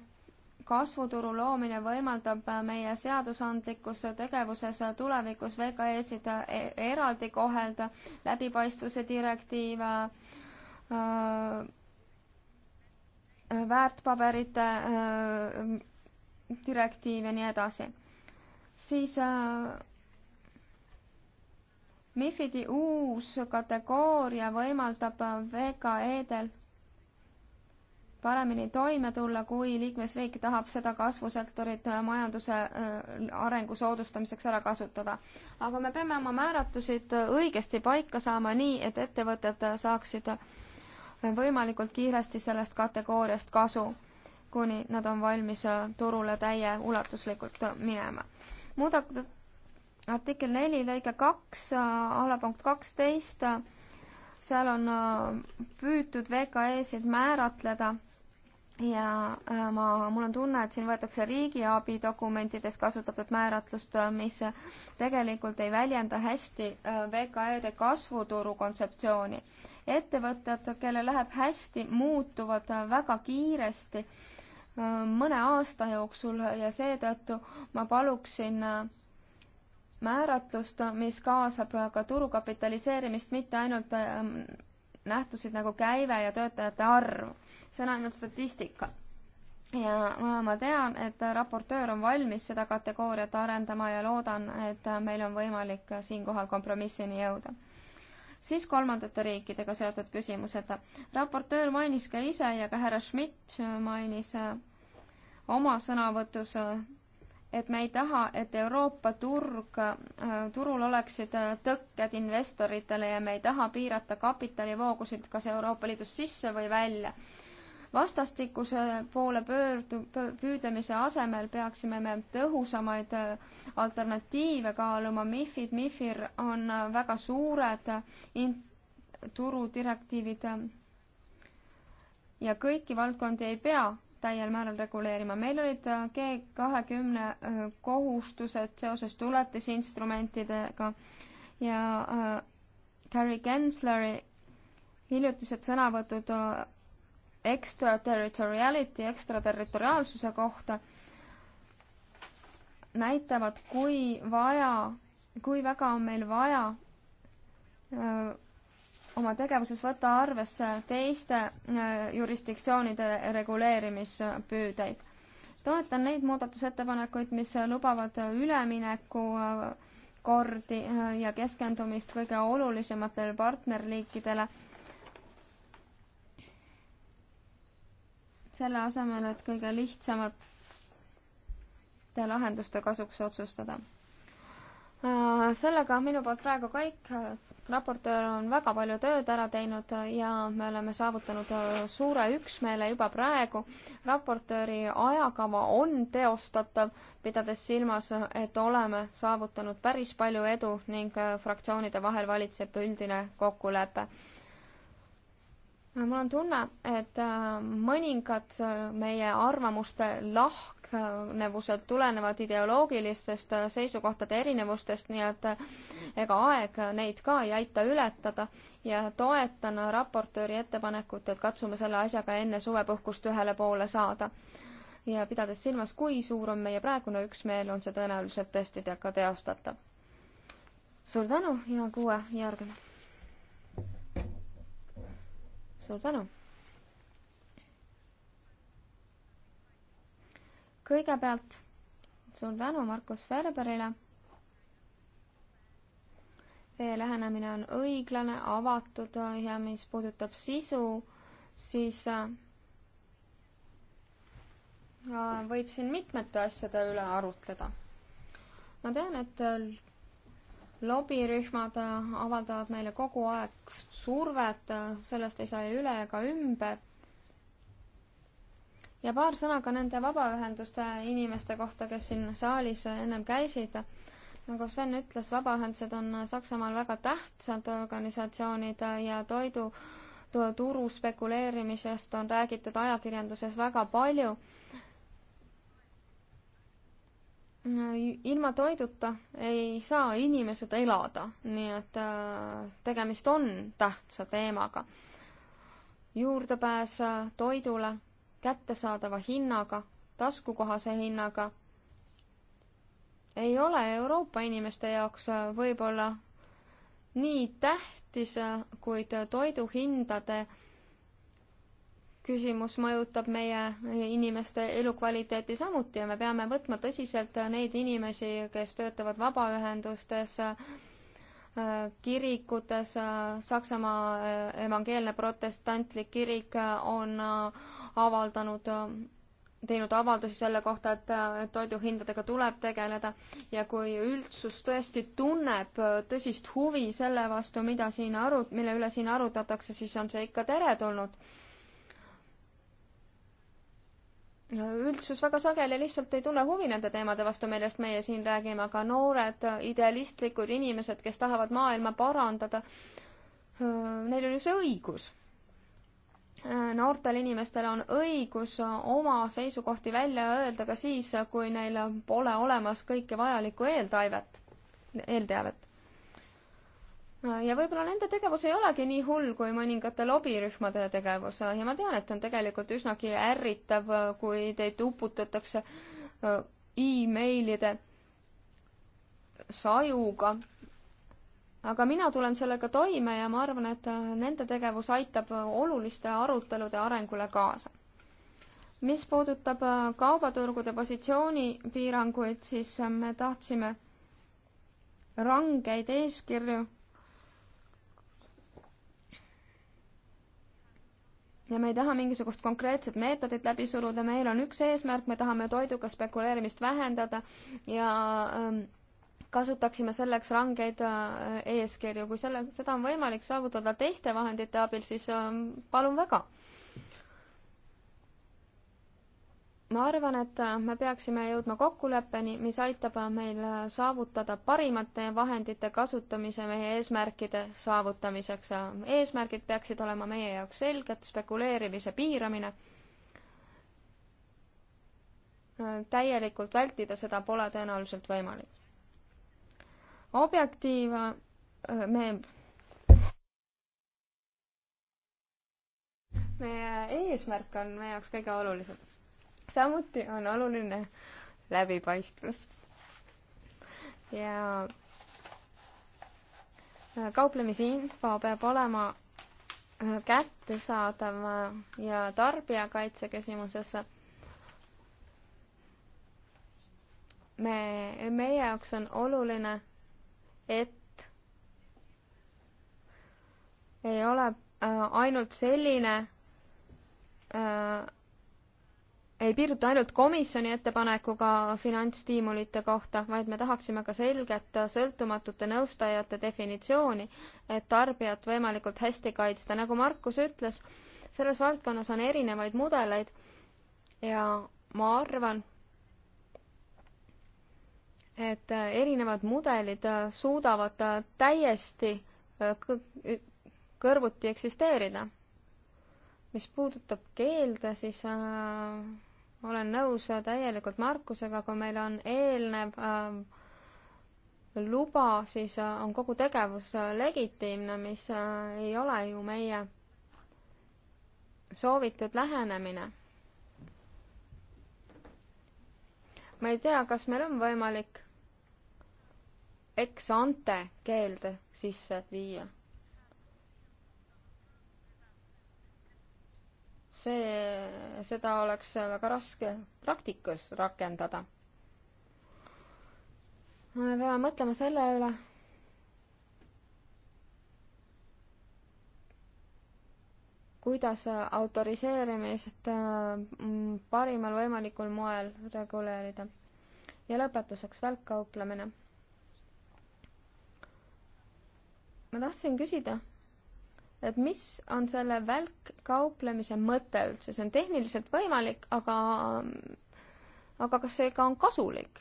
kasvuturu loomine võimaldab meie seadusandlikus tegevuses tulevikus VKE-sid e-, eraldi kohelda, läbipaistvuse direktiiv, äh, väärtpaberite äh, direktiiv ja nii edasi. siis äh, MIFID-i uus kategooria võimaldab VKE-del paremini toime tulla, kui liikmesriik tahab seda kasvusektorit äh, majanduse äh, arengu soodustamiseks ära kasutada. aga me peame oma määratlusid äh, õigesti paika saama nii, et ettevõtted saaksid võimalikult kiiresti sellest kategooriast kasu, kuni nad on valmis turule täieulatuslikult minema. muudatus, artikkel neli lõige kaks, alapunkt kaksteist, seal on püütud VKE-sid määratleda ja äh, ma, mul on tunne, et siin võetakse riigiabi dokumentides kasutatud määratlust, äh, mis tegelikult ei väljenda hästi äh, VKE-de kasvuturu kontseptsiooni. ettevõtted, kellel läheb hästi, muutuvad väga kiiresti mõne aasta jooksul ja seetõttu ma paluksin määratlust, mis kaasab ka turu kapitaliseerimist, mitte ainult nähtusid nagu käive ja töötajate arv see on ainult statistika. ja ma, ma tean, et raportöör on valmis seda kategooriat arendama ja loodan, et meil on võimalik siinkohal kompromissini jõuda siis kolmandate riikidega seotud küsimused. raportöör mainis ka ise ja ka härra Schmidt mainis äh, oma sõnavõtus, äh, et me ei taha, et Euroopa turg, äh, turul oleksid tõkked investoritele ja me ei taha piirata kapitalivoogusid kas Euroopa Liidust sisse või välja vastastikuse poole pöördu-, püüdlemise asemel peaksime me tõhusamaid äh, alternatiive kaaluma, MIFID, MIFIR on äh, väga suured äh, in-, turudirektiivid ja kõiki valdkondi ei pea täiel määral reguleerima. meil olid G kahekümne kohustused seoses tuletisinstrumentidega ja Gary Gensleri hiljutised sõnavõtud extraterritoriality, ekstraterritoriaalsuse kohta näitavad, kui vaja, kui väga on meil vaja öö, oma tegevuses võtta arvesse teiste jurisdiktsioonide reguleerimispüüdeid. toetan neid muudatusettepanekuid, mis lubavad ülemineku kordi ja keskendumist kõige olulisematele partnerliikidele selle asemel, et kõige lihtsamate lahenduste kasuks otsustada. Äh, sellega on minu poolt praegu kõik. raportöör on väga palju tööd ära teinud ja me oleme saavutanud äh, suure üksmeele juba praegu. raportööri ajakava on teostatav, pidades silmas, et oleme saavutanud päris palju edu ning äh, fraktsioonide vahel valitseb üldine kokkulepe Äh, mul on tunne, et äh, mõningad äh, meie arvamuste lahknevuselt tulenevad ideoloogilistest seisukohtade erinevustest, nii et ega aeg neid ka ei aita ületada ja toetan raportööri ettepanekut, et katsume selle asjaga enne suvepuhkust ühele poole saada. ja pidades silmas, kui suur on meie praegune üksmeel, on see tõenäoliselt tõesti ka teostatav. suur tänu ja kuue järgmine suur tänu. kõigepealt suur tänu Markus Ferberile. Teie lähenemine on õiglane, avatud ja mis puudutab sisu, siis äh, võib siin mitmete asjade üle arutleda. ma tean, et lobirühmad äh, avaldavad meile kogu aeg survet, äh, sellest ei saa üle ega ümber. ja paar sõna ka nende vabaühenduste inimeste kohta, kes siin saalis ennem käisid. nagu Sven ütles, vabaühendused on Saksamaal väga tähtsad organisatsioonid ja toidu turu spekuleerimisest on räägitud ajakirjanduses väga palju ilma toiduta ei saa inimesed elada, nii et äh, tegemist on tähtsa teemaga. juurdepääs äh, toidule kättesaadava hinnaga, taskukohase hinnaga ei ole Euroopa inimeste jaoks äh, võib-olla nii tähtis, kuid toiduhindade küsimus mõjutab meie inimeste elukvaliteeti samuti ja me peame võtma tõsiselt neid inimesi, kes töötavad vabaühendustes, kirikutes, Saksamaa evangeelne protestantlik kirik on avaldanud teinud avaldusi selle kohta, et toiduhindadega tuleb tegeleda ja kui üldsus tõesti tunneb tõsist huvi selle vastu, mida siin aru, mille üle siin arutatakse, siis on see ikka teretulnud üldsus väga sageli lihtsalt ei tunne huvi nende teemade vastu, millest meie siin räägime, aga noored idealistlikud inimesed, kes tahavad maailma parandada, neil on ju see õigus. noortel inimestel on õigus oma seisukohti välja öelda ka siis, kui neil pole olemas kõike vajalikku eeltaivet, eelteavet Äh, ja võib-olla nende tegevus ei olegi nii hull kui mõningate lobirühmade tegevus äh, ja ma tean, et on tegelikult üsnagi ärritav, äh, kui teid uputatakse emailide sajuga. aga mina tulen sellega toime ja ma arvan, et nende tegevus aitab oluliste arutelude arengule kaasa. mis puudutab kaubaturgude positsioonipiiranguid, siis me tahtsime rangeid eeskirju ja me ei taha mingisugust konkreetset meetodit läbi suruda, meil on üks eesmärk, me tahame toiduga spekuleerimist vähendada ja ähm, kasutaksime selleks rangeid äh, eeskirju, kui selle, seda on võimalik saavutada teiste vahendite abil, siis ähm, palun väga ma arvan, et äh, me peaksime jõudma kokkuleppeni, mis aitab äh, meil äh, saavutada parimate vahendite kasutamise meie eesmärkide saavutamiseks. eesmärgid peaksid olema meie jaoks selged, spekuleerimise piiramine. täielikult vältida seda pole tõenäoliselt võimalik. objektiiv, me meie eesmärk on meie jaoks kõige olulisem samuti on oluline läbipaistvus. ja kauplemisinfo peab olema äh, kättesaadav äh, ja tarbijakaitse küsimuses me, meie jaoks on oluline, et ei ole äh, ainult selline ei piirduta ainult komisjoni ettepanekuga finantsstiimulite kohta, vaid me tahaksime ka selget sõltumatute nõustajate definitsiooni, et tarbijat võimalikult hästi kaitsta. nagu Markus ütles, selles valdkonnas on erinevaid mudeleid ja ma arvan, et erinevad mudelid suudavad täiesti äh, kõrvuti eksisteerida. mis puudutab keelde, siis äh, olen nõus äh, täielikult Markusega, kui meil on eelnev äh, luba, siis äh, on kogu tegevus äh, legitiimne, mis ei ole ju meie soovitud lähenemine. ma ei tea, kas meil on võimalik ex ante keelde sisse viia see, seda oleks väga raske praktikas rakendada. me peame mõtlema selle üle, kuidas autoriseerimist äh, mm, parimal võimalikul moel reguleerida. ja lõpetuseks välkkauplemine. ma tahtsin küsida et mis on selle välkkauplemise mõte üldse, see on tehniliselt võimalik, aga, aga kas see ka on kasulik?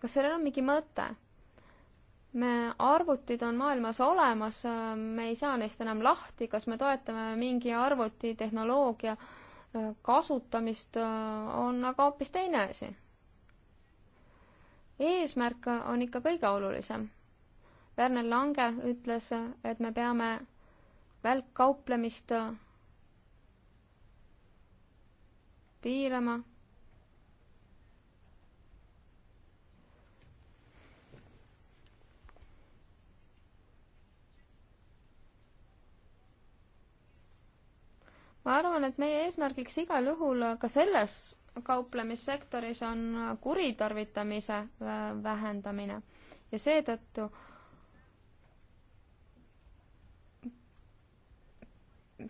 kas sellel on mingi mõte? me, arvutid on maailmas olemas, me ei saa neist enam lahti, kas me toetame mingi arvutitehnoloogia äh, kasutamist, äh, on aga hoopis teine asi. eesmärk on ikka kõige olulisem Werner Lange ütles, et me peame välkkauplemist piirama. ma arvan, et meie eesmärgiks igal juhul ka selles kauplemissektoris on kuritarvitamise vähendamine ja seetõttu äh,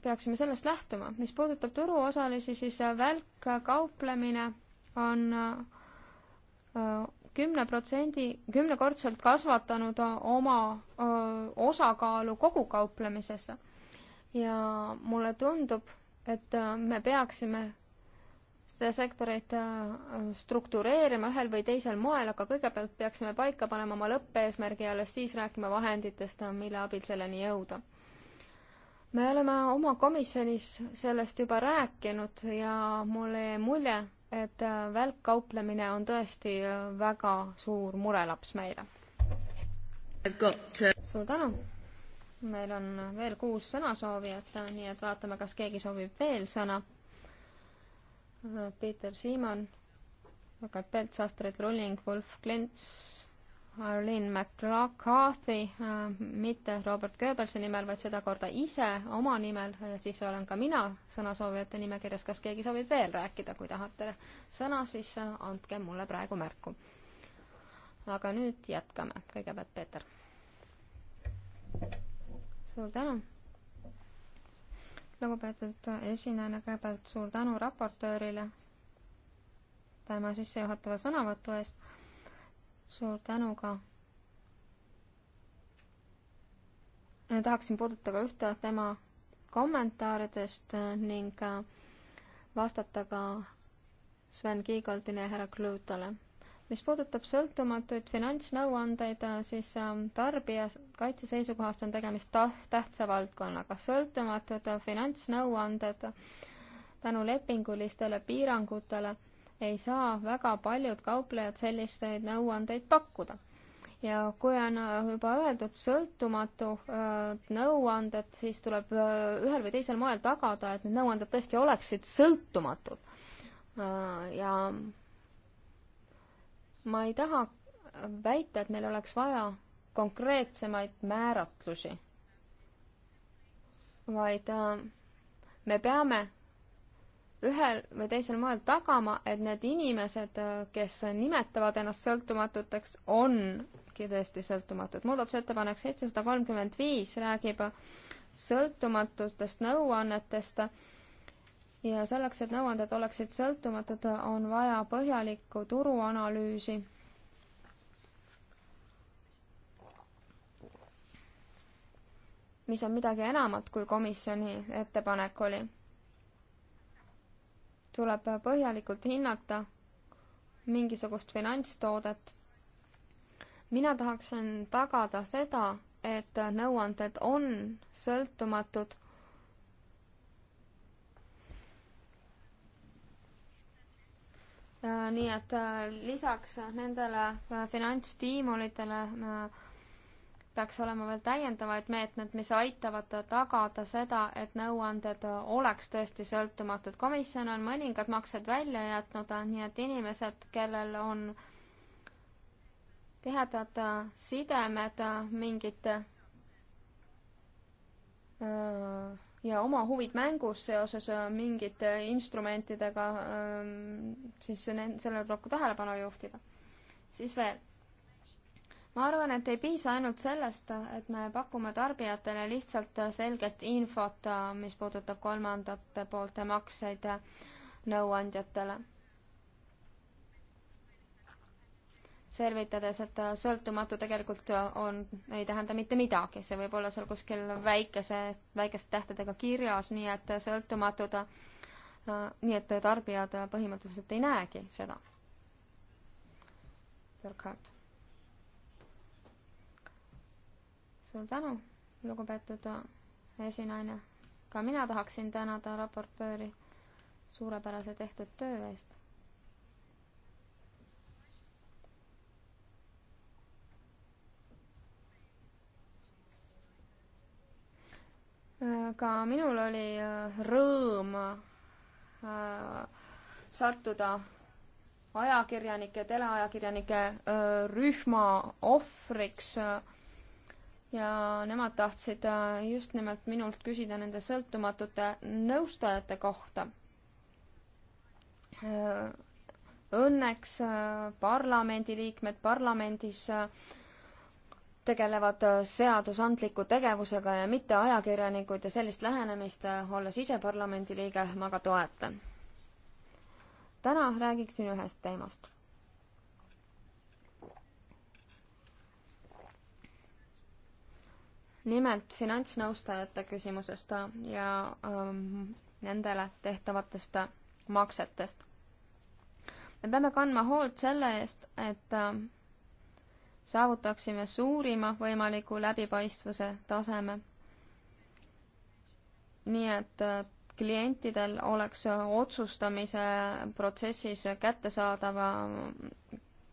peaksime sellest lähtuma. mis puudutab turuosalisi, siis välkkauplemine on äh, kümne protsendi, kümnekordselt kasvatanud oma äh, osakaalu kogu kauplemisesse. ja mulle tundub, et me peaksime seda sektorit äh, struktureerima ühel või teisel moel, aga kõigepealt peaksime paika panema oma lõppeesmärgi ja alles siis rääkima vahenditest, mille abil selleni jõuda me oleme oma komisjonis sellest juba rääkinud ja mulle jäi mulje, et äh, välkkauplemine on tõesti äh, väga suur murelaps meile. suur tänu! meil on veel kuus sõnasoovijat, äh, nii et vaatame, kas keegi soovib veel sõna. Peeter Siimann, Rakett Pelts, Astrid Lulling, Wolf Klints, Arlene McCarthy, äh, mitte Robert Goebbelsi nimel, vaid sedakorda ise oma nimel, siis olen ka mina sõnasoovijate nimekirjas. kas keegi soovib veel rääkida, kui tahate sõna, siis äh, andke mulle praegu märku. aga nüüd jätkame, kõigepealt Peeter. suur tänu. lugupeetud äh, esinejana kõigepealt suur tänu raportöörile tema sissejuhatava sõnavõtu eest suur tänu ka. tahaksin puudutada ühte tema kommentaaridest ning vastata ka Sven Kiigoldile ja härra Klõutale. mis puudutab sõltumatuid finantsnõuandeid, siis ähm, tarbija kaitse seisukohast on tegemist tähtsa valdkonnaga. sõltumatud finantsnõuanded tänu lepingulistele piirangutele ei saa väga paljud kauplejad selliseid nõuandeid pakkuda. ja kui on äh, juba öeldud sõltumatu äh, nõuanded, siis tuleb äh, ühel või teisel moel tagada, et need nõuanded tõesti oleksid sõltumatud. ja ma ei taha väita, et meil oleks vaja konkreetsemaid määratlusi, vaid me peame ühel või teisel moel tagama, et need inimesed, kes nimetavad ennast sõltumatuteks, ongi tõesti sõltumatud. muudatusettepanek seitsesada kolmkümmend viis räägib sõltumatutest nõuannetest ja selleks, et nõuanded oleksid sõltumatud, on vaja põhjalikku turuanalüüsi. mis on midagi enamat, kui komisjoni ettepanek oli tuleb põhjalikult hinnata mingisugust finantstoodet. mina tahaksin tagada seda, et nõuanded on sõltumatud äh, nii et äh, lisaks nendele äh, finantsstiimulitele peaks olema veel täiendavaid meetmed, mis aitavad tagada seda, et nõuanded oleks tõesti sõltumatud. komisjon on mõningad maksed välja jätnud, nii et inimesed, kellel on tihedad sidemed mingite ja oma huvid mängus seoses mingite instrumentidega, siis sellele tuleb ka tähelepanu juhtida. siis veel ma arvan, et ei piisa ainult sellest, et me pakume tarbijatele lihtsalt selget infot, mis puudutab kolmandate poolte makseid nõuandjatele. servitades, et sõltumatu tegelikult on, ei tähenda mitte midagi, see võib olla seal kuskil väikese, väikeste tähtedega kirjas, nii et sõltumatud, nii et tarbijad põhimõtteliselt ei näegi seda. Burkhardt suur tänu, lugupeetud äh, esinaine. ka mina tahaksin tänada raportööri suurepärase tehtud töö eest. Äh, ka minul oli äh, rõõm sattuda ajakirjanike, teleajakirjanike rühma ohvriks ja nemad tahtsid äh, just nimelt minult küsida nende sõltumatute nõustajate kohta. Äh, õnneks äh, parlamendiliikmed parlamendis tegelevad seadusandliku tegevusega ja mitte ajakirjanikud ja sellist lähenemist, olles ise parlamendiliige, ma ka toetan. täna räägiksin ühest teemast nimelt finantsnõustajate küsimusest ja ähm, nendele tehtavatest maksetest. me peame kandma hoolt selle eest, et ähm, saavutaksime suurima võimaliku läbipaistvuse taseme. nii et äh, klientidel oleks otsustamise protsessis kättesaadav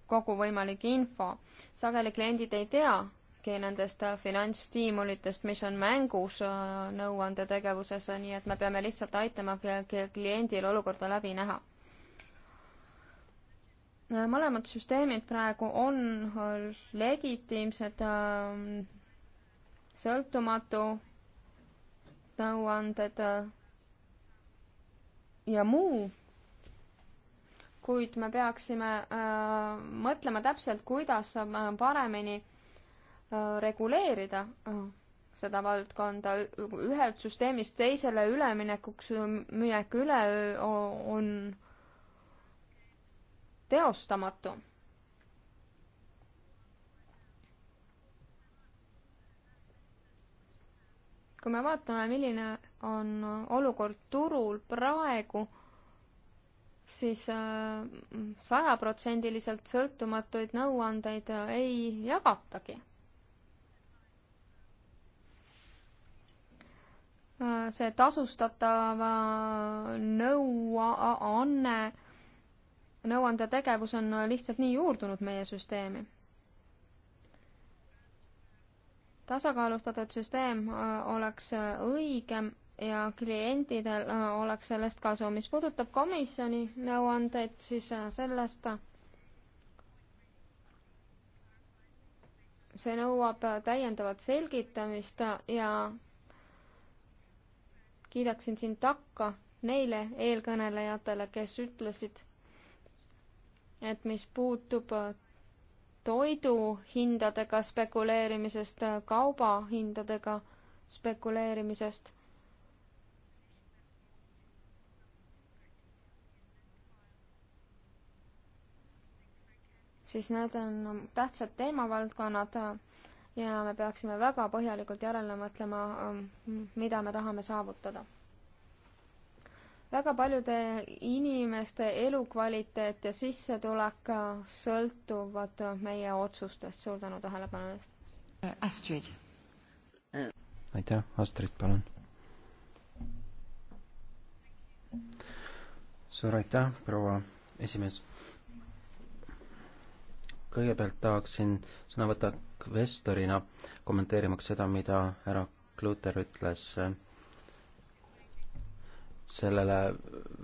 kogu võimalik info. sageli kliendid ei tea, räägi nendest finantsstiimulitest, mis on mängus äh, nõuandetegevuses, nii et me peame lihtsalt aitama kliendil olukorda läbi näha. mõlemad süsteemid praegu on legitiimsed, äh, sõltumatu nõuanded äh, ja muu kuid me peaksime äh, mõtlema täpselt, kuidas paremini äh, Äh, reguleerida äh, seda valdkonda ühelt süsteemist teisele üleminekuks, äh, minek üleöö on teostamatu. kui me vaatame, milline on olukord turul praegu siis sajaprotsendiliselt sõltumatuid nõuandeid ei jagatagi. see tasustatav äh, nõuanne, nõuandetegevus on lihtsalt nii juurdunud meie süsteemi. tasakaalustatud süsteem äh, oleks õigem ja klientidel äh, oleks sellest kasu. mis puudutab komisjoni nõuandeid, siis sellest see nõuab täiendavat selgitamist ja kiidaksin siin takka neile eelkõnelejatele, kes ütlesid, et mis puutub äh, toiduhindadega spekuleerimisest, äh, kaubahindadega spekuleerimisest, siis need on tähtsad teemavaldkonnad äh, ja me peaksime väga põhjalikult järele mõtlema, ähm, mida me tahame saavutada. väga paljude inimeste elukvaliteet ja sissetulek äh, sõltuvad äh, meie otsustest. suur tänu tähelepanu eest. Astrid. aitäh, Astrid, palun. suur aitäh, proua esimees. kõigepealt tahaksin sõna võtta kvestorina kommenteerimaks seda, mida härra Kluter ütles sellele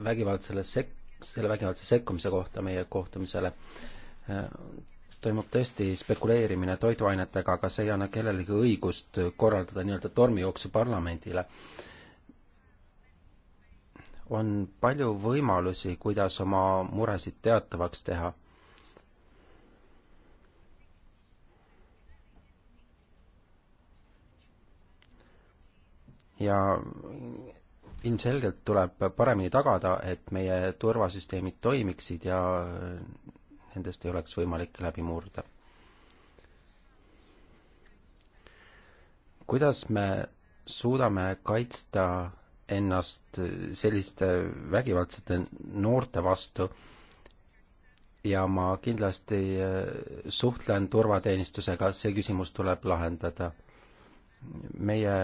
vägivaldsele sek-, selle vägivaldse sekkumise kohta meie kohtumisele. toimub tõesti spekuleerimine toiduainetega, aga see ei anna kellelegi õigust korraldada nii-öelda tormijooksu parlamendile. on palju võimalusi, kuidas oma muresid teatavaks teha ja ilmselgelt tuleb paremini tagada, et meie turvasüsteemid toimiksid ja nendest ei oleks võimalik läbi murda. kuidas me suudame kaitsta ennast selliste vägivaldsete noorte vastu ja ma kindlasti eh, suhtlen turvateenistusega, see küsimus tuleb lahendada. meie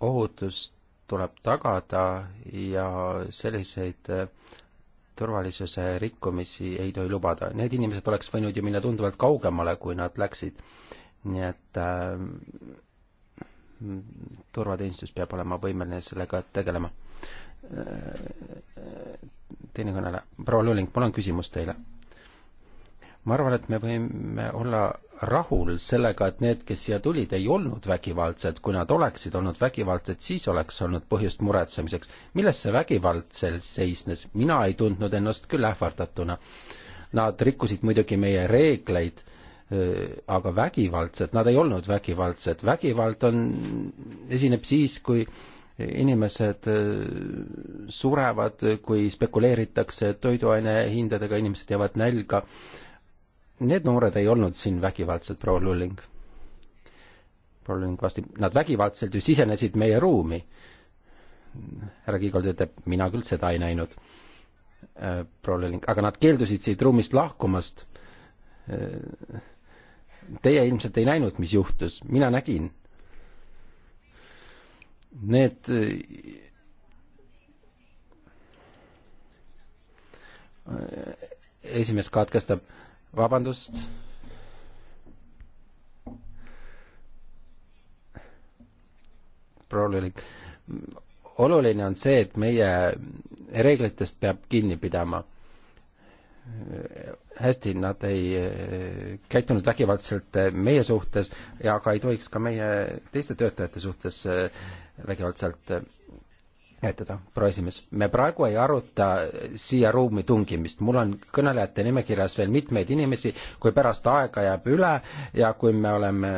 ohutus tuleb tagada ja selliseid äh, turvalisuse rikkumisi ei tohi lubada. Need inimesed oleks võinud ju minna tunduvalt kaugemale, kui nad läksid. nii et äh, turvateenistus peab olema võimeline sellega tegelema äh,. teine kõneleja, proua Luling, mul on küsimus teile. ma arvan, et me võime olla rahul sellega, et need, kes siia tulid, ei olnud vägivaldsed, kui nad oleksid olnud vägivaldsed, siis oleks olnud põhjust muretsemiseks. milles see vägivald seal seisnes, mina ei tundnud ennast küll ähvardatuna. Nad rikkusid muidugi meie reegleid, aga vägivaldsed, nad ei olnud vägivaldsed, vägivald on, esineb siis, kui inimesed surevad, kui spekuleeritakse toiduainehindadega, inimesed jäävad nälga, Need noored ei olnud siin vägivaldsed, proua Lulling. proua Lulling vastab, nad vägivaldselt ju sisenesid meie ruumi. härra Kiigold ütleb, mina küll seda ei näinud. Äh, proua Lulling, aga nad keeldusid siit ruumist lahkumast. Äh, teie ilmselt ei näinud, mis juhtus, mina nägin. Need äh, esimees katkestab vabandust. proovilik. oluline on see, et meie reeglitest peab kinni pidama. hästi, nad ei eh, käitunud vägivaldselt eh, meie suhtes ja aga ei tohiks ka meie teiste töötajate suhtes eh, vägivaldselt vahetada, proua esimees, me praegu ei aruta siia ruumi tungimist, mul on kõnelejate nimekirjas veel mitmeid inimesi, kui pärast aega jääb üle ja kui me oleme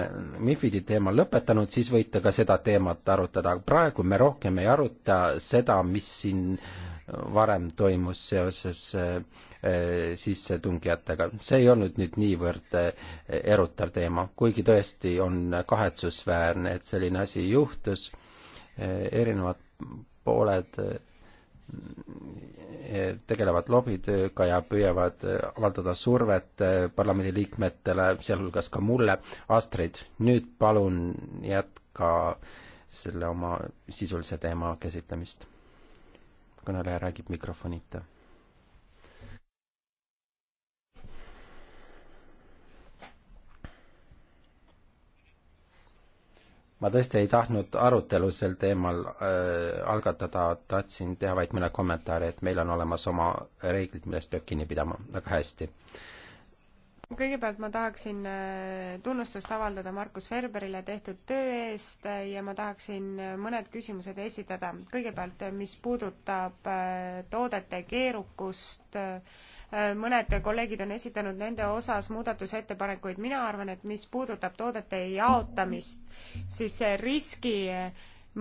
MIFID-i teema lõpetanud, siis võite ka seda teemat arutada, aga praegu me rohkem ei aruta seda, mis siin varem toimus seoses eh, sissetungijatega. see ei olnud nüüd niivõrd eh, erutav teema, kuigi tõesti on kahetsusväärne, et selline asi juhtus, eh, erinevad pooled eh, tegelevad lobitööga ja püüavad avaldada survet eh, parlamendiliikmetele, sealhulgas ka mulle. Astrid, nüüd palun jätka selle oma sisulise teema käsitlemist. kõneleja räägib mikrofonita ma tõesti ei tahtnud arutelu sel teemal äh, algatada, tahtsin teha vaid mõne kommentaari, et meil on olemas oma reeglid, millest peab kinni pidama, väga hästi. kõigepealt ma tahaksin äh, tunnustust avaldada Markus Ferberile tehtud töö eest äh, ja ma tahaksin äh, mõned küsimused esitada. kõigepealt, mis puudutab toodete keerukust äh, Äh, mõned kolleegid on esitanud nende osas muudatusettepanekuid, mina arvan, et mis puudutab toodete jaotamist, siis see riski äh,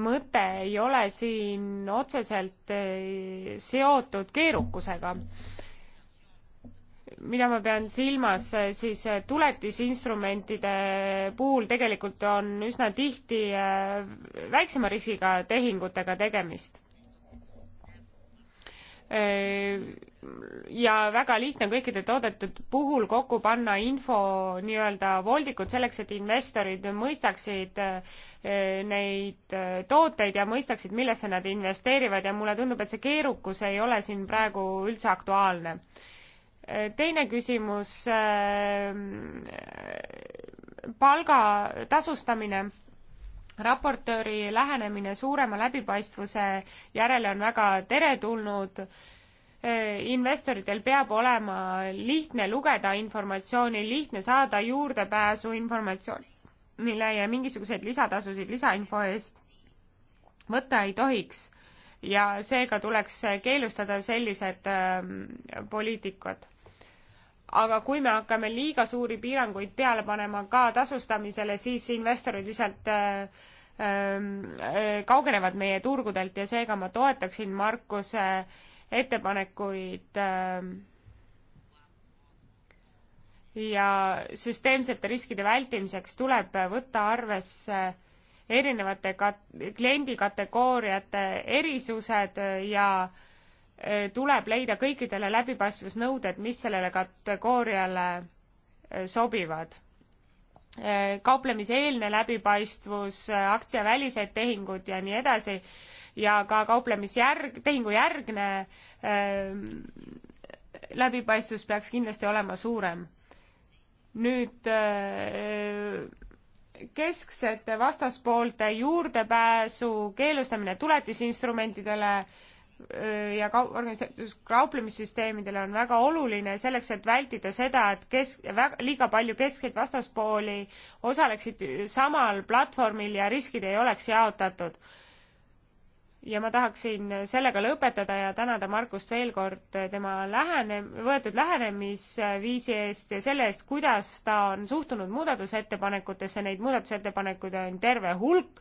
mõte ei ole siin otseselt äh, seotud keerukusega mida ma pean silmas, siis tuletisinstrumentide puhul tegelikult on üsna tihti väiksema riskiga tehingutega tegemist ja väga lihtne on kõikide toodete puhul kokku panna info nii-öelda voldikud selleks, et investorid mõistaksid eh, neid eh, tooteid ja mõistaksid, millesse nad investeerivad ja mulle tundub, et see keerukus ei ole siin praegu üldse aktuaalne. Eh, teine küsimus, palga tasustamine raportööri lähenemine suurema läbipaistvuse järele on väga teretulnud Eh, investoritel peab olema lihtne lugeda informatsiooni, lihtne saada juurdepääsu informatsioonile ja mingisuguseid lisatasusid lisainfo eest võtta ei tohiks. ja seega tuleks keelustada sellised ähm, poliitikud aga kui me hakkame liiga suuri piiranguid peale panema ka tasustamisele, siis investorid lihtsalt äh, ähm, äh, kaugenevad meie turgudelt ja seega ma toetaksin Markuse äh, ettepanekuid ähm, ja süsteemsete riskide vältimiseks tuleb võtta arvesse erinevate kat-, kliendikategooriate erisused ja äh, tuleb leida kõikidele läbipaistvusnõuded, mis sellele kategooriale äh, sobivad. Äh, kauplemiseelne läbipaistvus, aktsiavälised tehingud ja nii edasi ja ka kauplemisjärg, tehingu järgne ähm, läbipaistvus peaks kindlasti olema suurem. nüüd äh, kesksete vastaspoolte juurdepääsu keelustamine tuletisinstrumentidele äh, ja ka kauplemissüsteemidele on väga oluline selleks, et vältida seda, et kesk, liiga palju keskseid vastaspooli osaleksid samal platvormil ja riskid ei oleks jaotatud ja ma tahaksin sellega lõpetada ja tänada Markust veel kord tema lähene, võetud lähenemisviisi eest ja selle eest, kuidas ta on suhtunud muudatusettepanekutesse, neid muudatusettepanekuid on terve hulk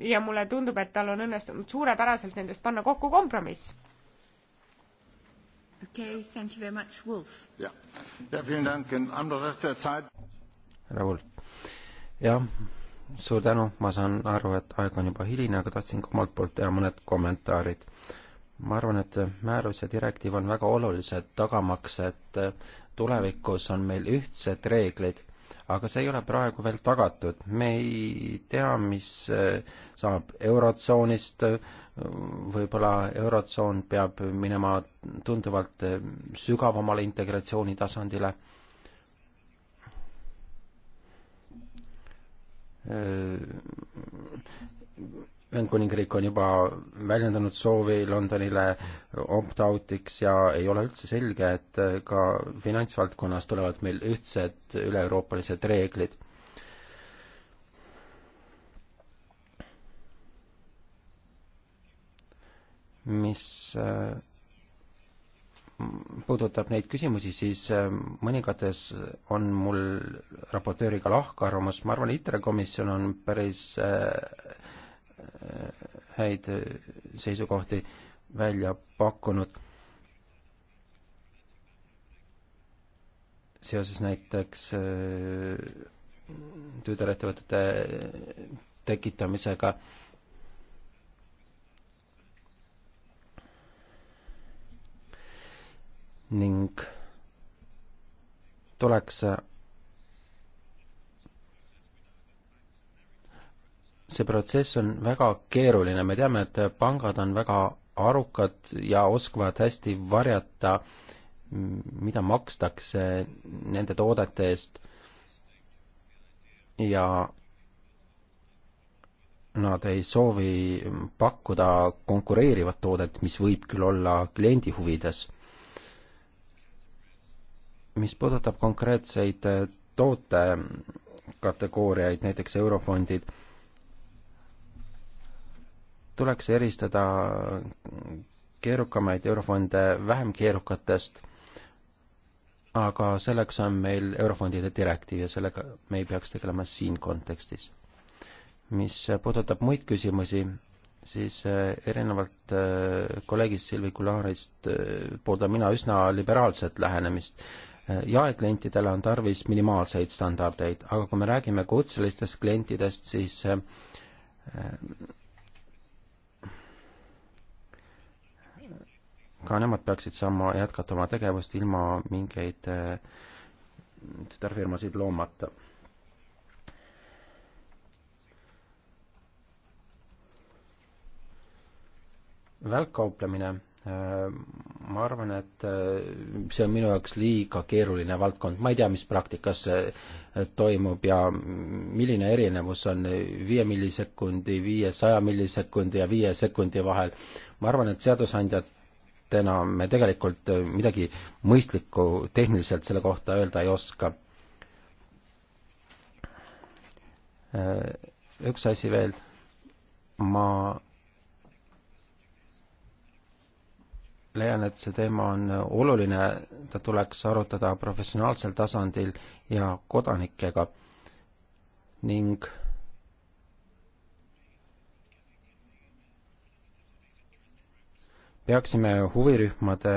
ja mulle tundub, et tal on õnnestunud suurepäraselt nendest panna kokku kompromiss. okei okay,, thank you very much, Wolf. jah, ja vielen dank, in anderer Zeit. härra Wolf, jah suur tänu, ma saan aru, et aeg on juba hiline, aga tahtsin ka omalt poolt teha mõned kommentaarid. ma arvan, et määrus ja direktiiv on väga olulised tagamaks, et tulevikus on meil ühtsed reeglid, aga see ei ole praegu veel tagatud. me ei tea, mis saab Eurotsoonist, võib-olla Eurotsoon peab minema tunduvalt sügavamale integratsiooni tasandile Äh, Ühendkuningriik on juba väljendanud soovi Londonile opt-out'iks ja ei ole üldse selge, et äh, ka finantsvaldkonnas tulevad meil ühtsed üle-euroopalised reeglid. mis äh, puudutab neid küsimusi, siis ähm, mõningates on mul raportööriga lahkarvamus, ma arvan, ITRE komisjon on päris äh, äh, häid äh, seisukohti välja pakkunud. seoses näiteks tütarettevõtete tekitamisega äh, ning tuleks see protsess on väga keeruline, me teame, et pangad on väga arukad ja oskavad hästi varjata, mida makstakse nende toodete eest ja nad ei soovi pakkuda konkureerivat toodet, mis võib küll olla kliendi huvides mis puudutab konkreetseid äh, tootekategooriaid, näiteks eurofondid, tuleks eristada keerukamaid eurofonde vähem keerukatest, aga selleks on meil eurofondide direktiiv ja sellega me ei peaks tegelema siin kontekstis. mis puudutab muid küsimusi, siis äh, erinevalt äh, kolleegist Silvi Kulaarist pooldan mina üsna liberaalset lähenemist jaeklientidele on tarvis minimaalseid standardeid, aga kui me räägime kutselistest klientidest, siis äh, äh, ka nemad peaksid saama jätkata oma tegevust ilma mingeid äh, tütarfirmasid loomata. välkkauplemine Äh, ma arvan, et äh, see on minu jaoks liiga keeruline valdkond, ma ei tea, mis praktikas äh, toimub ja milline erinevus on viie millisekundi, viiesaja millisekundi ja viie sekundi vahel. ma arvan, et seadusandjatena me tegelikult midagi mõistlikku tehniliselt selle kohta öelda ei oska. üks asi veel, ma leian, et see teema on oluline, ta tuleks arutada professionaalsel tasandil ja kodanikega ning peaksime huvirühmade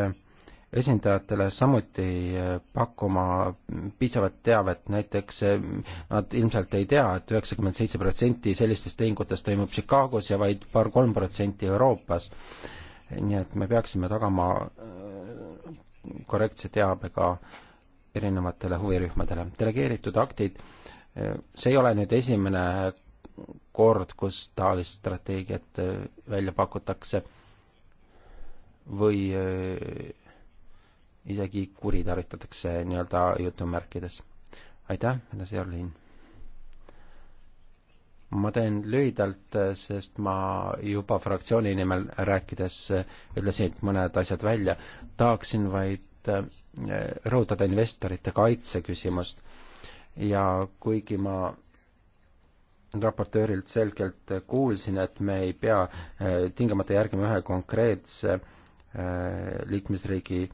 esindajatele samuti eh, pakkuma piisavat teavet, näiteks eh, nad ilmselt ei tea et, et üheksakümmend seitse protsenti sellistest tehingutest toimub Chicagos ja vaid paar-kolm protsenti Euroopas nii et me peaksime tagama äh, korrektse teabega erinevatele huvirühmadele. delegeeritud aktid, äh, see ei ole nüüd esimene kord, kus taolist strateegiat äh, välja pakutakse või isegi kuritarvitatakse nii-öelda jutumärkides. aitäh, edasi Arlin ma teen lühidalt, eh, sest ma juba fraktsiooni nimel rääkides eh, ütlesin mõned asjad välja. tahaksin vaid eh, rõhutada investorite kaitse küsimust ja kuigi ma raportöörilt selgelt kuulsin, et me ei pea tingimata järgima ühe konkreetse liikmesriigi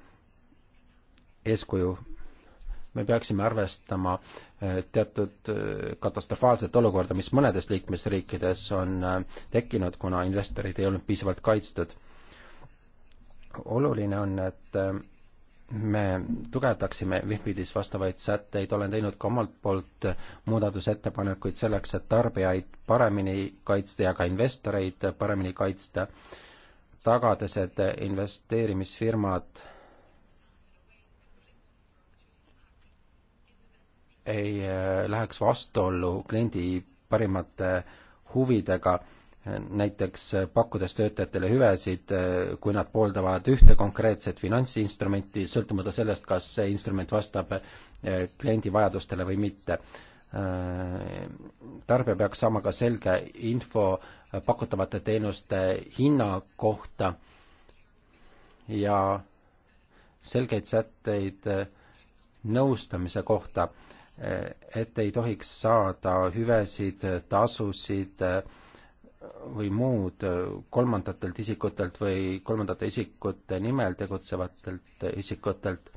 eeskuju, me peaksime arvestama äh, teatud äh, katastrofaalset olukorda, mis mõnedes liikmesriikides on äh, tekkinud, kuna investorid ei olnud piisavalt kaitstud. oluline on, et äh, me tugevdaksime WIFIDis vastavaid sätteid, olen teinud ka omalt poolt muudatusettepanekuid selleks, et tarbijaid paremini kaitsta ja ka investoreid paremini kaitsta, tagades, et investeerimisfirmad ei äh, läheks vastuollu kliendi parimate huvidega, näiteks äh, pakkudes töötajatele hüvesid, äh, kui nad pooldavad ühte konkreetset finantsinstrumenti, sõltumata sellest, kas see instrument vastab kliendi vajadustele või mitte. Tarbija peaks saama ka selge info pakutavate teenuste hinna kohta ja selgeid sätteid nõustamise kohta Eh, et ei tohiks saada hüvesid, tasusid eh, või muud eh, kolmandatelt isikutelt või kolmandate isikute nimel tegutsevatelt isikutelt,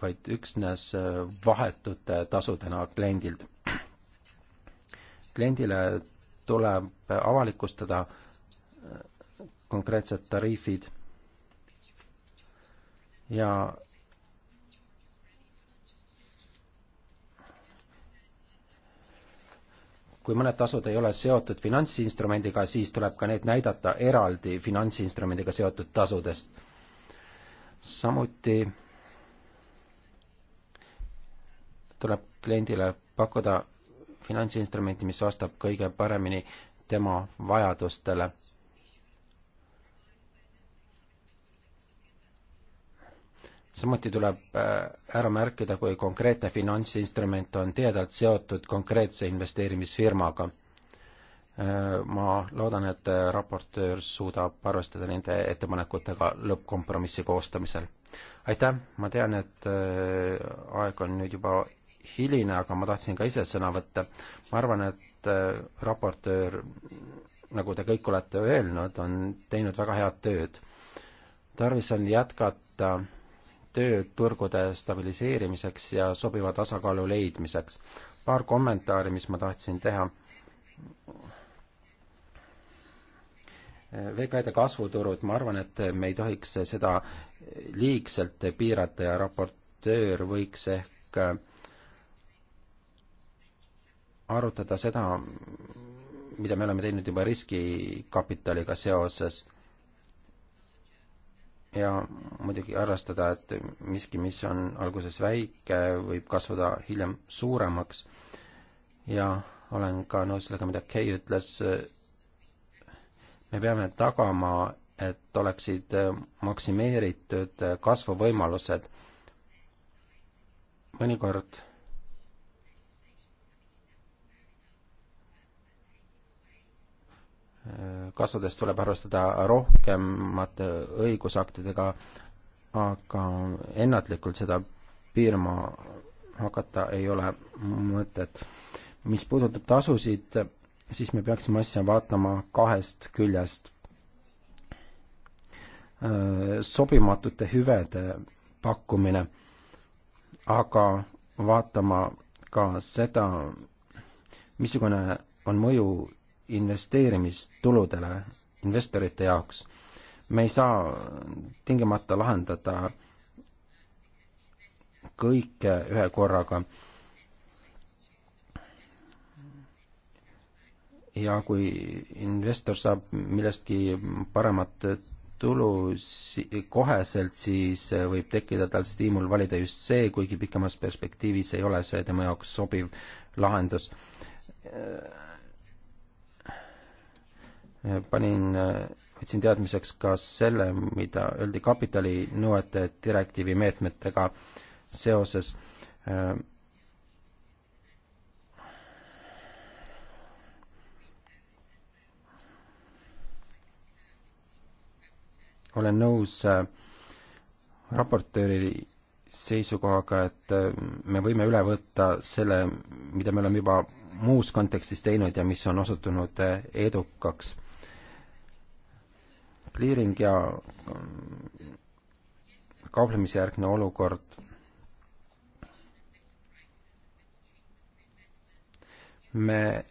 vaid üksnes vahetute tasudena kliendilt. kliendile tuleb avalikustada konkreetsed tariifid ja kui mõned tasud ei ole seotud finantsinstrumendiga, siis tuleb ka need näidata eraldi finantsinstrumendiga seotud tasudest. samuti tuleb kliendile pakkuda finantsinstrumenti, mis vastab kõige paremini tema vajadustele samuti tuleb äh, ära märkida, kui konkreetne finantsinstrument on teadvalt seotud konkreetse investeerimisfirmaga. Äh, ma loodan, et äh, raportöör suudab arvestada nende ettepanekutega lõppkompromissi koostamisel. aitäh, ma tean, et aeg on nüüd juba hiline, aga ma tahtsin ka ise sõna võtta. ma arvan, et raportöör, nagu te kõik olete öelnud, on teinud väga head tööd. tarvis on jätkata tööd turgude stabiliseerimiseks ja sobiva tasakaalu leidmiseks. paar kommentaari, mis ma tahtsin teha. VKD kasvuturud, ma arvan, et me ei tohiks seda liigselt piirata ja raportöör võiks ehk arutada seda, mida me oleme teinud juba riskikapitaliga seoses ja muidugi arvestada, et miski, mis on alguses väike, võib kasvada hiljem suuremaks ja olen ka nõus sellega, mida Kei ütles, me peame tagama, et oleksid maksimeeritud kasvuvõimalused. mõnikord kasvades tuleb arvestada rohkemate õigusaktidega, aga ennatlikult seda piirama hakata ei ole mõtet. mis puudutab tasusid, siis me peaksime asja vaatama kahest küljest. sobimatute hüvede pakkumine, aga vaatama ka seda, missugune on mõju investeerimistuludele investorite jaoks. me ei saa tingimata lahendada kõike ühe korraga. ja kui investor saab millestki paremat tulu koheselt, siis võib tekkida tal stiimul valida just see, kuigi pikemas perspektiivis ei ole see tema jaoks sobiv lahendus Eh, panin, eh, võtsin teadmiseks ka selle, mida öeldi kapitalinõuete direktiivi meetmetega seoses. Eh, olen nõus raportööri seisukohaga, et me võime üle võtta selle, mida me oleme juba muus kontekstis teinud ja mis on osutunud edukaks kliiring ja mm, kauplemisjärgne olukord. me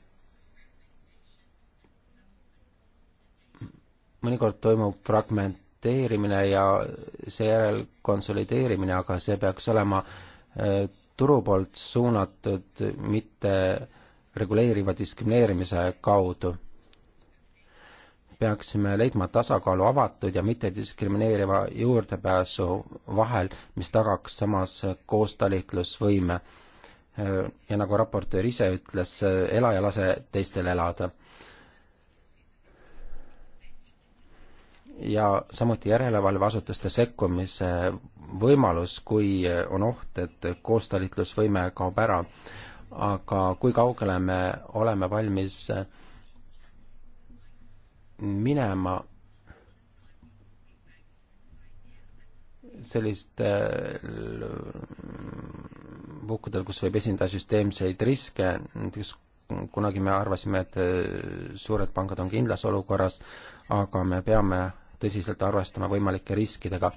mõnikord toimub fragmenteerimine ja seejärel konsolideerimine, aga see peaks olema äh, turu poolt suunatud, mitte reguleeriva diskrimineerimise kaudu peaksime leidma tasakaalu avatud ja mittediskrimineeriva juurdepääsu vahel, mis tagaks samas koostalitlusvõime. ja nagu raportöör ise ütles, ela ja lase teistel elada. ja samuti järelevalveasutuste sekkumise võimalus, kui on oht, et koostalitlusvõime kaob ära. aga kui kaugele me oleme valmis minema sellistel äh, puhkudel, kus võib esineda süsteemseid riske, näiteks kunagi me arvasime, et äh, suured pangad on kindlas olukorras, aga me peame tõsiselt arvestama võimalike riskidega.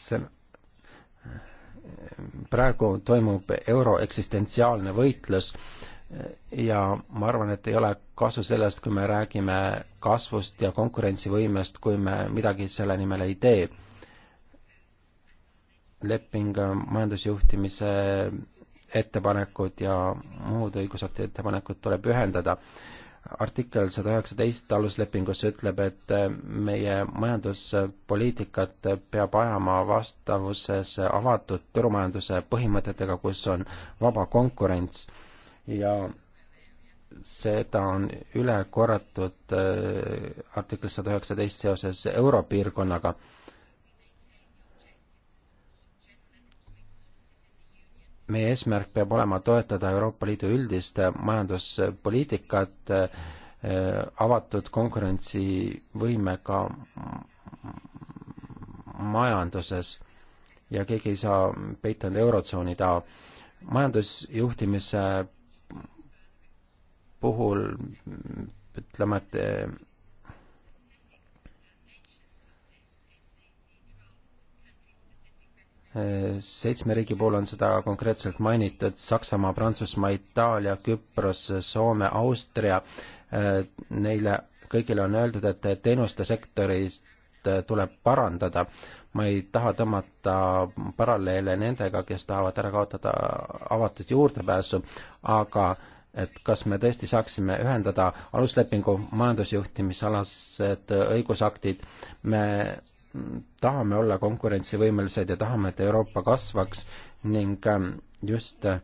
see, äh, praegu toimub euro eksistentsiaalne võitlus äh, ja ma arvan, et ei ole kasu sellest, kui me räägime kasvust ja konkurentsivõimest, kui me midagi selle nimel ei tee. leping, majandusjuhtimise ettepanekud ja muud õigusakti ettepanekud tuleb ühendada. artikkel sada üheksateist aluslepingus ütleb, et meie majanduspoliitikat peab ajama vastavuses avatud turumajanduse põhimõtetega, kus on vaba konkurents ja seda on üle korratud äh, artiklis sada üheksateist seoses Europiirkonnaga. meie eesmärk peab olema toetada Euroopa Liidu üldist majanduspoliitikat, äh, avatud konkurentsivõimega majanduses ja keegi ei saa peita enda eurotsooni taha. majandusjuhtimise puhul ütleme, et eh, seitsme riigi puhul on seda konkreetselt mainitud, Saksamaa, Prantsusmaa, Itaalia, Küpros, Soome, Austria, eh, neile kõigile on öeldud, et teenuste sektorist eh, tuleb parandada. ma ei taha tõmmata paralleele nendega, kes tahavad ära kaotada avatud juurdepääsu, aga äh, et kas me tõesti saaksime ühendada aluslepingu majandusjuhtimisalased õigusaktid, me tahame olla konkurentsivõimelised ja tahame, et Euroopa kasvaks ning ähm, just äh,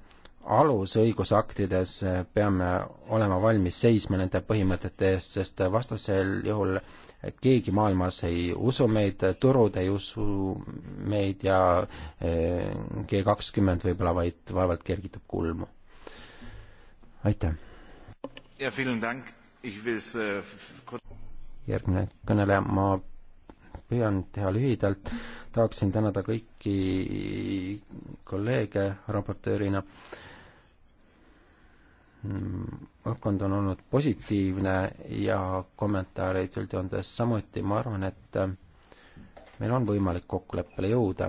alusõigusaktides äh, peame olema valmis seisma nende põhimõtete eest, sest äh, vastasel juhul keegi maailmas ei usu meid, turud ei usu meid ja G kakskümmend võib-olla vaid vaevalt kergitab kulmu aitäh! Äh, järgmine kõneleja, ma püüan teha lühidalt, tahaksin tänada kõiki kolleege raportöörina. Mm, õhkkond on olnud positiivne ja kommentaarid üldjoontes samuti, ma arvan, et äh, meil on võimalik kokkuleppele jõuda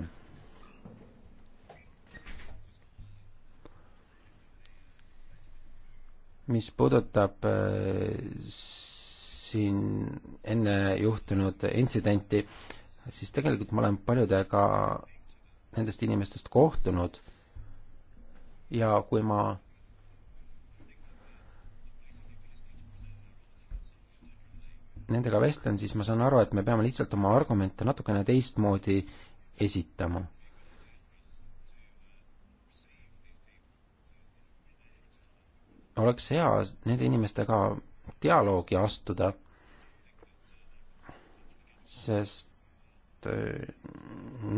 mis puudutab äh, siin enne juhtunud intsidenti, siis tegelikult ma olen paljudega nendest inimestest kohtunud ja kui ma nendega vestlen, siis ma saan aru, et me peame lihtsalt oma argumente natukene teistmoodi esitama oleks hea nende inimestega dialoogi astuda, sest äh,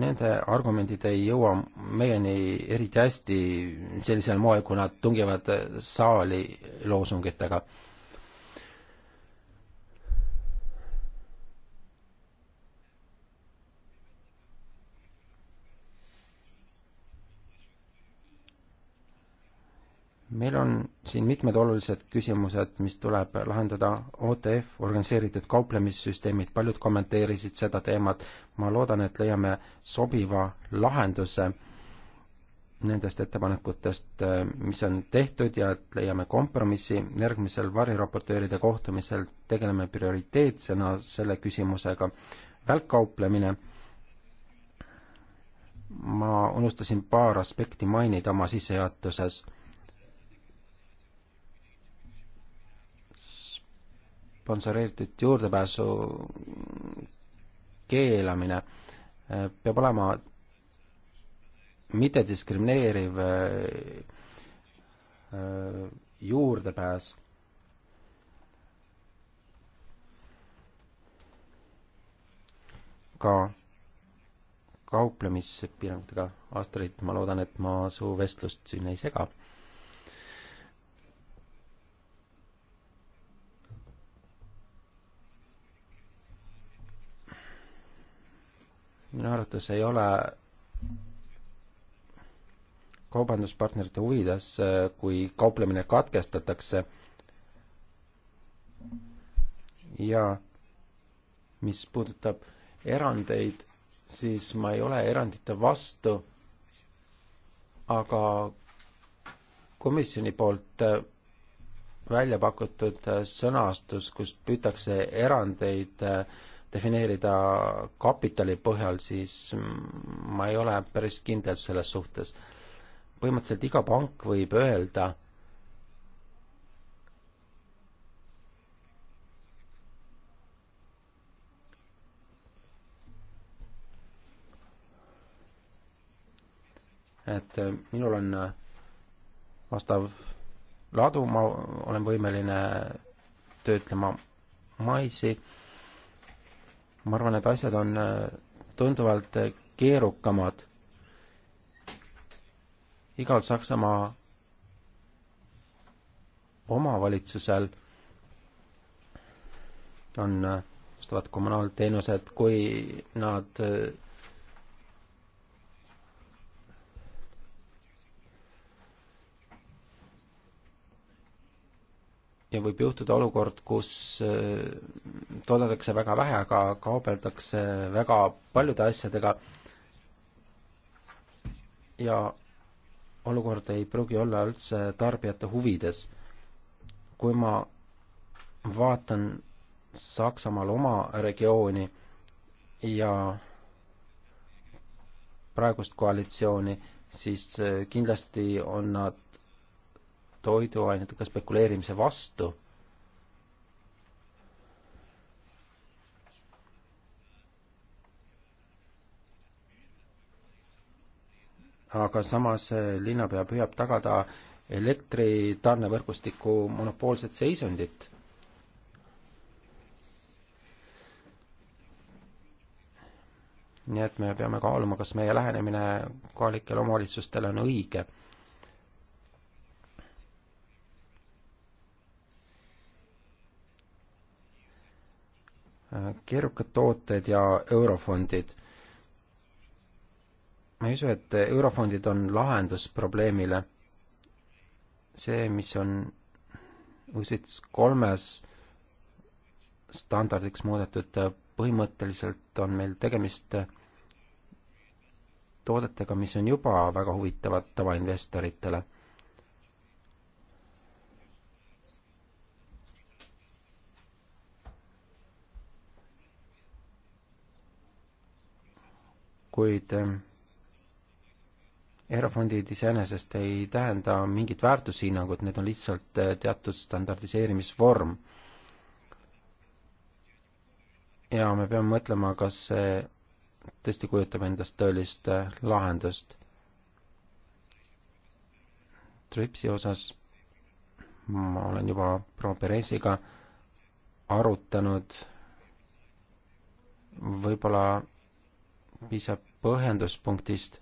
nende argumendid ei jõua meieni eriti hästi sellisel moel, kui nad tungivad saali loosungitega meil on siin mitmed olulised küsimused, mis tuleb lahendada, OTF, organiseeritud kauplemissüsteemid, paljud kommenteerisid seda teemat, ma loodan, et leiame sobiva lahenduse nendest ettepanekutest, mis on tehtud ja et leiame kompromissi, järgmisel variraportööride kohtumisel tegeleme prioriteetsena selle küsimusega, välkkauplemine, ma unustasin paar aspekti mainida oma sissejuhatuses sponsoreeritud juurdepääsu keelamine eh, peab olema mittediskrimineeriv eh, juurdepääs. ka kauplemispiirangutega, Astrid, ma loodan, et ma su vestlust siin ei sega minu arvates ei ole kaubanduspartnerite huvides, äh, kui kauplemine katkestatakse ja mis puudutab erandeid, siis ma ei ole erandite vastu, aga komisjoni poolt äh, välja pakutud äh, sõnastus, kus püütakse erandeid äh, defineerida kapitali põhjal, siis ma ei ole päris kindel selles suhtes. põhimõtteliselt iga pank võib öelda, et minul on vastav ladu, ma olen võimeline töötlema maisi ma arvan, et asjad on äh, tunduvalt äh, keerukamad. igal Saksamaa omavalitsusel on äh, vastavad kommunaalteenused, kui nad ja võib juhtuda olukord, kus äh, toodetakse väga vähe, aga kaubeldakse väga paljude asjadega ja olukord ei pruugi olla üldse tarbijate huvides. kui ma vaatan Saksamaal oma regiooni ja praegust koalitsiooni, siis äh, kindlasti on nad toiduainetega spekuleerimise vastu. aga samas eh, linnapea püüab tagada elektritarnevõrgustiku monopoolset seisundit nii et me peame kaaluma, kas meie lähenemine kohalikele omavalitsustele on õige. keerukad tooted ja eurofondid. ma ei usu, et eurofondid on lahendus probleemile. see, mis on USITS kolmes standardiks muudetud, põhimõtteliselt on meil tegemist toodetega, mis on juba väga huvitavad tavainvestoritele kuid eurofondid ehm, iseenesest ei tähenda mingit väärtushinnangut, need on lihtsalt eh, teatud standardiseerimisvorm. ja me peame mõtlema, kas see tõesti kujutab endast tõelist eh, lahendust. tripsi osas ma olen juba proua Peresiga arutanud, võib-olla piisab põhjenduspunktist.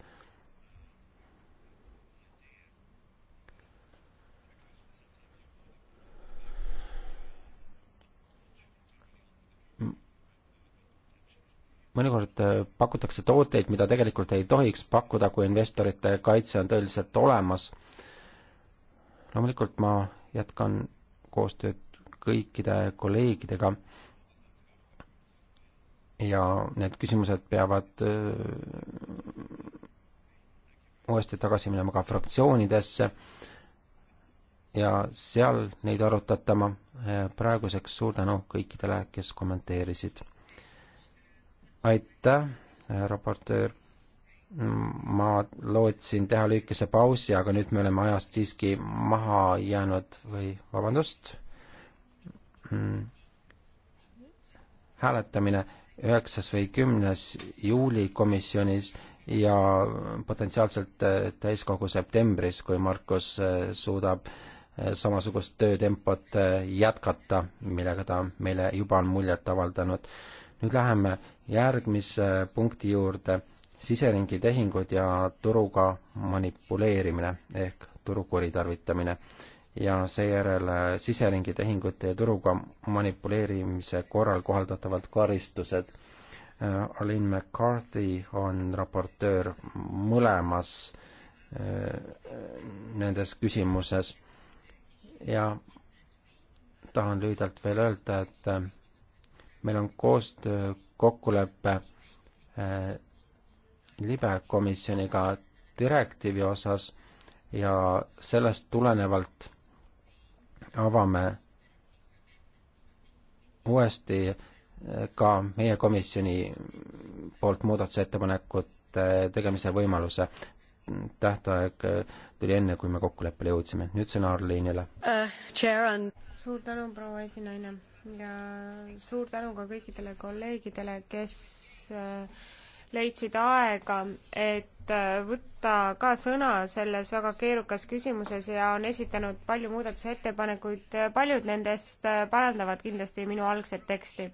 mõnikord äh, pakutakse tooteid, mida tegelikult ei tohiks pakkuda, kui investorite kaitse on tõeliselt olemas. loomulikult ma jätkan koostööd kõikide kolleegidega ja need küsimused peavad äh, uuesti tagasi minema ka fraktsioonidesse ja seal neid arutatama. Äh, praeguseks suur tänu kõikidele, kes kommenteerisid. aitäh, raportöör. ma lootsin teha lühikese pausi, aga nüüd me oleme ajast siiski maha jäänud või vabandust. Hmm. hääletamine üheksas või kümnes juuli komisjonis ja potentsiaalselt äh, täiskogu septembris, kui Markus äh, suudab äh, samasugust töötempot jätkata, millega ta meile juba on muljet avaldanud. nüüd läheme järgmise punkti juurde, siseringi tehingud ja turuga manipuleerimine ehk turu kuritarvitamine ja seejärel äh, siseringi tehingute ja turuga manipuleerimise korral kohaldatavad karistused. Äh, Arlene McCarthy on raportöör mõlemas äh, nendes küsimuses ja tahan lühidalt veel öelda, et meil on koostöö kokkulepe libekomisjoniga direktiivi osas ja sellest tulenevalt avame uuesti ka meie komisjoni poolt muudatusettepanekute tegemise võimaluse. tähtaeg tuli enne, kui me kokkuleppele jõudsime. nüüd sõna Arliinile uh,. suur tänu, proua esinaine ja suur tänu ka kõikidele kolleegidele, kes uh, leidsid aega, et äh, võtta ka sõna selles väga keerukas küsimuses ja on esitanud palju muudatusettepanekuid, paljud nendest äh, parandavad kindlasti minu algset teksti.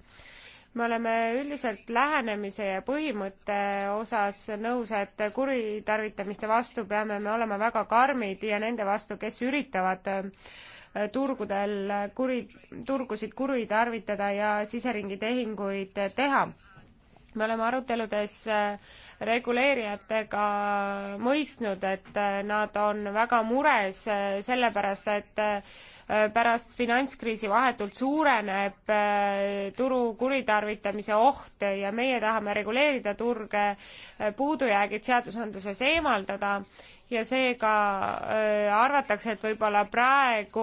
me oleme üldiselt lähenemise ja põhimõtte osas nõus, et kuritarvitamiste vastu peame me olema väga karmid ja nende vastu, kes üritavad äh, turgudel kuri, turgusid kuritarvitada ja siseringi tehinguid teha me oleme aruteludes äh, reguleerijatega mõistnud, et äh, nad on väga mures äh, sellepärast, et pärast finantskriisi vahetult suureneb turu kuritarvitamise oht ja meie tahame reguleerida turge, puudujäägid seadusandluses eemaldada ja seega äh, arvatakse, et võib-olla praegu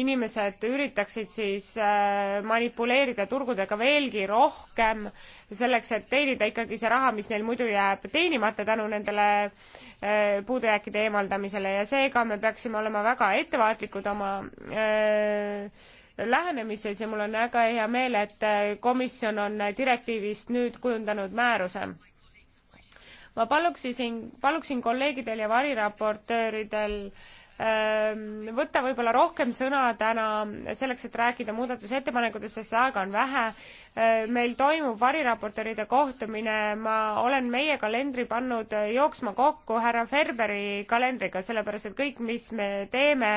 inimesed üritaksid siis äh, manipuleerida turgudega veelgi rohkem selleks, et teenida ikkagi see raha, mis neil muidu jääb teenimata tänu nendele äh, puudujääkide eemaldamisele ja seega me peaksime olema väga ettevaatlikud oma öö, äh, lähenemises ja mul on väga hea meel, et äh, komisjon on äh, direktiivist nüüd kujundanud määruse ma paluksin, paluksin kolleegidel ja variraportööridel ähm, võtta võib-olla rohkem sõna täna selleks, et rääkida muudatusettepanekutest, sest aega on vähe. Äh, meil toimub variraportööride kohtumine, ma olen meie kalendri pannud jooksma kokku härra Ferberi kalendriga, sellepärast et kõik, mis me teeme,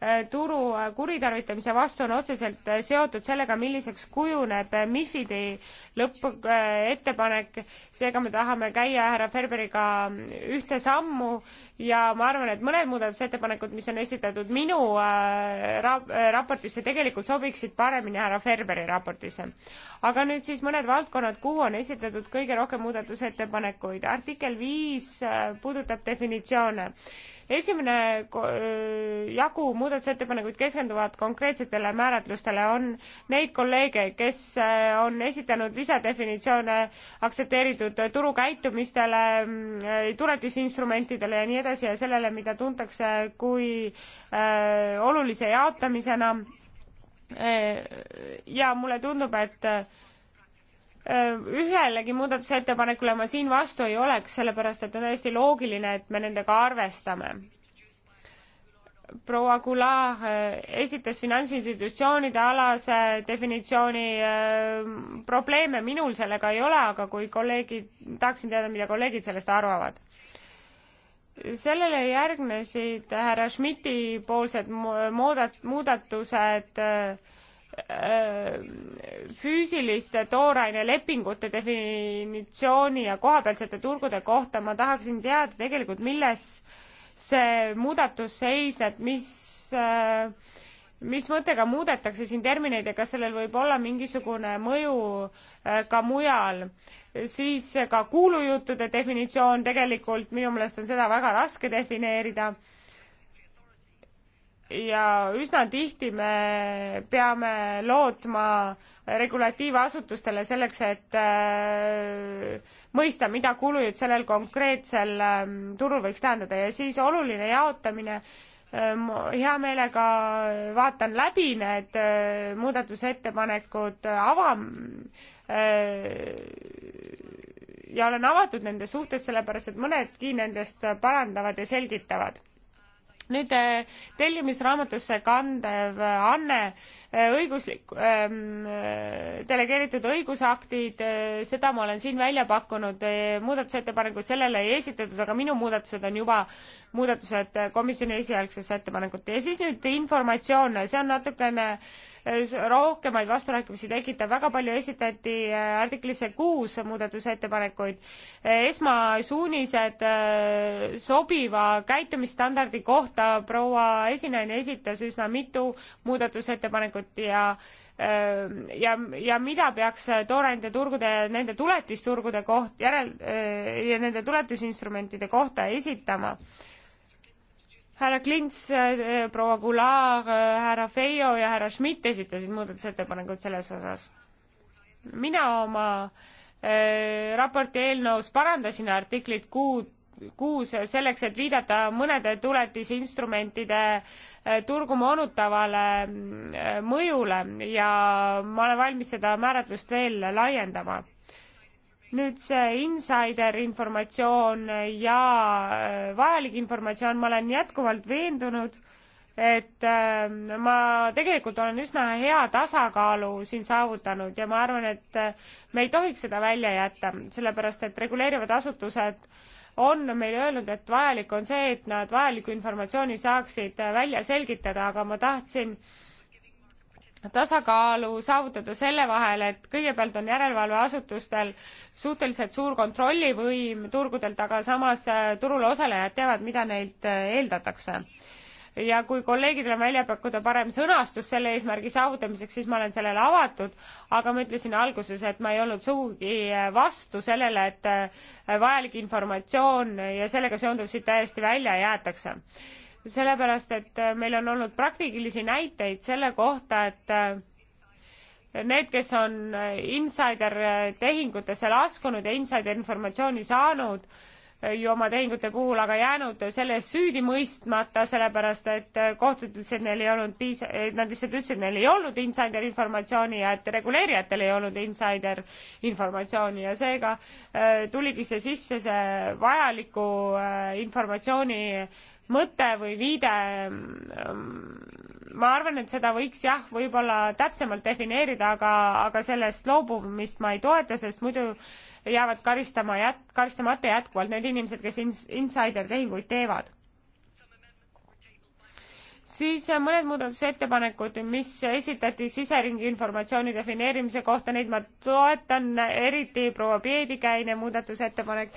Äh, turu äh, kuritarvitamise vastu on otseselt äh, seotud sellega, milliseks kujuneb MIFID-i lõppettepanek, seega me tahame käia härra Ferberiga mm, ühte sammu ja ma arvan, et mõned muudatusettepanekud, mis on esitatud minu ra-, raportisse, tegelikult sobiksid paremini härra Ferberi raportisse. aga nüüd siis mõned valdkonnad, kuhu on esitatud kõige rohkem muudatusettepanekuid. artikkel viis puudutab definitsioone esimene jagu muudatusettepanekuid keskenduvad konkreetsetele määratlustele, on neid kolleege, kes on esitanud lisadefinitsioone aktsepteeritud turukäitumistele, mm, tuletisinstrumentidele ja nii edasi ja sellele, mida tuntakse kui olulise jaotamisena. ja mulle tundub, et Äh, ühelegi muudatusettepanekule ma siin vastu ei oleks, sellepärast et on täiesti loogiline, et me nendega arvestame. proua Goulart äh, esitas finantsinstitutsioonide alase definitsiooni äh, probleeme, minul sellega ei ole, aga kui kolleegid, tahaksin teada, mida kolleegid sellest arvavad sellele järgnesid härra Schmidti poolsed muudat-, muudatused äh, Äh, füüsiliste tooraine lepingute definitsiooni ja kohapealsete turgude kohta ma tahaksin teada tegelikult, milles see muudatus seisneb, mis, äh, mis mõttega muudetakse siin termineid ja kas sellel võib olla mingisugune mõju äh, ka mujal? siis ka kuulujuttude definitsioon tegelikult minu meelest on seda väga raske defineerida ja üsna tihti me peame lootma regulatiivasutustele selleks, et äh, mõista, mida kulujutt sellel konkreetsel ähm, turul võiks tähendada ja siis oluline jaotamine. Äh, hea meelega vaatan läbi need äh, muudatusettepanekud avam- ja olen avatud nende suhtes, sellepärast et mõnedki nendest parandavad ja selgitavad nüüd äh, tellimisraamatusse kandev äh, anne, äh, õiguslik ähm,, delegeeritud õigusaktid, seda ma olen siin välja pakkunud, muudatusettepanekuid sellele ei esitatud, aga minu muudatused on juba muudatused komisjoni esialgsesse ettepanekut ja siis nüüd informatsioon, see on natukene äh, Äh, rohkemaid vasturääkimisi tekitav. väga palju esitati äh, artiklisse kuus muudatusettepanekuid. Äh, esmasuunised sobiva käitumisstandardi kohta proua esinaine esitas üsna mitu muudatusettepanekut ja ähm, ja, ja mida peaks toorainete turgude, nende tuletisturgude koht, järel- ja nende tuletusinstrumentide kohta esitama härra Klints, äh, äh, proua Goulart, äh, härra Feio ja härra Schmidt esitasid muudatusettepanekud selles osas. mina oma äh, raporti eelnõus parandasin artiklit kuud, kuus selleks, et viidata mõnede tuletisinstrumentide turgu moonutavale mõjule ja ma olen valmis seda määratlust veel laiendama nüüd see insider informatsioon ja äh, vajalik informatsioon, ma olen jätkuvalt veendunud, et ähm, ma tegelikult olen üsna hea tasakaalu siin saavutanud ja ma arvan, et äh, me ei tohiks seda välja jätta, sellepärast et reguleerivad asutused on meile öelnud, et vajalik on see, et nad vajalikku informatsiooni saaksid äh, välja selgitada, aga ma tahtsin äh, tasakaalu saavutada selle vahel, et kõigepealt on järelevalveasutustel suhteliselt suur kontrollivõim turgudelt, aga samas äh, turul osalejad teavad, mida neilt äh, eeldatakse. ja kui kolleegidel on välja pakkuda parem sõnastus selle eesmärgi saavutamiseks, siis ma olen sellele avatud, aga ma ütlesin alguses, et ma ei olnud sugugi äh, vastu sellele, et vajalik informatsioon ja sellega seonduv siit täiesti välja jäetakse sellepärast et äh, meil on olnud praktilisi näiteid selle kohta, et äh, need, kes on äh, insider tehingutesse laskunud ja insider informatsiooni saanud, ju oma tehingute puhul aga jäänud selle eest süüdi mõistmata, sellepärast et kohtud ütlesid, et neil ei olnud piis-, nad lihtsalt ütlesid, et neil ei olnud insider informatsiooni ja et reguleerijatel ei olnud insider informatsiooni ja seega tuligi see sisse, see vajaliku informatsiooni mõte või viide. Mm, ma arvan, et seda võiks jah, võib-olla täpsemalt defineerida, aga, aga sellest loobumist ma ei toeta, sest muidu jäävad karistama jät-, karistamata jätkuvalt need inimesed, kes ins-, insider-tehinguid teevad. siis mõned muudatusettepanekud, mis esitati siseringi informatsiooni defineerimise kohta, neid ma toetan, eriti proua Peedikäine muudatusettepanek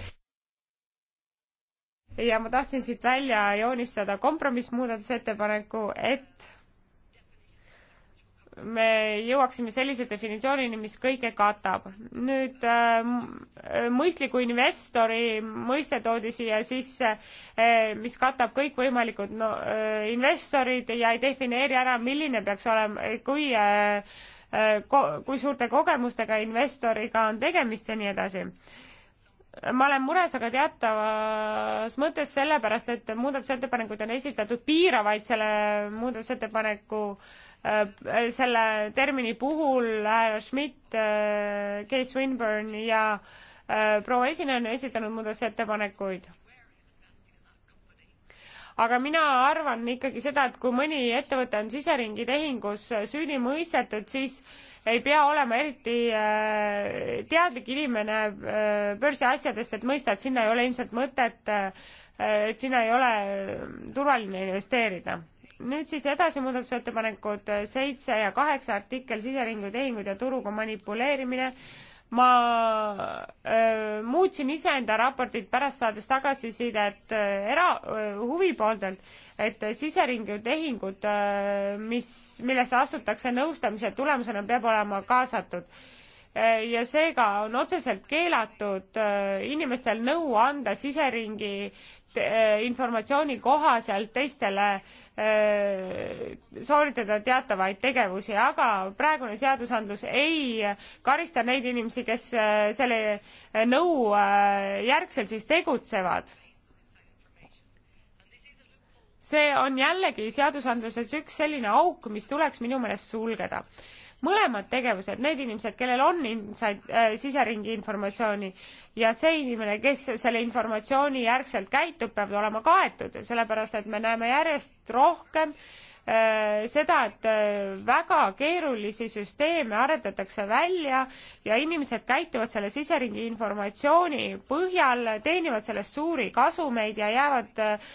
ja ma tahtsin siit välja joonistada kompromissmuudatusettepaneku, et me jõuaksime sellise definitsioonini, mis kõike katab. nüüd äh, mõistliku investori mõiste toodi siia sisse äh,, mis katab kõikvõimalikud no, äh, investorid ja ei defineeri ära, milline peaks olema, äh, kui äh, äh, ko-, kui suurte kogemustega investoriga on tegemist ja nii edasi ma olen mures aga teatavas mõttes sellepärast, et muudatusettepanekuid on esitatud piiravaid selle muudatusettepaneku äh, selle termini puhul härra Schmidt, äh, Kay Swinburne ja äh, proua esineja on esitanud muudatusettepanekuid. aga mina arvan ikkagi seda, et kui mõni ettevõte on siseringi tehingus süüdi mõistetud, siis äh, ei pea olema eriti äh, teadlik inimene äh, börsiasjadest, et mõista, et sinna ei ole ilmselt mõtet, äh, et sinna ei ole mm, turvaline investeerida. nüüd siis edasi muudatusettepanekud seitse ja kaheksa artikkel siseringu tehingud ja turuga manipuleerimine ma öö, äh, muutsin iseenda raportit pärast saades tagasisidet äh, era-, äh, huvipooltelt, et siseringi tehingud, mis, millesse astutakse nõustamise tulemusena, peab olema kaasatud. ja seega on otseselt keelatud inimestel nõu anda siseringi informatsiooni kohaselt teistele Äh, sooritada teatavaid tegevusi, aga praegune seadusandlus ei karista neid inimesi, kes äh, selle äh, nõu järgselt siis tegutsevad. see on jällegi seadusandluses üks selline auk, mis tuleks minu meelest sulgeda mõlemad tegevused, need inimesed, kellel on inside äh,, siseringi informatsiooni ja see inimene, kes selle informatsiooni järgselt käitub, peavad olema kaetud, sellepärast et me näeme järjest rohkem äh, seda, et äh, väga keerulisi süsteeme arendatakse välja ja inimesed käituvad selle siseringi informatsiooni põhjal, teenivad sellest suuri kasumeid ja jäävad äh,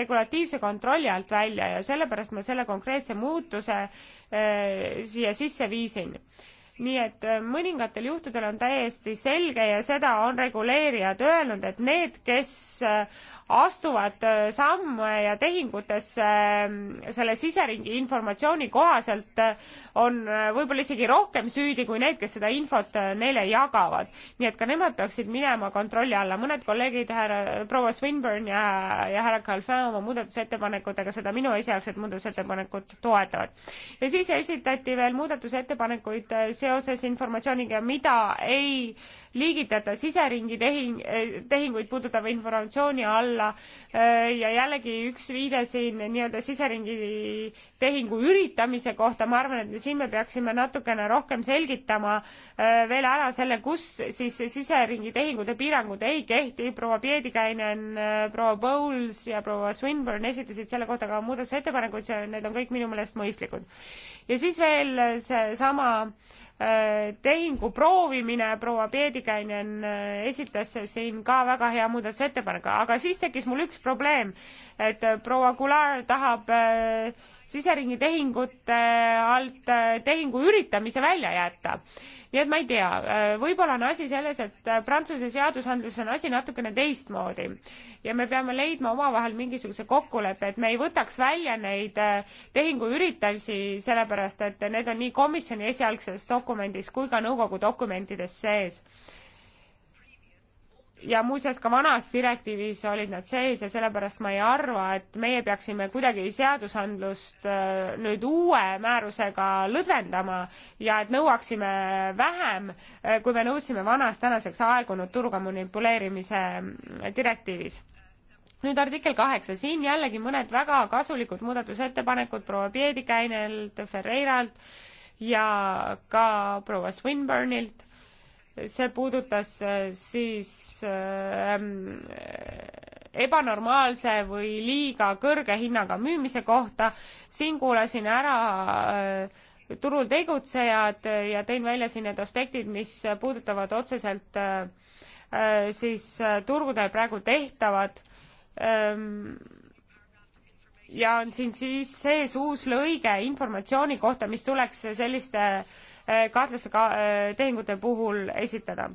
regulatiivse kontrolli alt välja ja sellepärast ma selle konkreetse muutuse Äh, siia sisse viisin nii et äh, mõningatel juhtudel on täiesti selge ja seda on reguleerijad öelnud, et need, kes äh, astuvad äh, samme ja tehingutesse äh, selle siseringi informatsiooni kohaselt, äh, on võib-olla isegi rohkem süüdi kui need, kes seda infot neile jagavad. nii et ka nemad peaksid minema kontrolli alla. mõned kolleegid, härra, proua Swinburne ja, ja härra Calvin oma muudatusettepanekutega seda minu esialgset muudatusettepanekut toetavad. ja siis esitati veel muudatusettepanekuid seoses informatsiooniga, mida ei liigitada siseringi tehing, eh, tehinguid puudutava informatsiooni alla eh, ja jällegi üks viide siin nii-öelda siseringi tehingu üritamise kohta, ma arvan, et siin me peaksime natukene rohkem selgitama eh, veel ära selle, kus siis siseringi tehingute piirangud ei kehti, proua Piedikäinen, proua Bowles ja proua Swinburne esitasid selle kohta ka muudatusettepanekuid, see, need on kõik minu meelest mõistlikud. ja siis veel seesama äh, Äh, tehingu proovimine, proua Peedikäinen äh, esitas siin ka väga hea muudatusettepaneku, aga siis tekkis mul üks probleem, et äh, proua Goulart tahab siseringi tehingute alt tehingu üritamise välja jätta nii et ma ei tea, äh, võib-olla on asi selles, et äh, Prantsuse seadusandluses on asi natukene teistmoodi ja me peame leidma omavahel mingisuguse kokkuleppe, et me ei võtaks välja neid äh, tehinguüritusi, sellepärast et need on nii komisjoni esialgses dokumendis kui ka nõukogu dokumentides sees ja muuseas ka vanas direktiivis olid nad sees ja sellepärast ma ei arva, et meie peaksime kuidagi seadusandlust äh, nüüd uue määrusega lõdvendama ja et nõuaksime vähem, äh, kui me nõudsime vanas tänaseks aegunud turuga manipuleerimise mm, direktiivis nüüd artikkel kaheksa, siin jällegi mõned väga kasulikud muudatusettepanekud proua Piedikäinelt, Ferreiralt ja ka proua Swinburnilt see puudutas äh, siis ähm, ebanormaalse või liiga kõrge hinnaga müümise kohta. siin kuulasin ära äh, turul tegutsejad ja tõin välja siin need aspektid, mis puudutavad otseselt äh, äh siis äh, turgudel praegu tehtavad ähm, ja on siin siis sees uus lõige informatsiooni kohta, mis tuleks selliste äh, kahtlaste ka tehingute puhul esitada.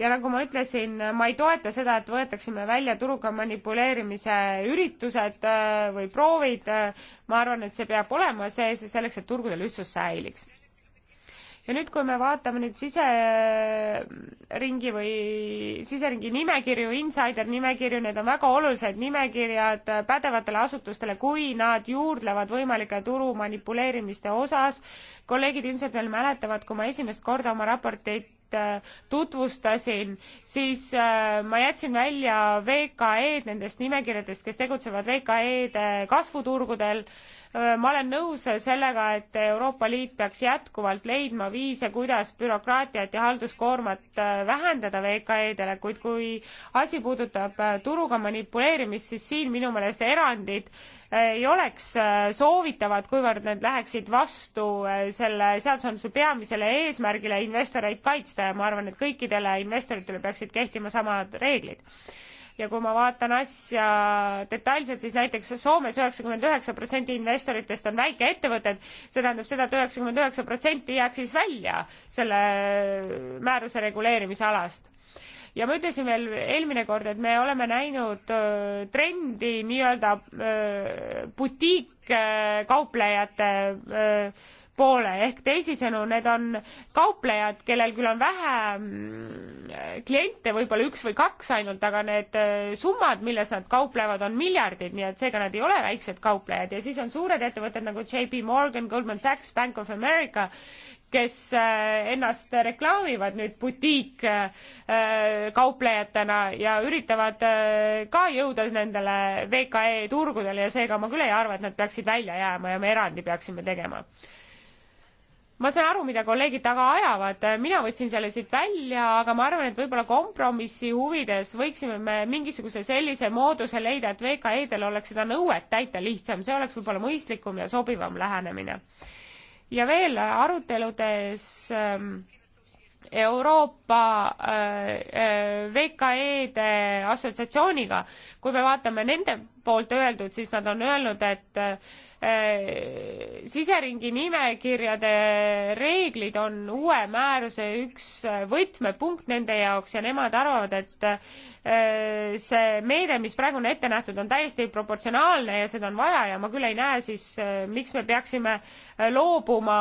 ja nagu ma ütlesin, ma ei toeta seda, et võetaksime välja turuga manipuleerimise üritused äh, või proovid, äh, ma arvan, et see peab olema sees see ja selleks, et turgudel ühtsus säiliks ja nüüd, kui me vaatame nüüd siseringi või siseringi nimekirju, insider nimekirju, need on väga olulised nimekirjad pädevatele asutustele, kui nad juurdlevad võimalike turu manipuleerimiste osas. kolleegid ilmselt veel mäletavad, kui ma esimest korda oma raportit äh, tutvustasin, siis äh, ma jätsin välja VKE-d nendest nimekirjadest, kes tegutsevad VKE-de kasvuturgudel ma olen nõus sellega, et Euroopa Liit peaks jätkuvalt leidma viise, kuidas bürokraatiat ja halduskoormat vähendada VKE-dele, kuid kui asi puudutab turuga manipuleerimist, siis siin minu meelest erandid ei oleks soovitavad, kuivõrd need läheksid vastu selle seadusandluse peamisele eesmärgile investoreid kaitsta ja ma arvan, et kõikidele investoritele peaksid kehtima samad reeglid ja kui ma vaatan asja detailselt, siis näiteks Soomes üheksakümmend üheksa protsenti investoritest on väikeettevõtted, see tähendab seda et, et üheksakümmend üheksa protsenti jääb siis välja selle määruse reguleerimise alast ja ma ütlesin veel eelmine kord, et me oleme näinud äh, trendi nii-öelda äh, butiikkaupplejate äh, poole ehk teisisõnu, need on kauplejad, kellel küll on vähe mm, kliente, võib-olla üks või kaks ainult, aga need äh, summad, milles nad kauplevad, on miljardid, nii et seega nad ei ole väiksed kauplejad ja siis on suured ettevõtted nagu JP Morgan, Goldman Sachs, Bank of America, kes äh, ennast reklaamivad nüüd butiikkauplejatena äh, ja üritavad ka jõuda nendele VKE turgudele ja seega ma küll ei arva, et nad peaksid välja jääma ja me erandi peaksime tegema ma saan aru, mida kolleegid taga ajavad, mina võtsin selle siit välja, aga ma arvan, et võib-olla kompromissi huvides võiksime me mingisuguse sellise mooduse leida, et VKE-del oleks seda nõuet täita lihtsam, see oleks võib-olla mõistlikum ja sobivam lähenemine. ja veel aruteludes ähm, Euroopa äh, äh, VKE-de assotsiatsiooniga, kui me vaatame nende poolt öeldud, siis nad on öelnud, et äh, Äh, siseringi nimekirjade reeglid on uue määruse üks äh, võtmepunkt nende jaoks ja nemad arvavad, et äh, see meede, mis praegu on ette nähtud, on täiesti proportsionaalne ja seda on vaja ja ma küll ei näe siis, miks me peaksime loobuma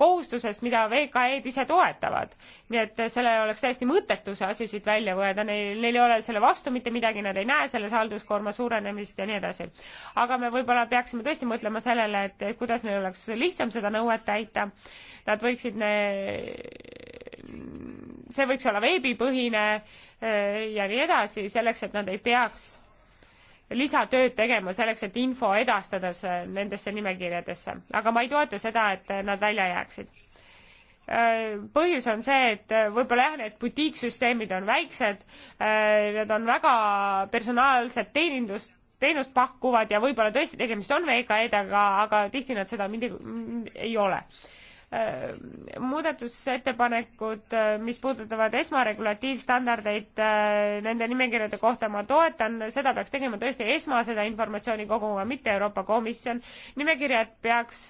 kohustusest, mida VKE-d ise toetavad. nii et selle oleks täiesti mõttetu see asi siit välja võeda, neil, neil ei ole selle vastu mitte midagi, nad ei näe selles halduskoorma suurenemist ja nii edasi. aga me võib-olla peaksime tõesti mõtlema sellele, et kuidas neil oleks lihtsam seda nõuet täita. Nad võiksid ne..., see võiks olla veebipõhine eh, ja nii edasi, selleks et nad ei peaks lisatööd tegema selleks, et info edastada see nendesse nimekirjadesse, aga ma ei toeta seda, et nad välja jääksid. Eh, põhjus on see, et võib-olla jah, need butiiksüsteemid on väiksed, eh, need on väga personaalset teenindust teenust pakuvad ja võib-olla tõesti tegemist on VKE-dega, aga tihti nad seda midagi ei ole äh, muudatusettepanekud, äh, mis puudutavad esmaregulatiivstandardeid, äh, nende nimekirjade kohta ma toetan, seda peaks tegema tõesti esma, seda informatsiooni koguma, mitte Euroopa Komisjon. nimekirjad peaks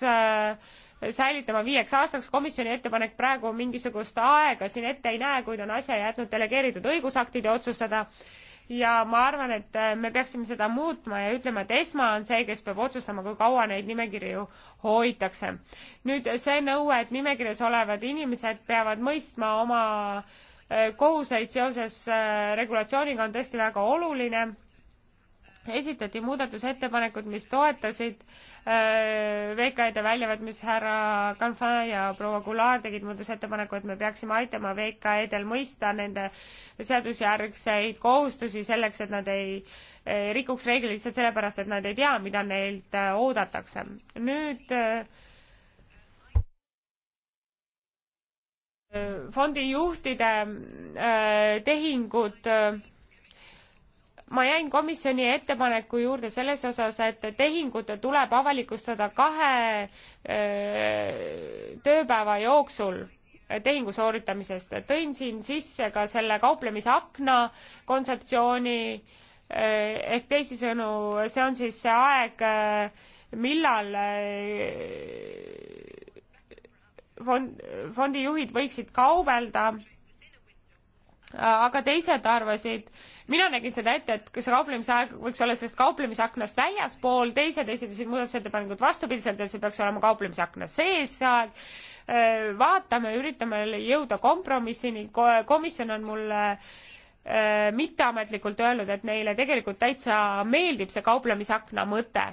säilitama viieks aastaks, komisjoni ettepanek praegu mingisugust aega siin ette ei näe, kuid on asja jätnud delegeeritud õigusaktide otsustada ja ma arvan, et äh, me peaksime seda muutma ja ütlema, et ESMA on see, kes peab otsustama, kui kaua neid nimekirju hoitakse. nüüd see nõue, et nimekirjas olevad inimesed peavad mõistma oma äh, kohuseid seoses äh, regulatsiooniga on tõesti väga oluline. esitati muudatusettepanekud, mis toetasid äh, Äh, VKE-de väljavõtmis härra Canfin ja proua Goulart tegid muudatusettepaneku, et me peaksime aitama VKE-del mõista nende seadusjärgseid kohustusi selleks, et nad ei rikuks reegleid lihtsalt sellepärast, et nad ei tea, mida neilt äh, oodatakse. nüüd äh, fondi juhtide tehingud ma jäin komisjoni ettepaneku juurde selles osas, et tehingud tuleb avalikustada kahe öö, tööpäeva jooksul tehingu sooritamisest. tõin siin sisse ka selle kauplemise akna kontseptsiooni ehk teisisõnu, see on siis see aeg, millal fond, fondijuhid võiksid kaubelda, aga teised arvasid, mina nägin seda ette, et see kauplemise aeg võiks olla sellest kauplemisaknast väljaspool, teised esitasid muudatusettepanekud vastupidiselt, et see peaks olema kauplemisakna sees seal. Äh, vaatame, üritame jõuda kompromissini, komisjon on mulle äh, mitteametlikult öelnud, et neile tegelikult täitsa meeldib see kauplemisakna mõte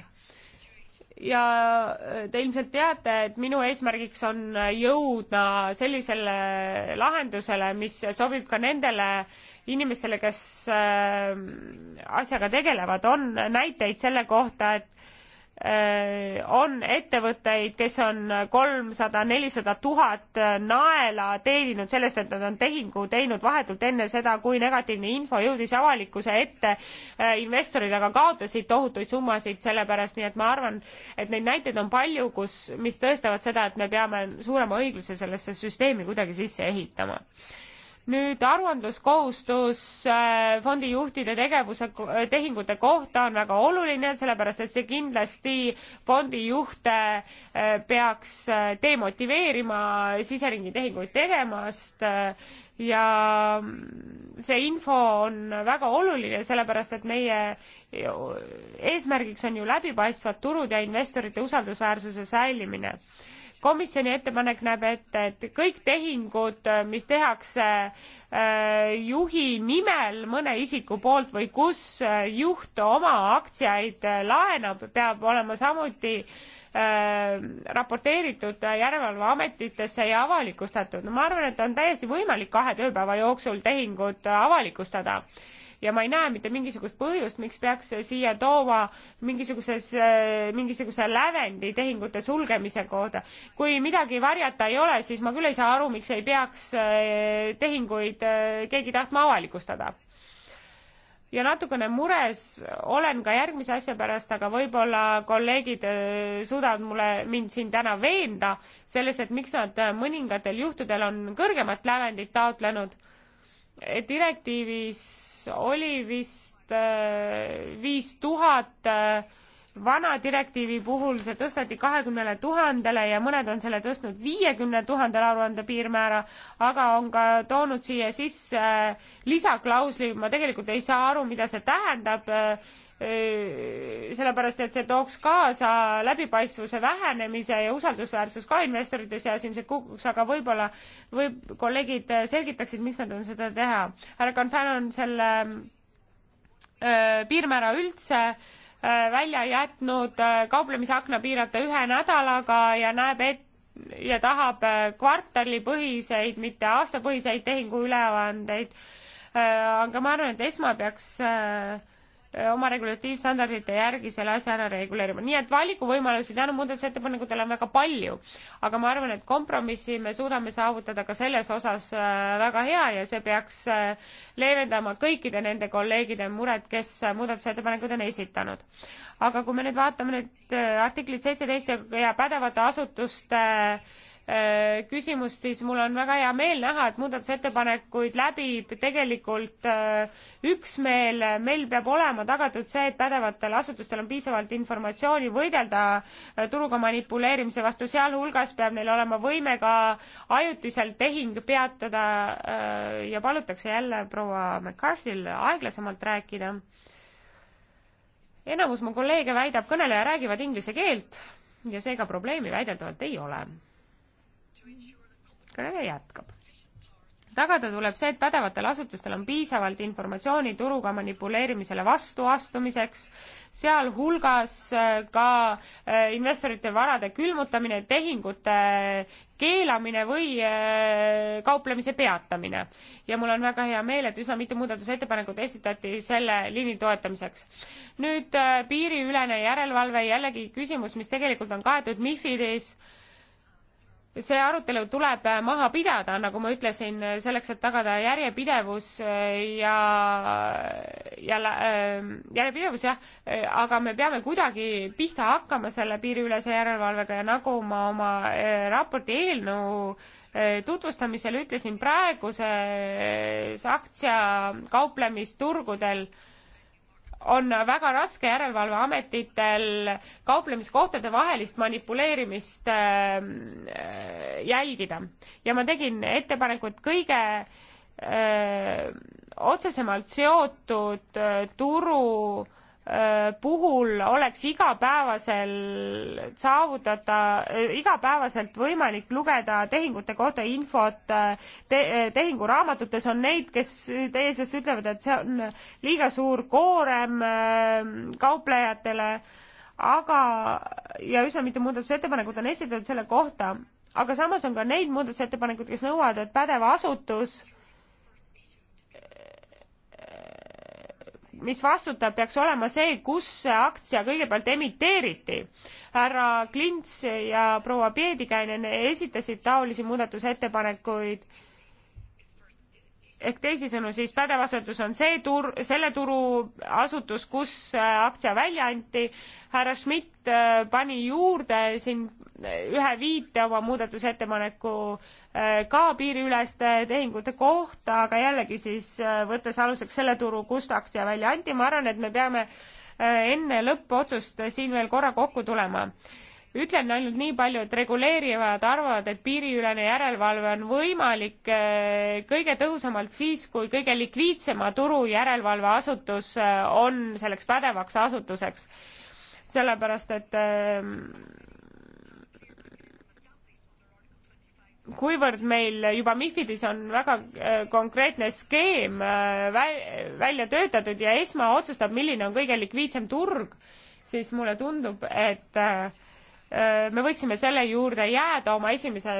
ja äh, te ilmselt teate, et minu eesmärgiks on jõuda sellisele lahendusele, mis sobib ka nendele inimestele, kes ähm, asjaga tegelevad, on näiteid selle kohta, et äh, on ettevõtteid, kes on kolmsada, nelisada tuhat äh, naela teeninud sellest, et nad on tehingu teinud vahetult enne seda, kui negatiivne info jõudis avalikkuse ette. Äh, investorid aga kaotasid tohutuid summasid selle pärast, nii et ma arvan, et neid näiteid on palju, kus, mis tõestavad seda, et me peame suurema õigluse sellesse süsteemi kuidagi sisse ehitama nüüd aruandluskohustus äh, fondijuhtide tegevuse, tehingute kohta on väga oluline, sellepärast et see kindlasti fondijuhte äh, peaks äh, demotiveerima siseringi tehinguid tegemast ja mm, see info on väga oluline, sellepärast et meie eesmärgiks on ju läbipaistvad turud ja investorite usaldusväärsuse säilimine komisjoni ettepanek näeb ette, et kõik tehingud, mis tehakse äh, juhi nimel mõne isiku poolt või kus äh, juht oma aktsiaid äh, laenab, peab olema samuti raporteeritud järelevalveametitesse ja avalikustatud. no ma arvan, et on täiesti võimalik kahe tööpäeva jooksul tehingud avalikustada ja ma ei näe mitte mingisugust põhjust, miks peaks siia tooma mingisuguses, äh, mingisuguse lävendi tehingute sulgemise kohta. kui midagi varjata ei ole, siis ma küll ei saa aru, miks ei peaks äh, tehinguid äh, keegi tahtma avalikustada ja natukene mures olen ka järgmise asja pärast, aga võib-olla kolleegid suudavad mulle, mind siin täna veenda selles, et miks nad mõningatel juhtudel on kõrgemat lävendit taotlenud direktiivis oli vist äh, viis tuhat äh, vana direktiivi puhul see tõsteti kahekümnele tuhandele ja mõned on selle tõstnud viiekümne tuhandele aruande piirmäära, aga on ka toonud siia sisse äh, lisaklausli, ma tegelikult ei saa aru, mida see tähendab sellepärast, et see tooks kaasa läbipaistvuse vähenemise ja usaldusväärsus ka investorite seas ilmselt kukuks, aga võib-olla võib kolleegid selgitaksid, miks nad on seda teha. härra Confan on selle öö, äh, piirmäära üldse öö, äh, välja jätnud, äh, kauplemisakna piirata ühe nädalaga ja näeb ette, ja tahab kvartalipõhiseid, mitte aastapõhiseid tehinguüleandeid. aga ma arvan, et esma peaks öö, oma regulatiivstandardite järgi selle asja ära reguleerima. nii et valikuvõimalusi tänu muudatusettepanekutele on väga palju, aga ma arvan, et kompromissi me suudame saavutada ka selles osas äh, väga hea ja see peaks äh, leevendama kõikide nende kolleegide mured, kes muudatusettepanekud on esitanud. aga kui me nüüd vaatame nüüd äh, artiklit seitseteist ja pädevate asutuste äh, Äh, küsimust, siis mul on väga hea meel näha, et muudatusettepanekuid läbib tegelikult äh, üksmeel, meil peab olema tagatud see, et pädevatel asutustel on piisavalt informatsiooni võidelda äh, turuga manipuleerimise vastu, sealhulgas peab neil olema võime ka ajutiselt tehing peatada ja palutakse jälle proua McCarthy'l aeglasemalt rääkida. enamus mu kolleege väidab, kõneleja räägivad inglise keelt ja seega probleemi väideldavalt ei ole kõneleja jätkab. tagada tuleb see, et pädevatel asutustel on piisavalt informatsiooni turuga manipuleerimisele vastu astumiseks, sealhulgas äh, ka äh, investorite varade külmutamine, tehingute keelamine või äh, kauplemise peatamine. ja mul on väga hea meel, et üsna mitu muudatusettepanekut esitati selle liini toetamiseks. nüüd piiriülene järelevalve, jällegi küsimus, mis tegelikult on kaetud MIFIDis see arutelu tuleb äh, maha pidada, nagu ma ütlesin, äh, selleks, et tagada järjepidevus äh, ja, ja järjepidevus jah, aga me peame kuidagi pihta hakkama selle piiriülese järelevalvega ja nagu ma oma raporti eelnõu tutvustamisel ütlesin, praeguses aktsiakauplemisturgudel äh, on väga raske järelevalveametitel kauplemiskohtade vahelist manipuleerimist äh, jälgida ja ma tegin ettepaneku, et kõige öö, äh, otsesemalt seotud öö, äh, turu öö, puhul oleks igapäevasel saavutada, igapäevaselt võimalik lugeda tehingute kohta infot te, tehinguraamatutes on neid, kes teie seast ütlevad, et see on liiga suur koorem kauplejatele, aga, ja üsna mitu muudatusettepanekut on esitatud selle kohta, aga samas on ka neid muudatusettepanekuid, kes nõuavad, et pädev asutus äh, mis vastutab, peaks olema see, kus see aktsia kõigepealt emiteeriti. härra Klints ja proua Piedikäinen esitasid taolisi muudatusettepanekuid. ehk teisisõnu siis pädev asutus on see tur-, selle turu asutus, kus aktsia välja anti. härra Schmidt äh, pani juurde siin ühe viite oma muudatusettepaneku äh, ka piiriüleste tehingute kohta, aga jällegi siis äh, võttes aluseks selle turu, kust aktsia välja anti, ma arvan, et me peame äh, enne lõppotsust siin veel korra kokku tulema. ütlen ainult nii palju, et reguleerivad arvavad, et piiriülene järelevalve on võimalik kõige tõhusamalt siis, kui kõige likviidsema turu järelevalveasutus on selleks pädevaks asutuseks sellepärast et ähm, kuivõrd meil juba MIFIDis on väga äh, konkreetne skeem äh, välja töötatud ja ESMA otsustab, milline on kõige likviidsem turg, siis mulle tundub, et äh, me võiksime selle juurde jääda oma esimese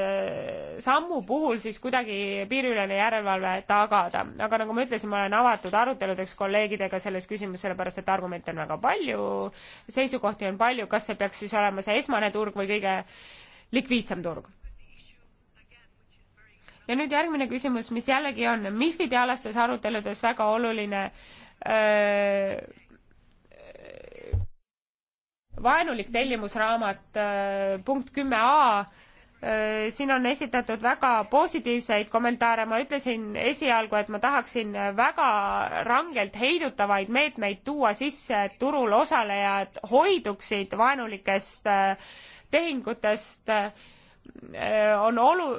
sammu puhul siis kuidagi piiriülene järelevalve tagada. aga nagu ma ütlesin, ma olen avatud aruteludeks kolleegidega selles küsimuses, sellepärast et argumente on väga palju, seisukohti on palju, kas see peaks siis olema see esmane turg või kõige likviidsem turg ja nüüd järgmine küsimus, mis jällegi on MIFide alastes aruteludes väga oluline öö, äh, vaenulik tellimusraamat äh, punkt kümme A. Äh, siin on esitatud väga positiivseid kommentaare, ma ütlesin esialgu, et ma tahaksin väga rangelt heidutavaid meetmeid tuua sisse, et turul osalejad hoiduksid vaenulikest tehingutest Äh, on olu-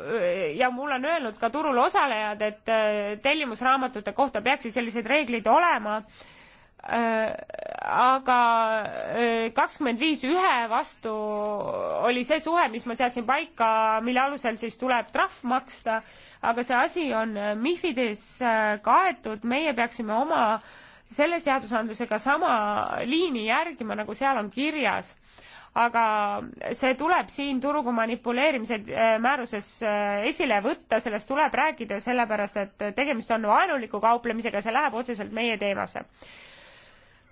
ja mulle on öelnud ka turul osalejad, et äh, tellimusraamatute kohta peaksid sellised reeglid olema, äh, aga kakskümmend viis ühe vastu oli see suhe, mis ma seadsin paika, mille alusel siis tuleb trahv maksta, aga see asi on MIFIDis kaetud, meie peaksime oma selle seadusandlusega sama liini järgima, nagu seal on kirjas aga see tuleb siin turgu manipuleerimise äh, määruses äh, esile võtta, sellest tuleb rääkida, sellepärast et tegemist on vaenuliku kauplemisega, see läheb otseselt meie teemasse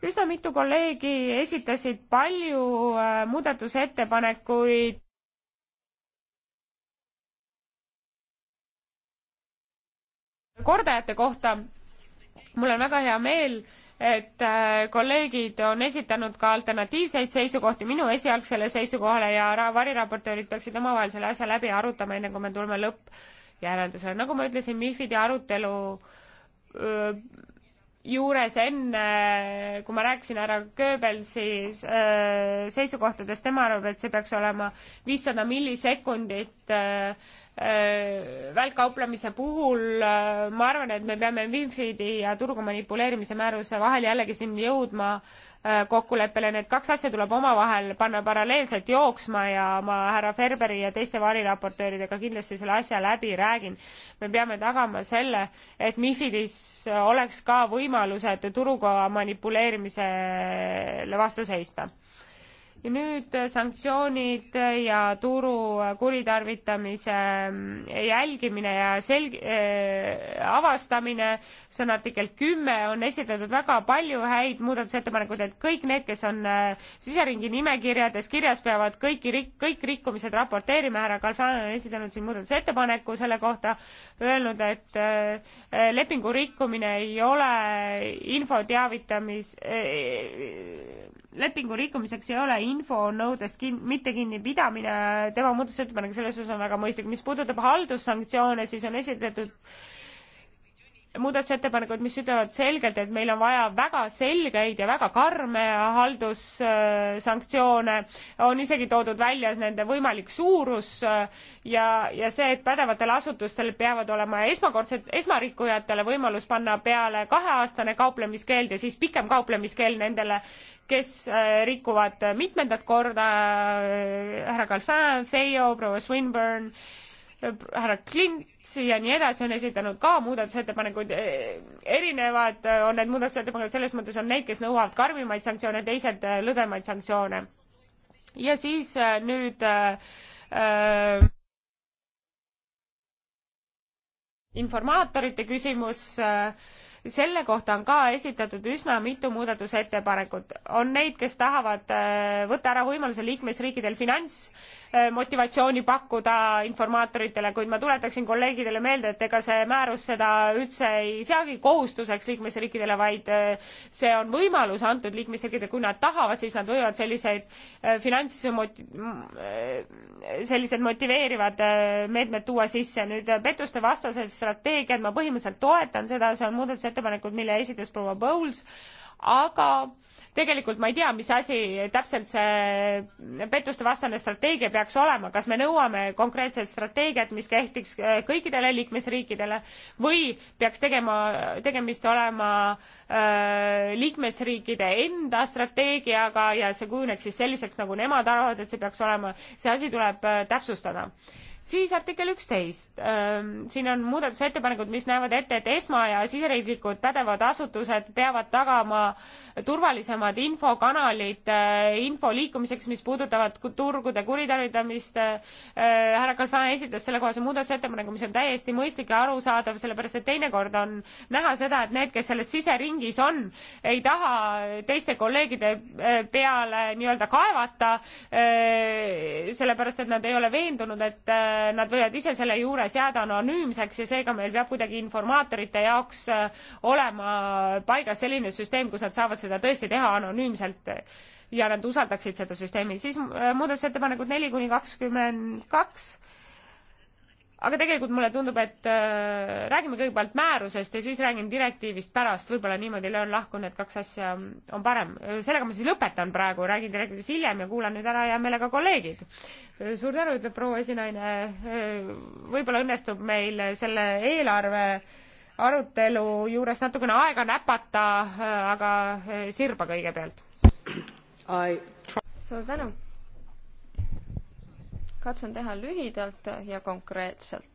üsna mitu kolleegi esitasid palju äh, muudatusettepanekuid kordajate kohta. mul on väga hea meel et äh, kolleegid on esitanud ka alternatiivseid seisukohti minu esialgsele seisukohale ja variraportöörid peaksid omavahel selle asja läbi arutama, enne kui me tuleme lõppjäreldusele. nagu ma ütlesin, MIFID-i arutelu öö, juures enne, kui ma rääkisin härra Goebbelsi seisukohtadest, tema arvab, et see peaks olema viissada millisekundit öö, Äh, välkkauplemise puhul äh, ma arvan, et me peame Winfriedi ja turgu manipuleerimise määruse vahel jällegi siin jõudma äh, kokkuleppele, need kaks asja tuleb omavahel panna paralleelselt jooksma ja ma härra Ferberi ja teiste variraportööridega kindlasti selle asja läbi räägin. me peame tagama selle, et MIFIDis oleks ka võimalused turuga manipuleerimisele vastu seista ja nüüd äh, sanktsioonid äh, ja turu äh, kuritarvitamise mm, jälgimine ja selg- äh,, avastamine, see on artikkel kümme, on esitatud väga palju häid muudatusettepanekuid, et kõik need, kes on äh, siseringi nimekirjades kirjas, peavad kõiki rik-, kõik rikkumised raporteerima, härra Kalfan on esitanud siin muudatusettepaneku selle kohta, öelnud, et äh, lepingu rikkumine ei ole info teavitamis äh,, lepingu rikkumiseks ei ole infonõudest kin-, mitte kinnipidamine, tema muudatusettepanek selles osas on väga mõistlik. mis puudutab haldussanktsioone, siis on esitatud muudatusettepanekud, mis ütlevad selgelt, et meil on vaja väga selgeid ja väga karme haldussanktsioone, on isegi toodud välja nende võimalik suurus ja, ja see, et pädevatel asutustel peavad olema esmakordselt, esmarikkujatele võimalus panna peale kaheaastane kauplemiskeeld ja siis pikem kauplemiskeeld nendele, kes äh, rikuvad mitmendat korda äh, härra Galfin, Feio, proua Swinburne, äh, härra Klints ja nii edasi on esitanud ka muudatusettepanekuid, erinevad on need muudatusettepanekud, selles mõttes on neid, kes nõuavad karmimaid sanktsioone, teised lõdvemaid sanktsioone. ja siis nüüd äh, informaatorite küsimus äh, selle kohta on ka esitatud üsna mitu muudatusettepanekut. on neid, kes tahavad äh, võtta ära võimaluse liikmesriikidel finants Äh, motivatsiooni pakkuda informaatoritele, kuid ma tuletaksin kolleegidele meelde, et ega see määrus seda üldse ei seagi kohustuseks liikmesriikidele, vaid äh, see on võimalus antud liikmesriikidele, kui nad tahavad, siis nad võivad selliseid äh, finantsmot-, sellised motiveerivad meetmed tuua sisse. nüüd pettuste vastased strateegiad, ma põhimõtteliselt toetan seda, see on muudatusettepanekud, mille esitas proua Bowles, aga tegelikult ma ei tea, mis asi täpselt see pettuste vastane strateegia peaks olema, kas me nõuame konkreetset strateegiat, mis kehtiks äh, kõikidele liikmesriikidele või peaks tegema, tegemist olema öö, äh, liikmesriikide enda strateegiaga ja see kujuneks siis selliseks, nagu nemad arvavad, et see peaks olema, see asi tuleb äh, täpsustada siis artikkel üksteist, siin on muudatusettepanekud, mis näevad ette, et esma- ja siseriiklikud pädevad asutused peavad tagama turvalisemad infokanalid info liikumiseks, mis puudutavad turgude kuritarvitamist. härra Kalfan esitas sellekohase muudatusettepaneku, mis on täiesti mõistlik ja arusaadav, sellepärast et teinekord on näha seda, et need, kes selles siseringis on, ei taha teiste kolleegide peale nii-öelda kaevata, sellepärast et nad ei ole veendunud, et nad võivad ise selle juures jääda anonüümseks ja seega meil peab kuidagi informaatorite jaoks äh, olema paigas selline süsteem, kus nad saavad seda tõesti teha anonüümselt ja nad usaldaksid seda süsteemi. siis äh, muudatusettepanekud neli kuni kakskümmend kaks aga tegelikult mulle tundub, et äh, räägime kõigepealt määrusest ja siis räägime direktiivist pärast, võib-olla niimoodi löön lahku, need kaks asja on parem. Äh, sellega ma siis lõpetan praegu, räägin direktiivist hiljem ja kuulan nüüd ära hea meelega kolleegid. Äh, suur tänu, ütleb proua esinaine. Äh, võib-olla õnnestub meil selle eelarve arutelu juures natukene aega näpata, aga sirba kõigepealt. suur tänu katsun teha lühidalt ja konkreetselt.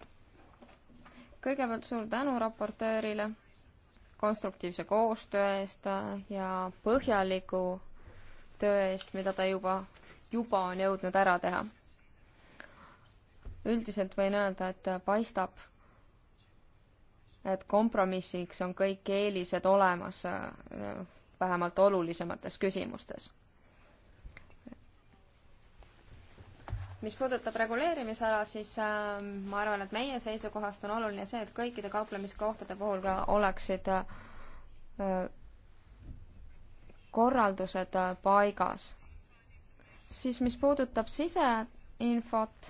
kõigepealt suur tänu raportöörile konstruktiivse koostöö eest ja põhjaliku töö eest, mida ta juba, juba on jõudnud ära teha. üldiselt võin öelda, et paistab, et kompromissiks on kõik eelised olemas, vähemalt olulisemates küsimustes mis puudutab reguleerimisala, siis äh, ma arvan, et meie seisukohast on oluline see, et kõikide kauplemiskohtade puhul ka oleksid äh, korraldused äh, paigas. siis mis puudutab siseinfot,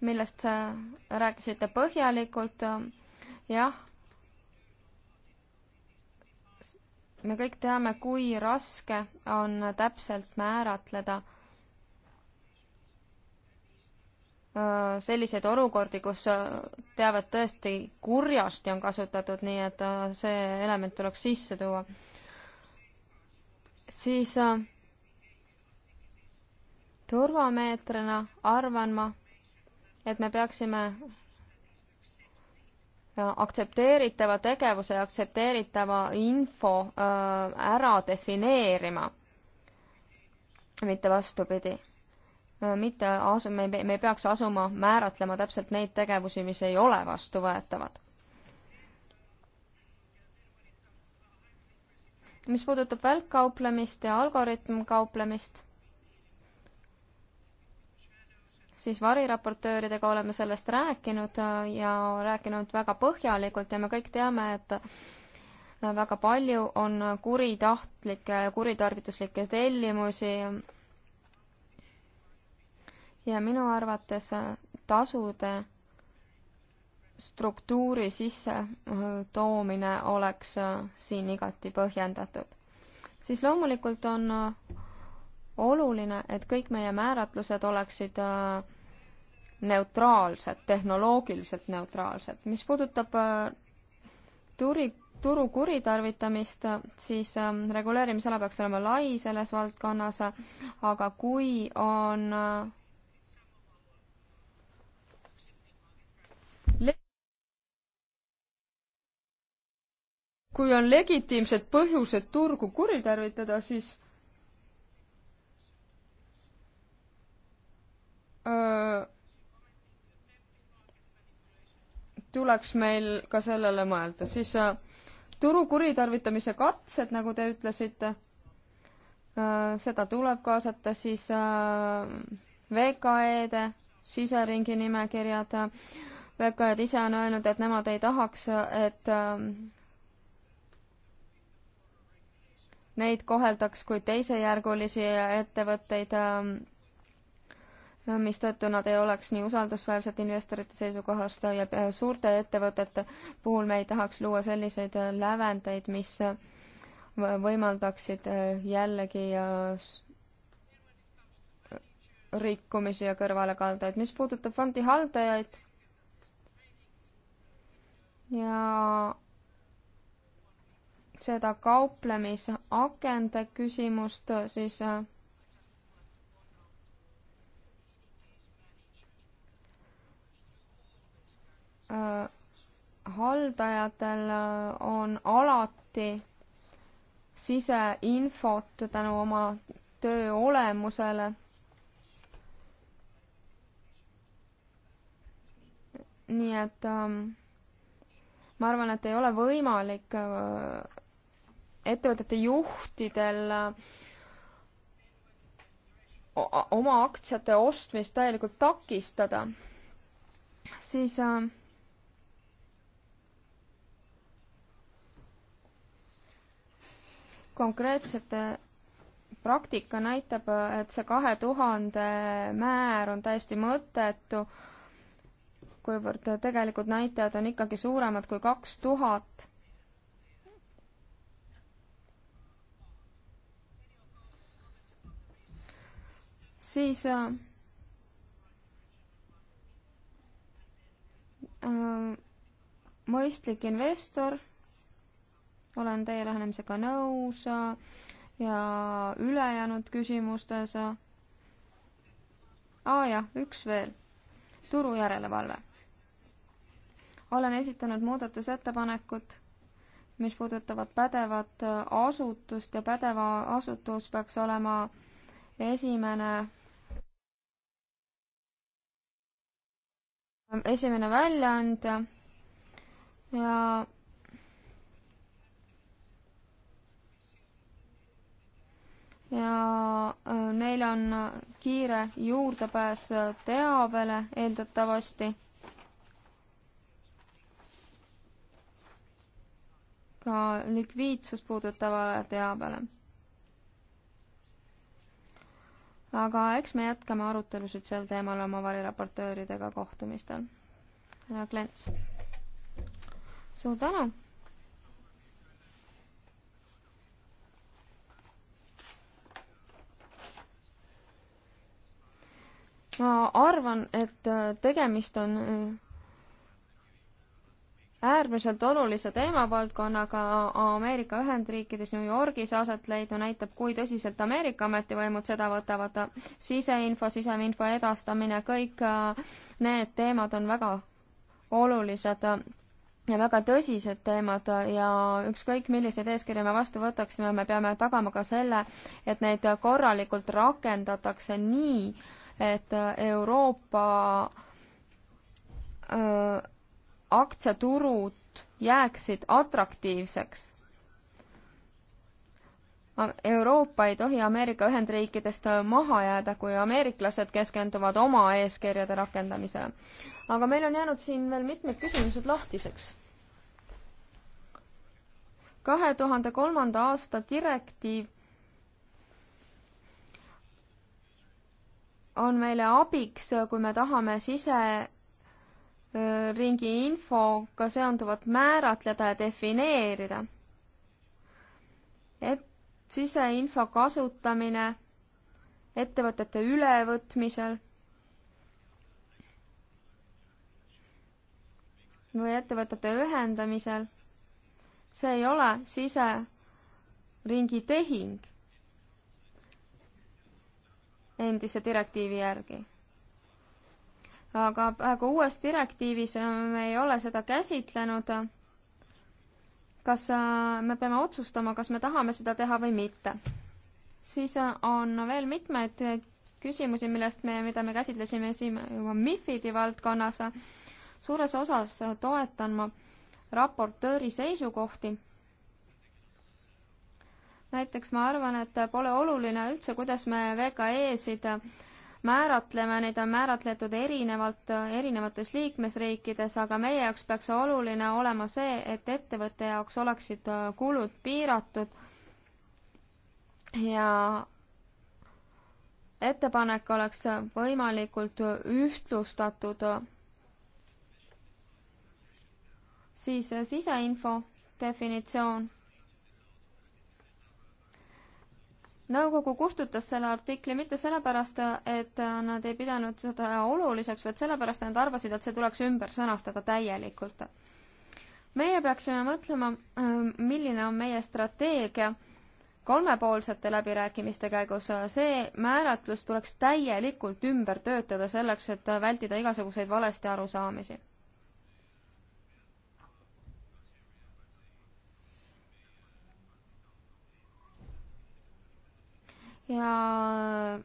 millest äh, rääkisite põhjalikult, äh, jah, me kõik teame, kui raske on täpselt määratleda Äh, selliseid olukordi, kus äh, teavet tõesti kurjasti on kasutatud, nii et äh, see element tuleks sisse tuua. siis turvameetrina arvan ma, et me peaksime aktsepteeritava tegevuse ja aktsepteeritava info ära defineerima, mitte vastupidi Äh, mitte asu-, me, me ei peaks asuma määratlema täpselt neid tegevusi, mis ei ole vastuvõetavad. mis puudutab välkkauplemist ja algoritmkauplemist, siis variraportööridega oleme sellest rääkinud äh, ja rääkinud väga põhjalikult ja me kõik teame, et äh, väga palju on kuritahtlikke ja kuritarvituslikke tellimusi ja minu arvates äh, tasude struktuuri sissetoomine äh, oleks äh, siin igati põhjendatud. siis loomulikult on oluline, et kõik meie määratlused oleksid neutraalsed, tehnoloogiliselt neutraalsed. mis puudutab turi, turu kuritarvitamist, siis reguleerimisala peaks olema lai selles valdkonnas, aga kui on kui on legitiimsed põhjused turgu kuritarvitada, siis öö, tuleks meil ka sellele mõelda, siis öö, turu kuritarvitamise katsed, nagu te ütlesite, seda tuleb kaasata, siis VKE-de siseringi nimekirjad, VKE-d ise on öelnud, et nemad ei tahaks, et neid koheldaks kui teisejärgulisi ettevõtteid, ähm, mistõttu nad ei oleks nii usaldusväärsed investorite seisukohast ja suurte ettevõtete puhul me ei tahaks luua selliseid äh, lävendeid, mis äh, võimaldaksid äh, jällegi rikkumisi ja kõrvalekaldajaid. mis puudutab fondi haldajaid ja seda kauplemisakende küsimust, siis äh, haldajatel äh, on alati siseinfot tänu oma töö olemusele nii et ähm, ma arvan, et ei ole võimalik äh, ettevõtete juhtidel oma aktsiate ostmist täielikult takistada, siis äh, konkreetsete praktika näitab, et see kahe tuhande määr on täiesti mõttetu, kuivõrd tegelikult näitajad on ikkagi suuremad kui kaks tuhat siis äh, äh, mõistlik investor, olen teie lähenemisega nõus äh, ja ülejäänud küsimustes äh,. aa jah, üks veel, turu järelevalve. olen esitanud muudatusettepanekut mis puudutavad pädevat äh, asutust ja pädeva asutus peaks olema äh, esimene esimene väljaande ja ja äh, neil on kiire juurdepääs teabele eeldatavasti. ka likviidsust puudutavale teabele aga eks me jätkame arutelusid sel teemal oma variraportööridega kohtumistel. härra Klents. suur tänu. ma arvan, et tegemist on äh, äärmiselt olulise teemavaldkonnaga Ameerika Ühendriikides New Yorgis aset leidnu näitab, kui tõsiselt Ameerika ametivõimud seda võtavad. siseinfo, siseinfo edastamine, kõik äh, need teemad on väga olulised ja väga tõsised teemad ja ükskõik, milliseid eeskirju me vastu võtaksime, me peame tagama ka selle, et neid korralikult rakendatakse nii, et Euroopa öö, äh, aktsiaturud jääksid atraktiivseks. Euroopa ei tohi Ameerika Ühendriikidest maha jääda, kui ameeriklased keskenduvad oma eeskirjade rakendamisele. aga meil on jäänud siin veel mitmed küsimused lahtiseks. kahe tuhande kolmanda aasta direktiiv on meile abiks, kui me tahame sise ringi infoga seonduvat määratleda ja defineerida. et siseinfo kasutamine ettevõtete ülevõtmisel või ettevõtete ühendamisel, see ei ole siseringi tehing endise direktiivi järgi aga praegu uues direktiivis äh, me ei ole seda käsitlenud. kas äh, me peame otsustama, kas me tahame seda teha või mitte? siis äh, on veel mitmeid küsimusi, millest me, mida me käsitlesime siin juba MIFID-i valdkonnas. suures osas toetan ma raportööri seisukohti. näiteks ma arvan, et pole oluline üldse, kuidas me VKE-sid määratleme, neid on määratletud erinevalt erinevates liikmesriikides, aga meie jaoks peaks oluline olema see, et ettevõtte jaoks oleksid äh, kulud piiratud ja ettepanek oleks võimalikult ühtlustatud. siis äh, siseinfo definitsioon nõukogu kustutas selle artikli mitte sellepärast, et nad ei pidanud seda oluliseks, vaid sellepärast, et nad arvasid, et see tuleks ümber sõnastada täielikult. meie peaksime mõtlema, milline on meie strateegia kolmepoolsete läbirääkimiste käigus. see määratlus tuleks täielikult ümber töötada selleks, et vältida igasuguseid valesti arusaamisi ja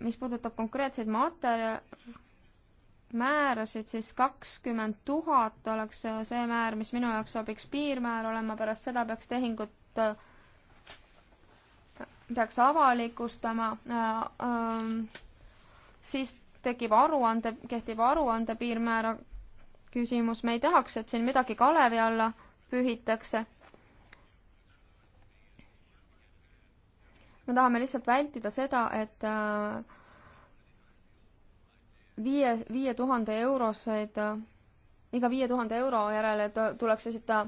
mis puudutab konkreetseid materjale, määrasid, siis kakskümmend tuhat oleks see määr, mis minu jaoks sobiks piirmäär olema, pärast seda peaks tehingut, peaks avalikustama äh,. Äh, siis tekib aruande, kehtib aruande piirmäära küsimus, me ei tahaks, et siin midagi kalevi alla pühitakse me tahame lihtsalt vältida seda, et äh, viie, viie tuhande euroseid, äh, iga viie tuhande euro järele tuleks esitada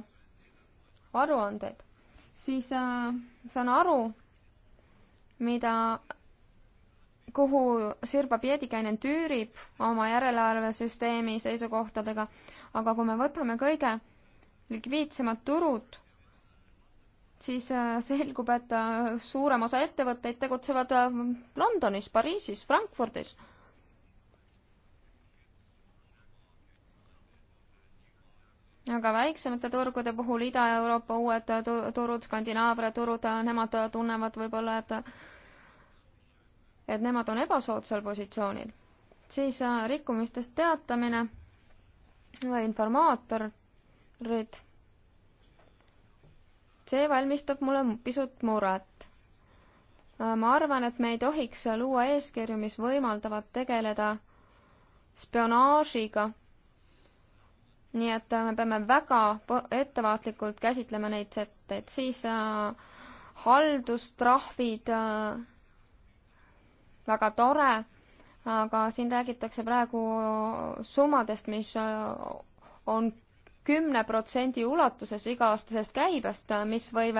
aruandeid, siis äh, saan aru, mida, kuhu Sirba Piedikäinen tüürib oma järelearvesüsteemi seisukohtadega, aga kui me võtame kõige likviidsemad turud siis äh, selgub, et äh, suurem osa ettevõtteid tegutsevad äh, Londonis, Pariisis, Frankfurdis. aga väiksemate turgude puhul Ida-Euroopa uued turud, Skandinaavia turud, nemad tunnevad võib-olla, et et nemad on ebasoodsal positsioonil. siis rikkumistest teatamine või informaatorid see valmistab mulle pisut muret. Äh, ma arvan, et me ei tohiks luua eeskirju, mis võimaldavad tegeleda spionaažiga. nii et äh, me peame väga ettevaatlikult käsitlema neid sätteid, siis äh, haldustrahvid äh,, väga tore, aga siin räägitakse praegu summadest, mis äh, on kümne protsendi ulatuses iga-aastasest käibest, mis võib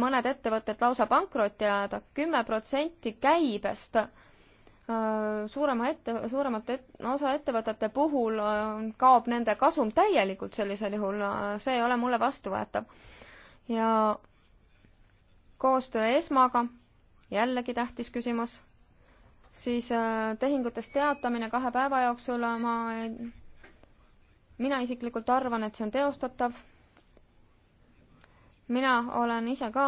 mõned ettevõtted lausa pankrotti ajada, kümme protsenti käibest äh, suurema ette, suuremate et, osa ettevõtete puhul äh, kaob nende kasum täielikult sellisel juhul, äh, see ei ole mulle vastuvõetav. ja koostöö ESMAga, jällegi tähtis küsimus, siis tehingutest teatamine kahe päeva jooksul, ma ei mina isiklikult arvan, et see on teostatav. mina olen ise ka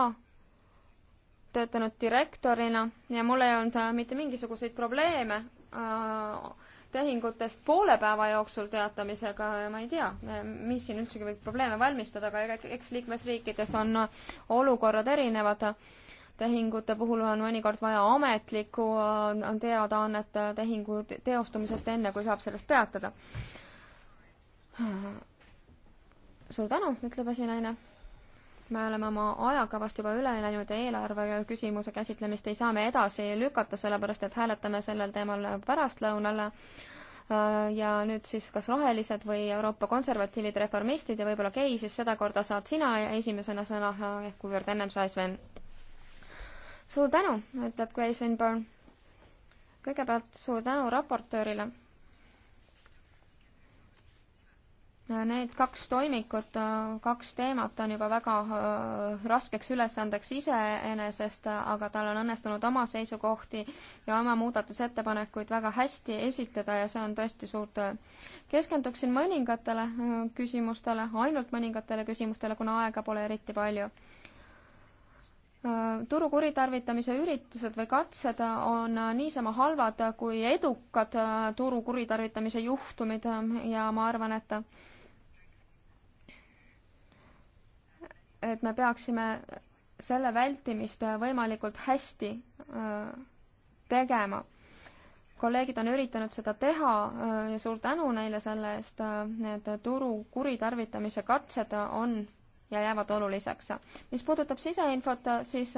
töötanud direktorina ja mul ei olnud äh, mitte mingisuguseid probleeme äh, tehingutest poole päeva jooksul teatamisega ja ma ei tea, äh, mis siin üldsegi võib probleeme valmistada, aga eks liikmesriikides on olukorrad erinevad. tehingute puhul on mõnikord vaja ametlikku teadaannet tehingu teostumisest, enne kui saab sellest teatada suur tänu, ütleb esinaine. me oleme oma ajakavast juba üle läinud ja eelarve küsimuse käsitlemist ei saa me edasi lükata, sellepärast et hääletame sellel teemal pärastlõunal. ja nüüd siis kas rohelised või Euroopa konservatiivid, reformistid ja võib-olla Kei, siis sedakorda saad sina esimesena sõna, kuivõrd ennem sai Sven. suur tänu, ütleb Kei Svenborn. kõigepealt suur tänu raportöörile Need kaks toimikut, kaks teemat on juba väga äh, raskeks ülesandeks iseenesest, aga tal on õnnestunud oma seisukohti ja oma muudatusettepanekuid väga hästi esitleda ja see on tõesti suur töö. Äh, keskenduksin mõningatele äh, küsimustele, ainult mõningatele küsimustele, kuna aega pole eriti palju turu kuritarvitamise üritused või katsed on niisama halvad kui edukad turu kuritarvitamise juhtumid ja ma arvan, et et me peaksime selle vältimist võimalikult hästi äh, tegema. kolleegid on üritanud seda teha äh, ja suur tänu neile selle eest, äh, need turu kuritarvitamise katsed on ja jäävad oluliseks. mis puudutab siseinfot, siis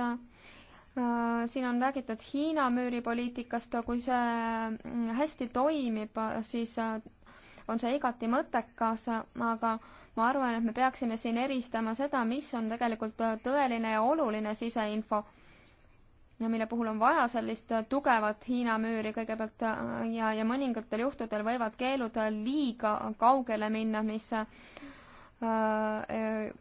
siin on räägitud Hiina müüripoliitikast, kui see mm, hästi toimib, siis on see igati mõttekas, aga ma arvan, et me peaksime siin eristama seda, mis on tegelikult tõeline ja oluline siseinfo ja mille puhul on vaja sellist tugevat Hiina müüri kõigepealt äh, ja, ja mõningatel juhtudel võivad keelud liiga kaugele minna, mis äh, äh,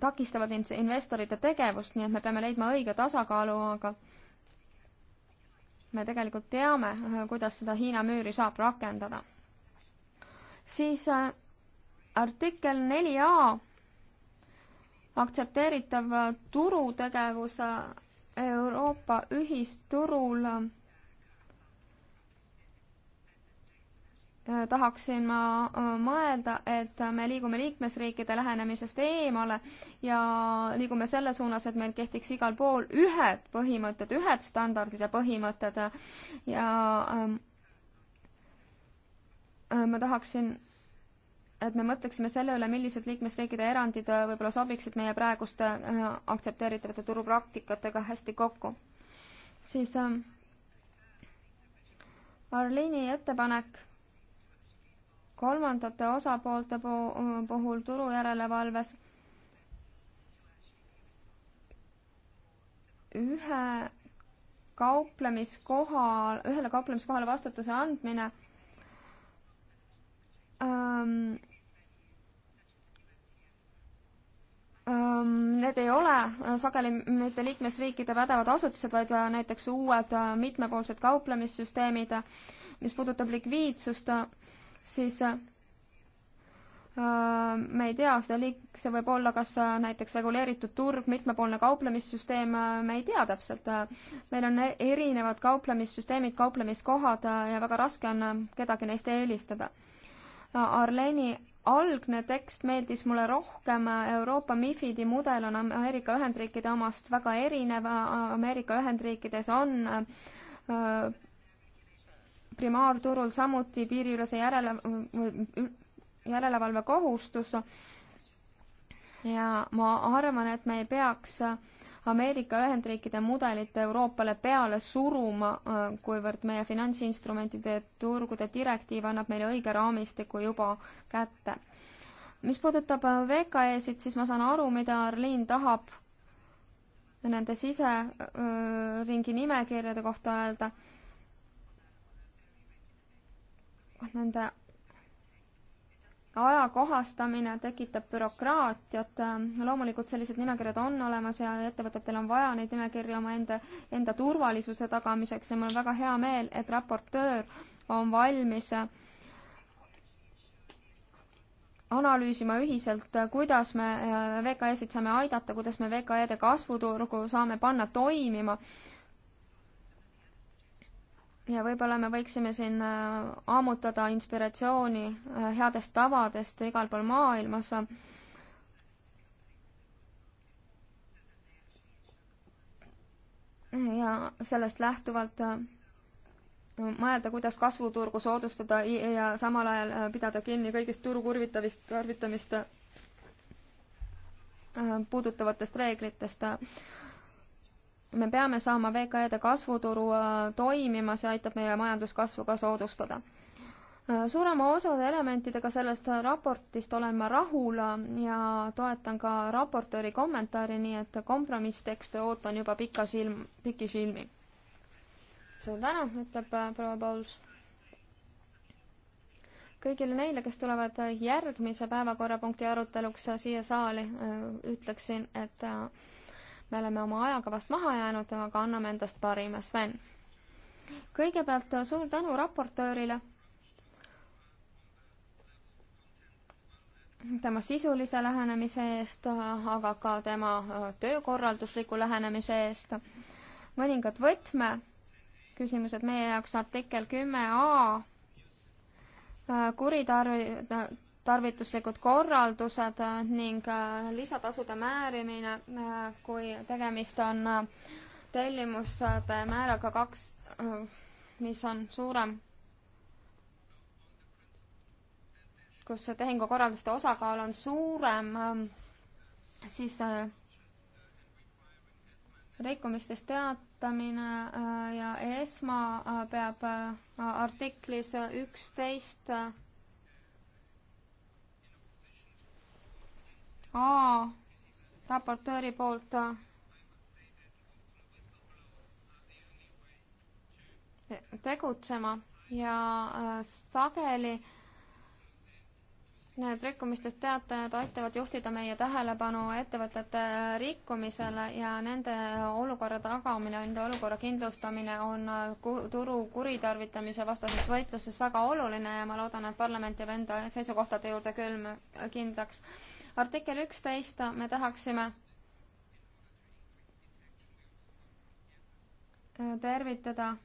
takistavad investorite tegevust, nii et me peame leidma õige tasakaalu, aga me tegelikult teame, kuidas seda Hiina müüri saab rakendada siis äh, artikkel neli A aktsepteeritav äh, turutegevus äh, Euroopa ühisturul tahaksin ma mõelda, et me liigume liikmesriikide lähenemisest eemale ja liigume selle suunas, et meil kehtiks igal pool ühed põhimõtted, ühed standardid ja põhimõtted ja ähm, Äh, ma tahaksin, et me mõtleksime selle üle, millised liikmesriikide erandid äh, võib-olla sobiksid meie praeguste äh, aktsepteeritavate turupraktikatega hästi kokku. siis Arliini ettepanek kolmandate osapoolte puhul turu järelevalves ühe kauplemiskoha, ühele kauplemiskohale vastutuse andmine ähm,. Ähm, need ei ole äh, sageli mitte liikmesriikide pädevad asutused, vaid äh, näiteks uued äh, mitmepoolsed kauplemissüsteemid. mis puudutab likviidsust, siis me ei tea, see liik-, see võib olla kas näiteks reguleeritud turg, mitmepoolne kauplemissüsteem, me ei tea täpselt. meil on e-, erinevad kauplemissüsteemid, kauplemiskohad ja väga raske on kedagi neist eelistada. Arleni algne tekst meeldis mulle rohkem, Euroopa MIFID-i mudel on Ameerika Ühendriikide omast väga erinev, Ameerika Ühendriikides on äh, primaarturul samuti piiriülese järele, järelevalve kohustus ja ma arvan, et me ei peaks Ameerika Ühendriikide mudelit Euroopale peale suruma, äh, kuivõrd meie finantsinstrumentide turgude direktiiv annab meile õige raamistiku juba kätte. mis puudutab äh, VKE-sid, siis ma saan aru, mida Arliin tahab nende siseringi äh, nimekirjade kohta öelda. Nende ajakohastamine tekitab bürokraatiat, loomulikult sellised nimekirjad on olemas ja ettevõtetel on vaja neid nimekirju omaenda, enda turvalisuse tagamiseks ja mul on väga hea meel, et raportöör on valmis analüüsima ühiselt, kuidas me äh, VKE-sid saame aidata, kuidas me VKE-de kasvuturgu saame panna toimima ja võib-olla me võiksime siin äh, ammutada inspiratsiooni äh, headest tavadest igal pool maailmas. ja sellest lähtuvalt äh, mõelda, kuidas kasvuturgu soodustada ja samal ajal pidada kinni kõigist turu kurvitavist, tarvitamist puudutavatest reeglitest me peame saama VKE-de kasvuturu äh, toimima, see aitab meie majanduskasvu ka soodustada. Äh, suurema osade elementidega sellest raportist olen ma rahul ja toetan ka raportööri kommentaari, nii et kompromisstekste ootan juba pika silm, pikisilmi. suur tänu, ütleb äh, proua Pauls. kõigile neile, kes tulevad järgmise päevakorrapunkti aruteluks siia saali, ütleksin, et me oleme oma ajakavast maha jäänud, aga anname endast parima, Sven. kõigepealt äh, suur tänu raportöörile. tema sisulise lähenemise eest, äh, aga ka tema äh, töökorraldusliku lähenemise eest. mõningad võtmeküsimused meie jaoks artikkel kümme A kuritarvi-, tarvituslikud korraldused ning äh, lisatasude määrimine, äh, kui tegemist on äh, tellimuste määraga kaks, mis on suurem, kus tehingukorralduste osakaal on suurem, ähm, siis rikkumistest teatamine ja ESMA peab artiklis üksteist 11 A raportööri poolt tegutsema ja äh, sageli need rikkumistest teatajad aitavad juhtida meie tähelepanu ettevõtete äh, rikkumisele ja nende olukorra tagamine, nende olukorra kindlustamine on äh, turu kuritarvitamise vastases võitluses väga oluline ja ma loodan, et parlament jääb enda seisukohtade juurde külm, kindlaks artikkel üksteist me tahaksime tervitada äh,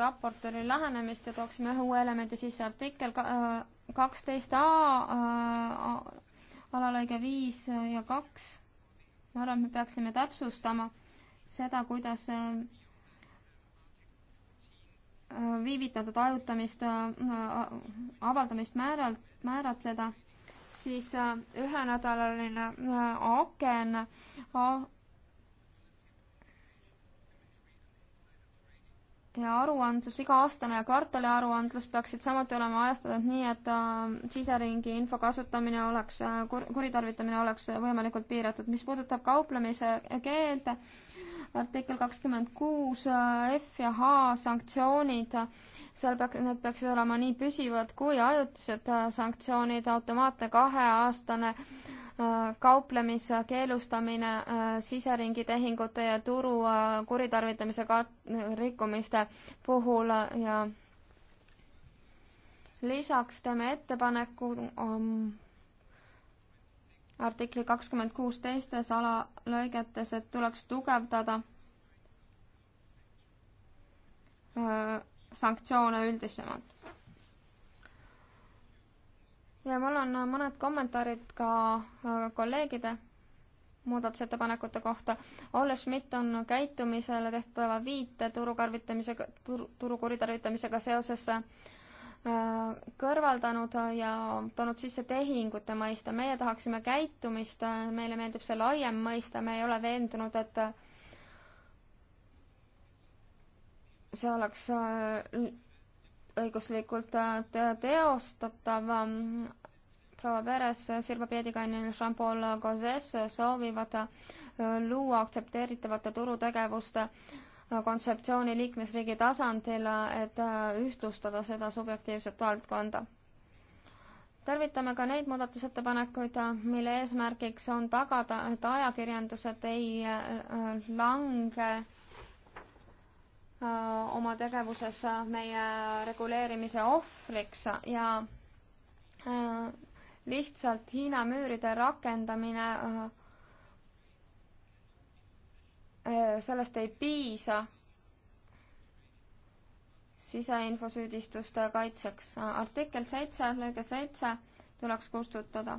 raportööri lähenemist ja tooksime ühe uue elemendi sisse. artikkel äh, kaksteist äh, A alalõige viis ja kaks. ma arvan, et me peaksime täpsustama seda, kuidas viivitatud ajutamist, avaldamist määral, määratleda siis äh, ühenädalaline äh, aken ja aruandlus, iga-aastane ja kvartaliaruandlus peaksid samuti olema ajastatud nii, et äh, siseringi info kasutamine oleks, kuritarvitamine oleks võimalikult piiratud. mis puudutab kauplemise keelde, artikkel kakskümmend kuus F ja H sanktsioonid seal peaks, need peaksid olema nii püsivad kui ajutised äh, sanktsioonid, automaatne kaheaastane äh, kauplemise keelustamine, äh, siseringi tehingute ja turu kuritarvitamise kat-, rikkumiste puhul ja lisaks teeme ettepaneku um, artikli kakskümmend kuus teistes alalõigetes, et tuleks tugevdada öö, sanktsioone üldisemalt. ja mul on mõned kommentaarid ka äh, kolleegide muudatusettepanekute kohta. Olle Schmidt on käitumisele tehtava viite turu tarvitamisega, turu, turu kuritarvitamisega seoses äh, kõrvaldanud ja toonud sisse tehingute mõiste. meie tahaksime käitumist, äh, meile meeldib see laiem mõiste, me ei ole veendunud, et see oleks äh, õiguslikult äh, teostatav. proua Peres, Sirva Piedikann ja Jean-Paul Gauzes soovivad äh, luua aktsepteeritavate turutegevuste kontseptsiooni liikmesriigi tasandil, et ühtlustada seda subjektiivset valdkonda. tervitame ka neid muudatusettepanekuid, mille eesmärgiks on tagada, et ajakirjandused ei lange Äh, oma tegevuses meie reguleerimise ohvriks ja äh, lihtsalt Hiina müüride rakendamine, äh, sellest ei piisa siseinfosüüdistuste kaitseks. artikkel seitse, lõige seitse tuleks kustutada.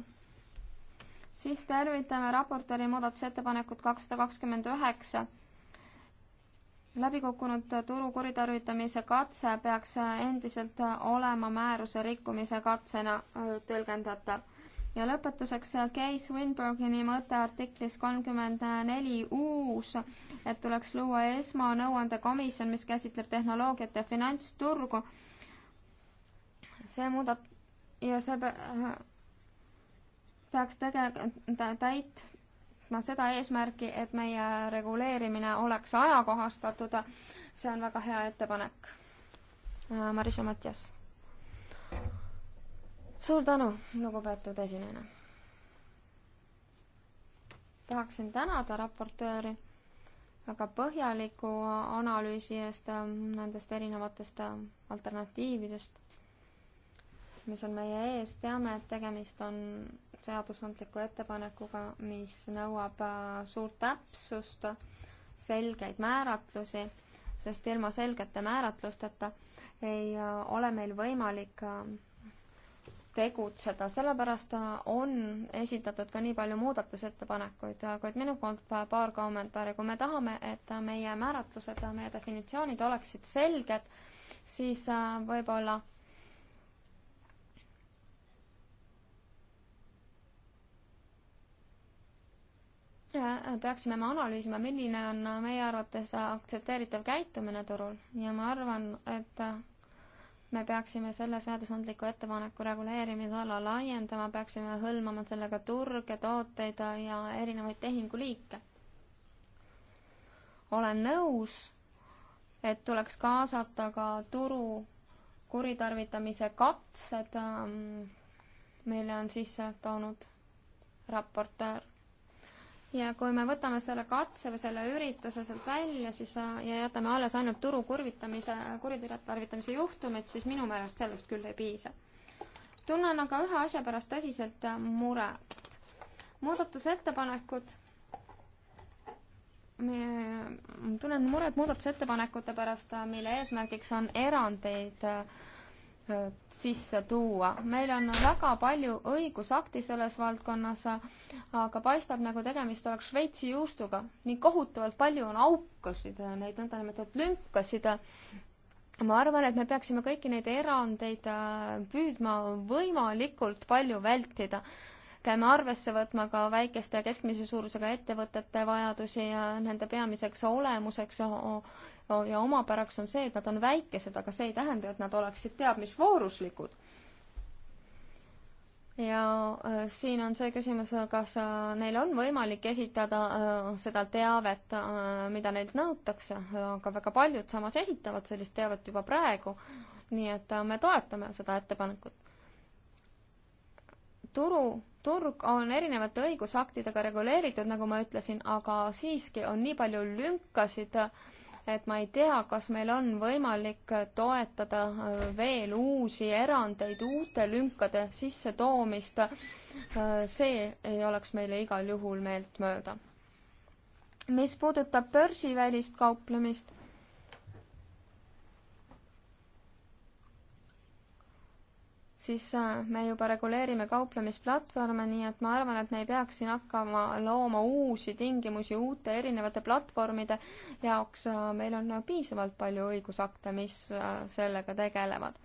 siis tervitame raportööri muudatusettepanekut kakssada kakskümmend üheksa läbikukkunud turu kuritarvitamise katse peaks endiselt olema määruse rikkumise katsena äh, tõlgendatav. ja lõpetuseks Kay äh, Swinburne'i mõtteartiklis kolmkümmend neli uus, et tuleks luua esmanõuandekomisjon, mis käsitleb tehnoloogiat ja finantsturgu. see muudat- ja see äh, peaks tege-, täit-, täitma seda eesmärki, et meie reguleerimine oleks ajakohastatud. see on väga hea ettepanek. Äh, Marisa Matjas. suur tänu, lugupeetud esineja. tahaksin tänada raportööri väga põhjaliku analüüsi eest äh, nendest erinevatest äh, alternatiividest, mis on meie ees, teame, et tegemist on seadusandliku ettepanekuga, mis nõuab äh, suurt täpsust, selgeid määratlusi, sest ilma selgete määratlusteta ei äh, ole meil võimalik äh, tegutseda, sellepärast on esitatud ka nii palju muudatusettepanekuid, kuid minu poolt paar kommentaari, kui me tahame, et meie määratlused, meie definitsioonid oleksid selged, siis võib-olla peaksime me analüüsima, milline on meie arvates aktsepteeritav käitumine turul ja ma arvan, et me peaksime selle seadusandliku ettepaneku reguleerimisala laiendama, peaksime hõlmama sellega turge, tooteid ja erinevaid tehinguliike. olen nõus, et tuleks kaasata ka turu kuritarvitamise katsed, mille on sisse toonud raportöör ja kui me võtame selle katse või selle ürituse sealt välja, siis äh, ja jätame alles ainult turu kurvitamise, äh, kuritarvitamise juhtumid, siis minu meelest sellest küll ei piisa. tunnen aga ühe asja pärast tõsiselt äh, muret. muudatusettepanekud, tunnen muret muudatusettepanekute pärast, mille eesmärgiks on erandeid äh, Äh, sisse tuua. meil on väga palju õigusakti selles valdkonnas, aga paistab, nagu tegemist oleks Šveitsi juustuga. nii kohutavalt palju on aukasid, neid nõndanimetatud lünkasid. ma arvan, et me peaksime kõiki neid erandeid äh, püüdma võimalikult palju vältida peame arvesse võtma ka väikeste ja keskmise suurusega ettevõtete vajadusi ja nende peamiseks olemuseks ja omapäraks on see, et nad on väikesed, aga see ei tähenda, et nad oleksid teab mis vooruslikud. ja äh, siin on see küsimus, kas äh, neil on võimalik esitada äh, seda teavet, mida neilt nõutakse, aga väga paljud samas esitavad sellist teavet juba praegu, nii et me toetame seda ettepanekut turu turg on erinevate õigusaktidega reguleeritud, nagu ma ütlesin, aga siiski on nii palju lünkasid, et ma ei tea, kas meil on võimalik toetada äh, veel uusi erandeid, uute lünkade sissetoomist. Äh, see ei oleks meile igal juhul meeltmööda. mis puudutab börsivälist kauplemist, siis äh, me juba reguleerime kauplemisplatvorme, nii et ma arvan, et me ei peaks siin hakkama looma uusi tingimusi uute erinevate platvormide jaoks. Äh, meil on piisavalt palju õigusakte, mis äh, sellega tegelevad.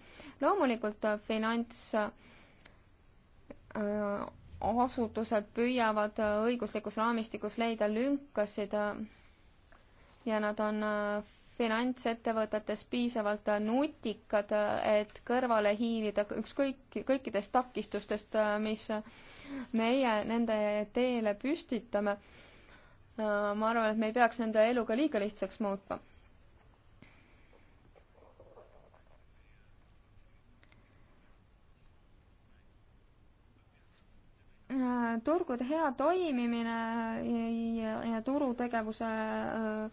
loomulikult finantsasutused püüavad õiguslikus raamistikus leida lünkasid ja nad on finantsettevõtetes piisavalt nutikad, et kõrvale hiilida ükskõik, kõikidest takistustest, mis meie nende teele püstitame. ma arvan, et me ei peaks nende elu ka liiga lihtsaks muutma. turgude hea toimimine ja, ja turutegevuse öö,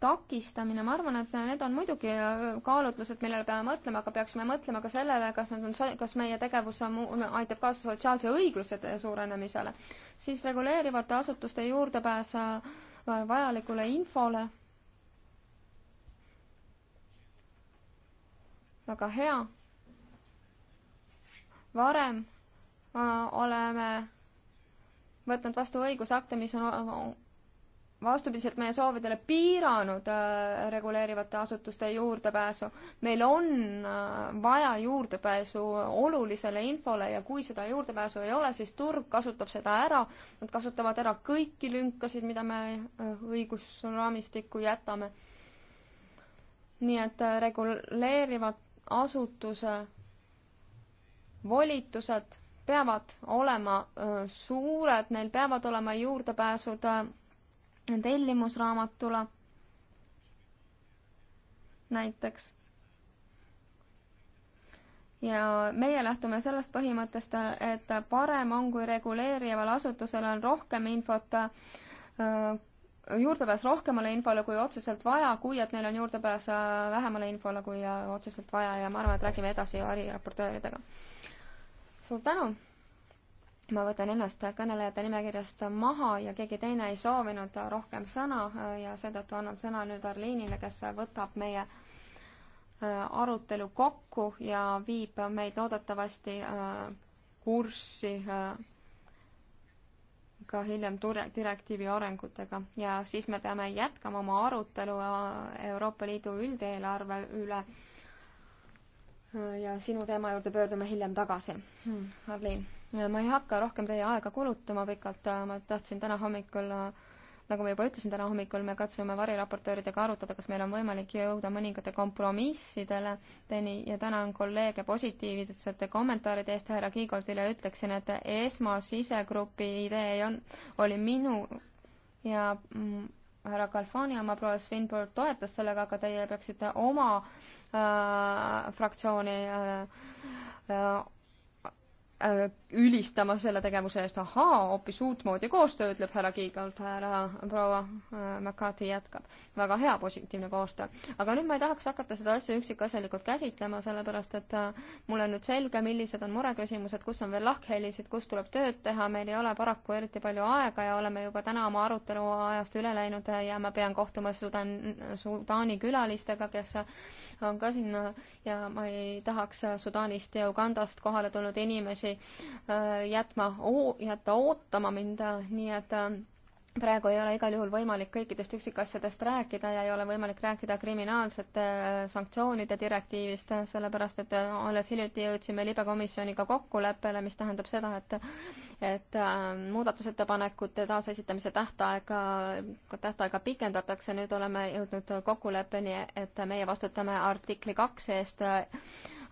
takistamine, ma arvan, et need on muidugi äh, kaalutlused, millele peame mõtlema, aga peaksime mõtlema ka sellele, kas nad on, kas meie tegevus on, aitab kaasa sotsiaalse õigluse suurenemisele. siis reguleerivate asutuste juurdepääs äh, vajalikule infole. väga hea. varem äh, oleme võtnud vastu õigusakte, mis on vastupidiselt meie soovidele piiranud äh, reguleerivate asutuste juurdepääsu. meil on äh, vaja juurdepääsu olulisele infole ja kui seda juurdepääsu ei ole, siis turg kasutab seda ära. Nad kasutavad ära kõiki lünkasid, mida me äh, õigusraamistikku jätame. nii et äh, reguleerivad asutuse volitused peavad olema äh, suured, neil peavad olema juurdepääsud äh, tellimusraamatule näiteks. ja meie lähtume sellest põhimõttest, et parem on, kui reguleerival asutusel on rohkem infot äh, juurdepääs rohkemale infole, kui otseselt vaja, kui et neil on juurdepääs äh, vähemale infole, kui äh, otseselt vaja ja ma arvan, et räägime edasi variraportööridega. suur tänu! ma võtan ennast kõnelejate nimekirjast maha ja keegi teine ei soovinud rohkem sõna äh, ja seetõttu annan sõna nüüd Arliinile, kes võtab meie äh, arutelu kokku ja viib meid loodetavasti äh, kurssi ka hiljem direktiivi arengutega ja siis me peame jätkama oma arutelu Euroopa Liidu üldeelarve üle ja sinu teema juurde pöördume hiljem tagasi hmm,. Arliin, ma ei hakka rohkem teie aega kulutama pikalt, ma tahtsin täna hommikul nagu ma juba ütlesin, täna hommikul me katsume variraportööridega arutada, kas meil on võimalik jõuda mõningate kompromissidele teni ja tänan kolleege positiivsete kommentaaride eest, härra Kiigoldile ütleksin, et esmasisegrupi idee ei on, oli minu ja mm, härra Kalfani oma proua Svinburg toetas sellega, aga teie peaksite oma äh, Äh, fraktsiooni äh, äh, ülistama selle tegevuse eest, ahaa, hoopis uutmoodi koostöö, ütleb härra Kiigalt, härra proua äh, McCarthy jätkab. väga hea positiivne koostöö. aga nüüd ma ei tahaks hakata seda asja üksikasjalikult käsitlema, sellepärast et äh, mul on nüüd selge, millised on mureküsimused, kus on veel lahkhelisid, kus tuleb tööd teha, meil ei ole paraku eriti palju aega ja oleme juba täna oma arutelu ajast üle läinud ja ma pean kohtuma Sudan, Sudaani külalistega, kes on ka siin äh, ja ma ei tahaks Sudaanist ja Ugandast kohale tulnud inimesi Äh, jätma, jätta ootama mind, nii et äh, praegu ei ole igal juhul võimalik kõikidest üksikasjadest rääkida ja ei ole võimalik rääkida kriminaalsete äh, sanktsioonide direktiivist, sellepärast et alles hiljuti jõudsime libekomisjoniga kokkuleppele, mis tähendab seda, et et muudatusettepanekute taasesitamise tähtaega, tähtaega pikendatakse, nüüd oleme jõudnud kokkuleppeni, et meie vastutame artikli kaks eest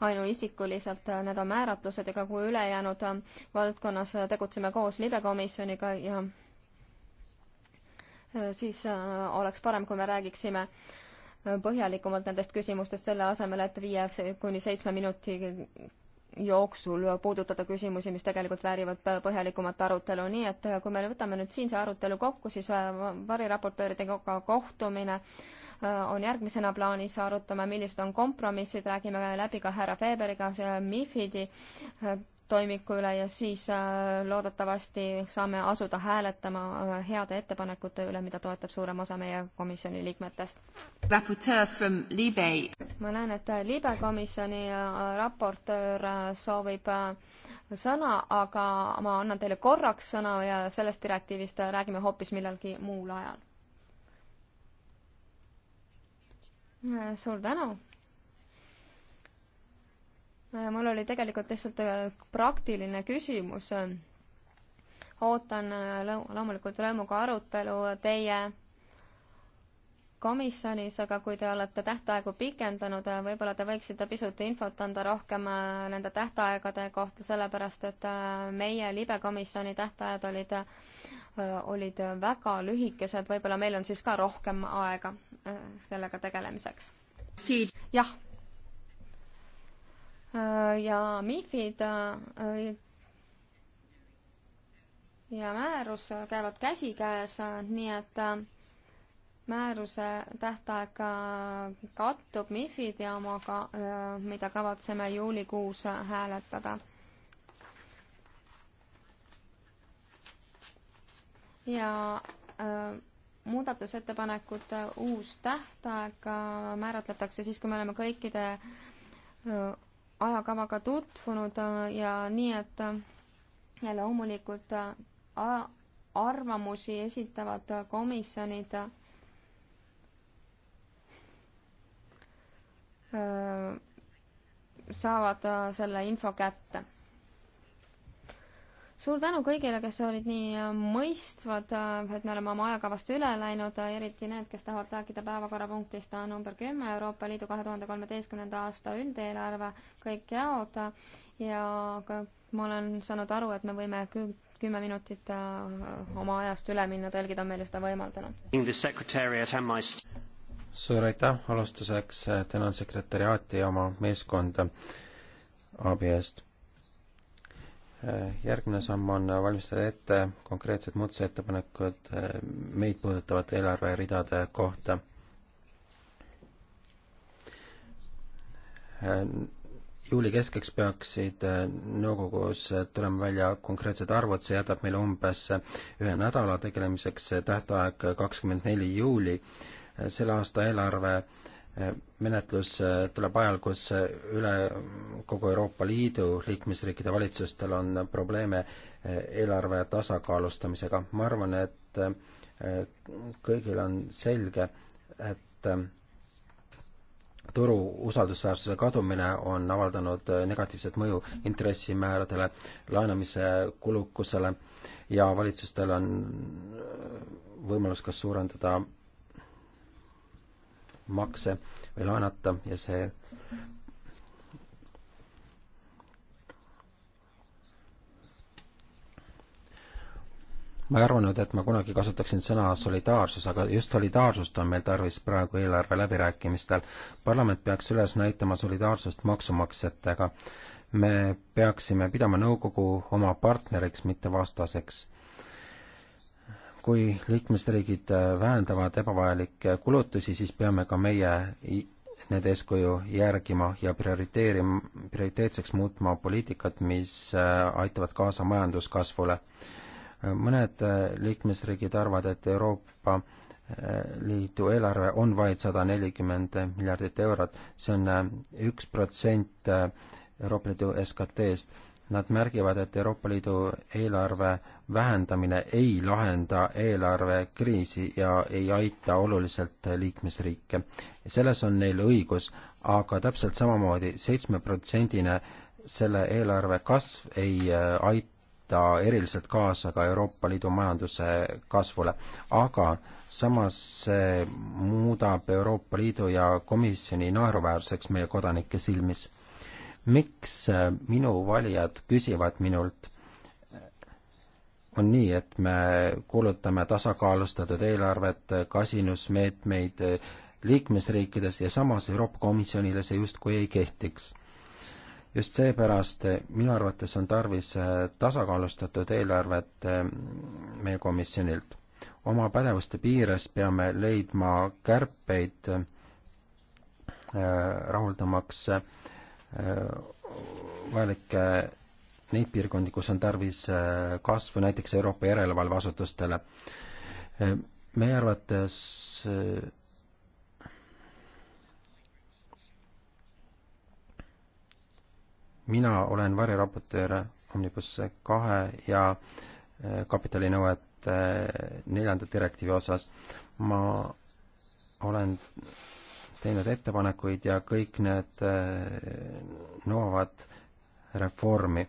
ainuisikuliselt, äh, need on määratlused, ega kui ülejäänud äh, valdkonnas äh, tegutseme koos libekomisjoniga ja siis oleks parem, kui me räägiksime põhjalikumalt nendest küsimustest, selle asemel, et viie kuni seitsme minuti jooksul puudutada küsimusi, mis tegelikult väärivad põhjalikumat arutelu, nii et kui me võtame nüüd siin see arutelu kokku, siis variraportööridega kohtumine äh, Äh, on järgmisena plaanis, arutame, millised on kompromissid, räägime läbi ka härra Feberiga, see MIFID-i äh, toimiku üle ja siis äh, loodetavasti saame asuda hääletama heade ettepanekute üle, mida toetab suurem osa meie komisjoni liikmetest. ma näen, et Liibe komisjoni raportöör soovib sõna, aga ma annan teile korraks sõna ja sellest direktiivist räägime hoopis millalgi muul ajal. suur tänu! mul oli tegelikult lihtsalt äh, praktiline küsimus. ootan äh, loomulikult rõõmuga arutelu teie komisjonis, aga kui te olete tähtaegu pikendanud, äh, võib-olla te võiksite pisut infot anda rohkem nende tähtaegade kohta, sellepärast et meie libekomisjoni tähtajad olid Äh, olid väga lühikesed, võib-olla meil on siis ka rohkem aega äh, sellega tegelemiseks. jah. Äh, ja MIFID ja määrus käivad käsikäes, nii et määruse tähtaeg kattub MIFID ja omaga, mida kavatseme juulikuus hääletada ja äh, muudatusettepanekute uus tähtaeg äh, määratletakse siis, kui me oleme kõikide äh, ajakavaga tutvunud äh, ja nii, et äh, ja loomulikult äh, arvamusi esitavad komisjonid saavad selle info kätte suur tänu kõigile, kes olid nii äh, mõistvad, äh, et me oleme oma ajakavast üle läinud, äh, eriti need, kes tahavad rääkida päevakorrapunktist number kümme, Euroopa Liidu kahe tuhande kolmeteistkümnenda aasta üldeelarve, kõik jaod ja ma olen saanud aru, et me võime kümme minutit oma ajast üle minna, tõlgid on meile seda võimaldanud. suur aitäh, alustuseks tänan sekretäriaati ja oma meeskonda abi eest järgmine samm on valmistada ette konkreetsed muudatusettepanekud äh, meid puudutavate eelarveridade kohta. Äh, juuli keskeks peaksid äh, nõukogus tulema välja konkreetsed arvud, see jätab meile umbes ühe nädala tegelemiseks, tähtaeg kakskümmend neli juuli. selle aasta eelarve äh, menetlus äh, tuleb ajal, kus äh, üle kogu Euroopa Liidu liikmesriikide valitsustel on probleeme äh, eelarve tasakaalustamisega. ma arvan, et kõigil on selge, et turu usaldusväärsuse kadumine on avaldanud negatiivset mõju intressimääradele, laenamise kulukusele ja valitsustel on võimalus kas suurendada makse või laenata ja see ma ei arvanud, et ma kunagi kasutaksin sõna solidaarsus, aga just solidaarsust on meil tarvis praegu eelarve läbirääkimistel. parlament peaks üles näitama solidaarsust maksumaksjatega. me peaksime pidama nõukogu oma partneriks, mitte vastaseks kui liikmesriigid vähendavad ebavajalikke kulutusi, siis peame ka meie nende eeskuju järgima ja prioriteerima, prioriteetseks muutma poliitikat, mis äh, aitavad kaasa majanduskasvule. mõned äh, liikmesriigid arvavad, et Euroopa äh, Liidu eelarve on vaid sada nelikümmend miljardit eurot, see on üks protsent Euroopa Liidu SKT-st. Nad märgivad, et Euroopa Liidu eelarve vähendamine ei lahenda eelarvekriisi ja ei aita oluliselt liikmesriike. selles on neil õigus, aga täpselt samamoodi seitsmeprotsendine selle eelarve kasv ei äh, aita eriliselt kaasa ka Euroopa Liidu majanduse kasvule, aga samas see muudab Euroopa Liidu ja komisjoni naeruväärseks meie kodanike silmis. miks äh, minu valijad küsivad minult on nii, et me kulutame tasakaalustatud eelarvet, kasinusmeetmeid liikmesriikides ja samas Euroopa Komisjonile see justkui ei kehtiks. just seepärast minu arvates on tarvis tasakaalustatud eelarvet eh, meie komisjonilt. oma pädevuste piires peame leidma kärpeid eh, rahuldamaks eh, vajalikke neid piirkondi, kus on tarvis äh, kasvu näiteks Euroopa järelevalveasutustele. Äh, meie arvates äh, mina olen variraportöör Omnibus kahe ja kapitalinõuete neljanda direktiivi osas. ma olen teinud ettepanekuid ja kõik need nõuavad reformi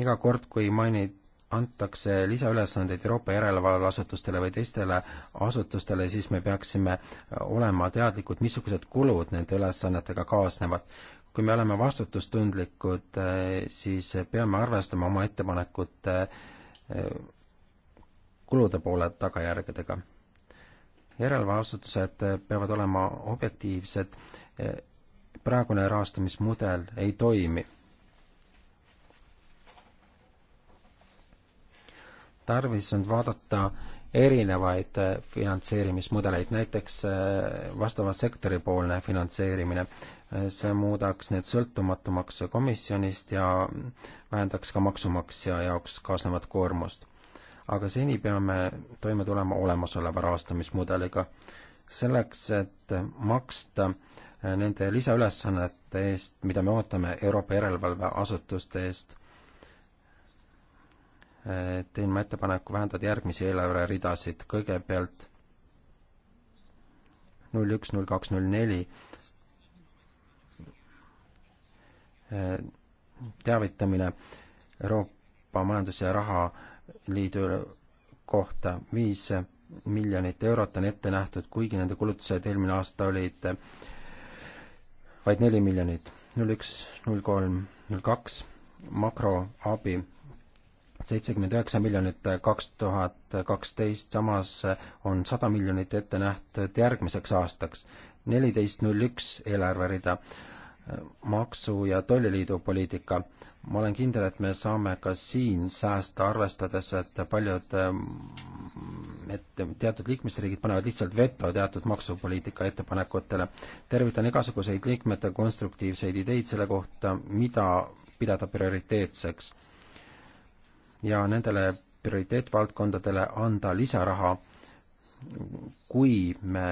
iga kord, kui mainid, antakse lisaülesandeid Euroopa järelevalveasutustele või teistele asutustele, siis me peaksime olema teadlikud, missugused kulud nende ülesannetega kaasnevad. kui me oleme vastutustundlikud, eh, siis peame arvestama oma ettepanekute eh, kulude poole tagajärgedega. järelevalveasutused peavad olema objektiivsed eh, praegune rahastamismudel ei toimi. tarvis on vaadata erinevaid äh, finantseerimismudeleid, näiteks äh, vastava sektori poolne finantseerimine. Äh, see muudaks need sõltumatumaks komisjonist ja vähendaks ka maksumaksja jaoks kaasnevat koormust. aga seni peame toime tulema olemasoleva rahastamismudeliga. selleks, et maksta äh, nende lisaülesannete eest, mida me ootame Euroopa järelevalveasutuste eest. teen ma ettepaneku vähendada järgmisi eelarveridasid, kõigepealt null üks, null kaks, null neli teavitamine Euroopa Majandus- ja Rahaliidu kohta viis miljonit eurot on ette nähtud, kuigi nende kulutused eelmine aasta olid vaid neli miljonit, null üks, null kolm, null kaks, makroabi seitsekümmend üheksa miljonit kaks tuhat kaksteist, samas on sada miljonit ette nähtud järgmiseks aastaks. neliteist null üks eelarverida maksu- ja tolliliidu poliitika. ma olen kindel, et me saame ka siin säästa, arvestades, et paljud, mm, et teatud liikmesriigid panevad lihtsalt veto teatud maksupoliitika ettepanekutele. tervitan igasuguseid liikmete konstruktiivseid ideid selle kohta, mida pidada prioriteetseks. ja nendele prioriteetvaldkondadele anda lisaraha kui me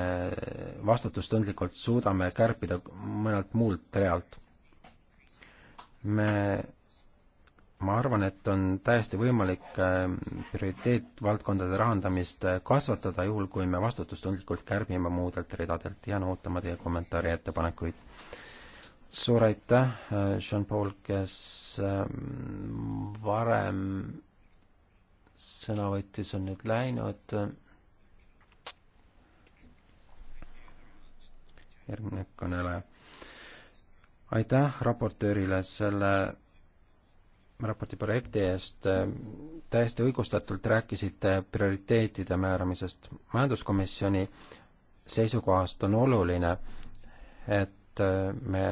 vastutustundlikult suudame kärpida mõnelt muult realt. me, ma arvan, et on täiesti võimalik ähm, prioriteetvaldkondade rahandamist äh, kasvatada, juhul kui me vastutustundlikult kärbime muudelt ridadelt. jään ootama teie kommentaare ja ettepanekuid. suur aitäh, äh, Jean-Paul, kes ähm, varem sõna võttis, on nüüd läinud järgmine kõneleja. aitäh raportöörile selle raporti projekti eest, täiesti õigustatult rääkisite prioriteetide määramisest. majanduskomisjoni seisukohast on oluline, et me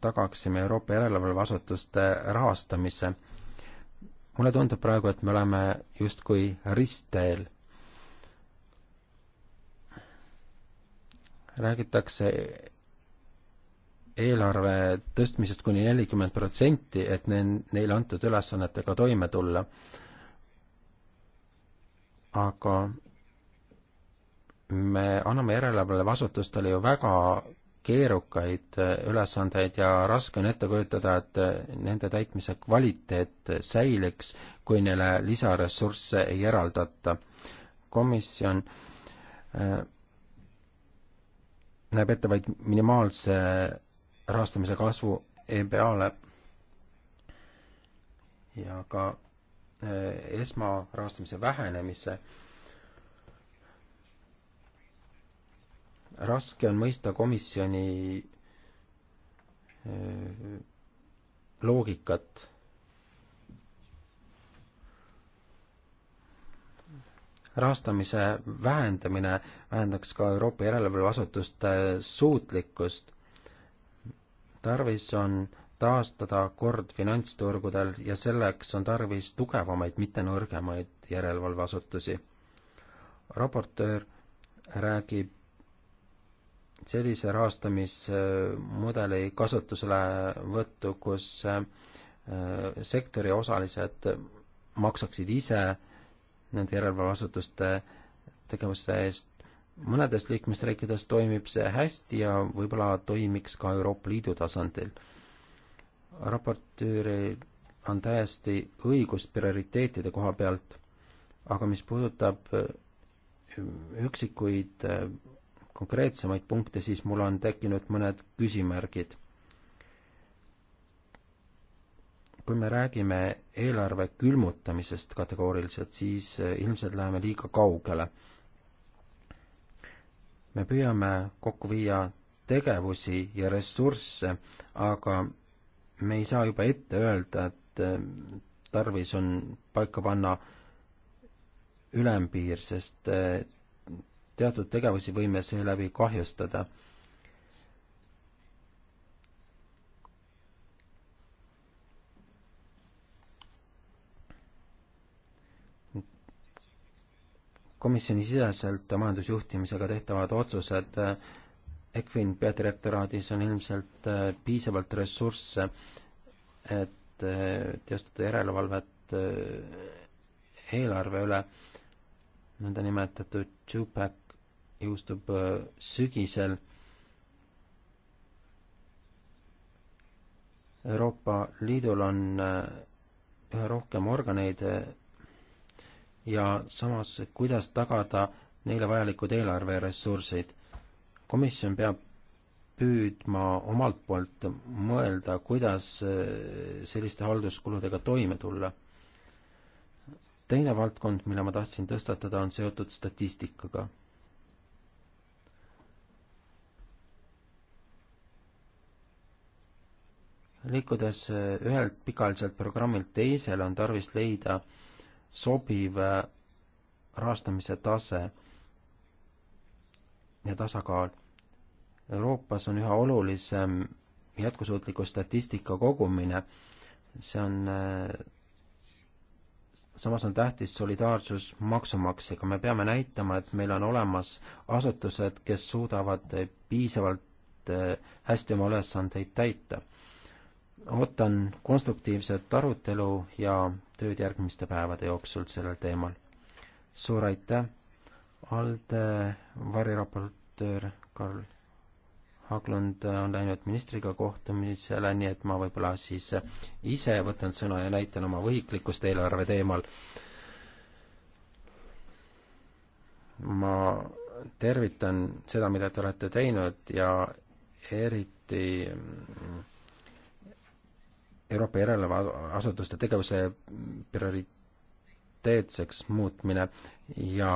tagaksime Euroopa järelevalveasutuste rahastamise. mulle tundub praegu, et me oleme justkui ristteel räägitakse eelarve tõstmisest kuni nelikümmend protsenti, et ne-, neile antud ülesannetega toime tulla. aga me anname järelevalveasutustele ju väga keerukaid ülesandeid ja raske on ette kujutada, et nende täitmise kvaliteet säiliks, kui neile lisaressursse ei eraldata. komisjon äh, näeb ette vaid minimaalse rahastamise kasvu EBA-le ja ka äh, esmarahastamise vähenemise. raske on mõista komisjoni äh, loogikat rahastamise vähendamine vähendaks ka Euroopa järelevalveasutuste suutlikkust. tarvis on taastada kord finantsturgudel ja selleks on tarvis tugevamaid, mitte nõrgemaid järelevalveasutusi. raportöör räägib sellise rahastamismudeli kasutuselevõttu, kus äh, sektori osalised maksaksid ise nende järelevalveasutuste tegevuse eest. mõnedes liikmesriikides toimib see hästi ja võib-olla toimiks ka Euroopa Liidu tasandil. raportööril on täiesti õigus prioriteetide koha pealt, aga mis puudutab eh, üksikuid eh, konkreetsemaid punkte, siis mul on tekkinud mõned küsimärgid. kui me räägime eelarve külmutamisest kategooriliselt, siis eh, ilmselt läheme liiga kaugele. me püüame kokku viia tegevusi ja ressursse, aga me ei saa juba ette öelda, et eh, tarvis on paika panna ülempiir, sest eh, teatud tegevusi võime seeläbi kahjustada komisjonisiseselt majandusjuhtimisega tehtavad otsused ECFIN peadirektoraadis on ilmselt äh, piisavalt ressursse, et äh, teostada järelevalvet äh, eelarve üle, nõndanimetatud two-pack jõustub sügisel. Euroopa Liidul on üha rohkem organeid ja samas, kuidas tagada neile vajalikud eelarveressursid. komisjon peab püüdma omalt poolt mõelda, kuidas eh, selliste halduskuludega toime tulla. teine valdkond, mille ma tahtsin tõstatada, on seotud statistikaga. liikudes eh, ühelt pikaajaliselt programmilt teisele, on tarvis leida äh, sobiv äh, rahastamise tase ja tasakaal. Euroopas on üha olulisem jätkusuutliku statistika kogumine, see on, äh, samas on tähtis solidaarsus maksumaksjaga, me peame näitama, et meil on olemas asutused, kes suudavad piisavalt äh, hästi oma ülesandeid täita. ootan konstruktiivset arutelu ja tööd järgmiste päevade jooksul sellel teemal. suur aitäh, ALDE variraportöör Karl Haglund on läinud ministriga kohtumisele, nii et ma võib-olla siis ise võtan sõna ja näitan oma võhiklikkust eelarve teemal. ma tervitan seda, mida te olete teinud ja eriti Euroopa järelevalveasutuste tegevuse prioriteetseks muutmine ja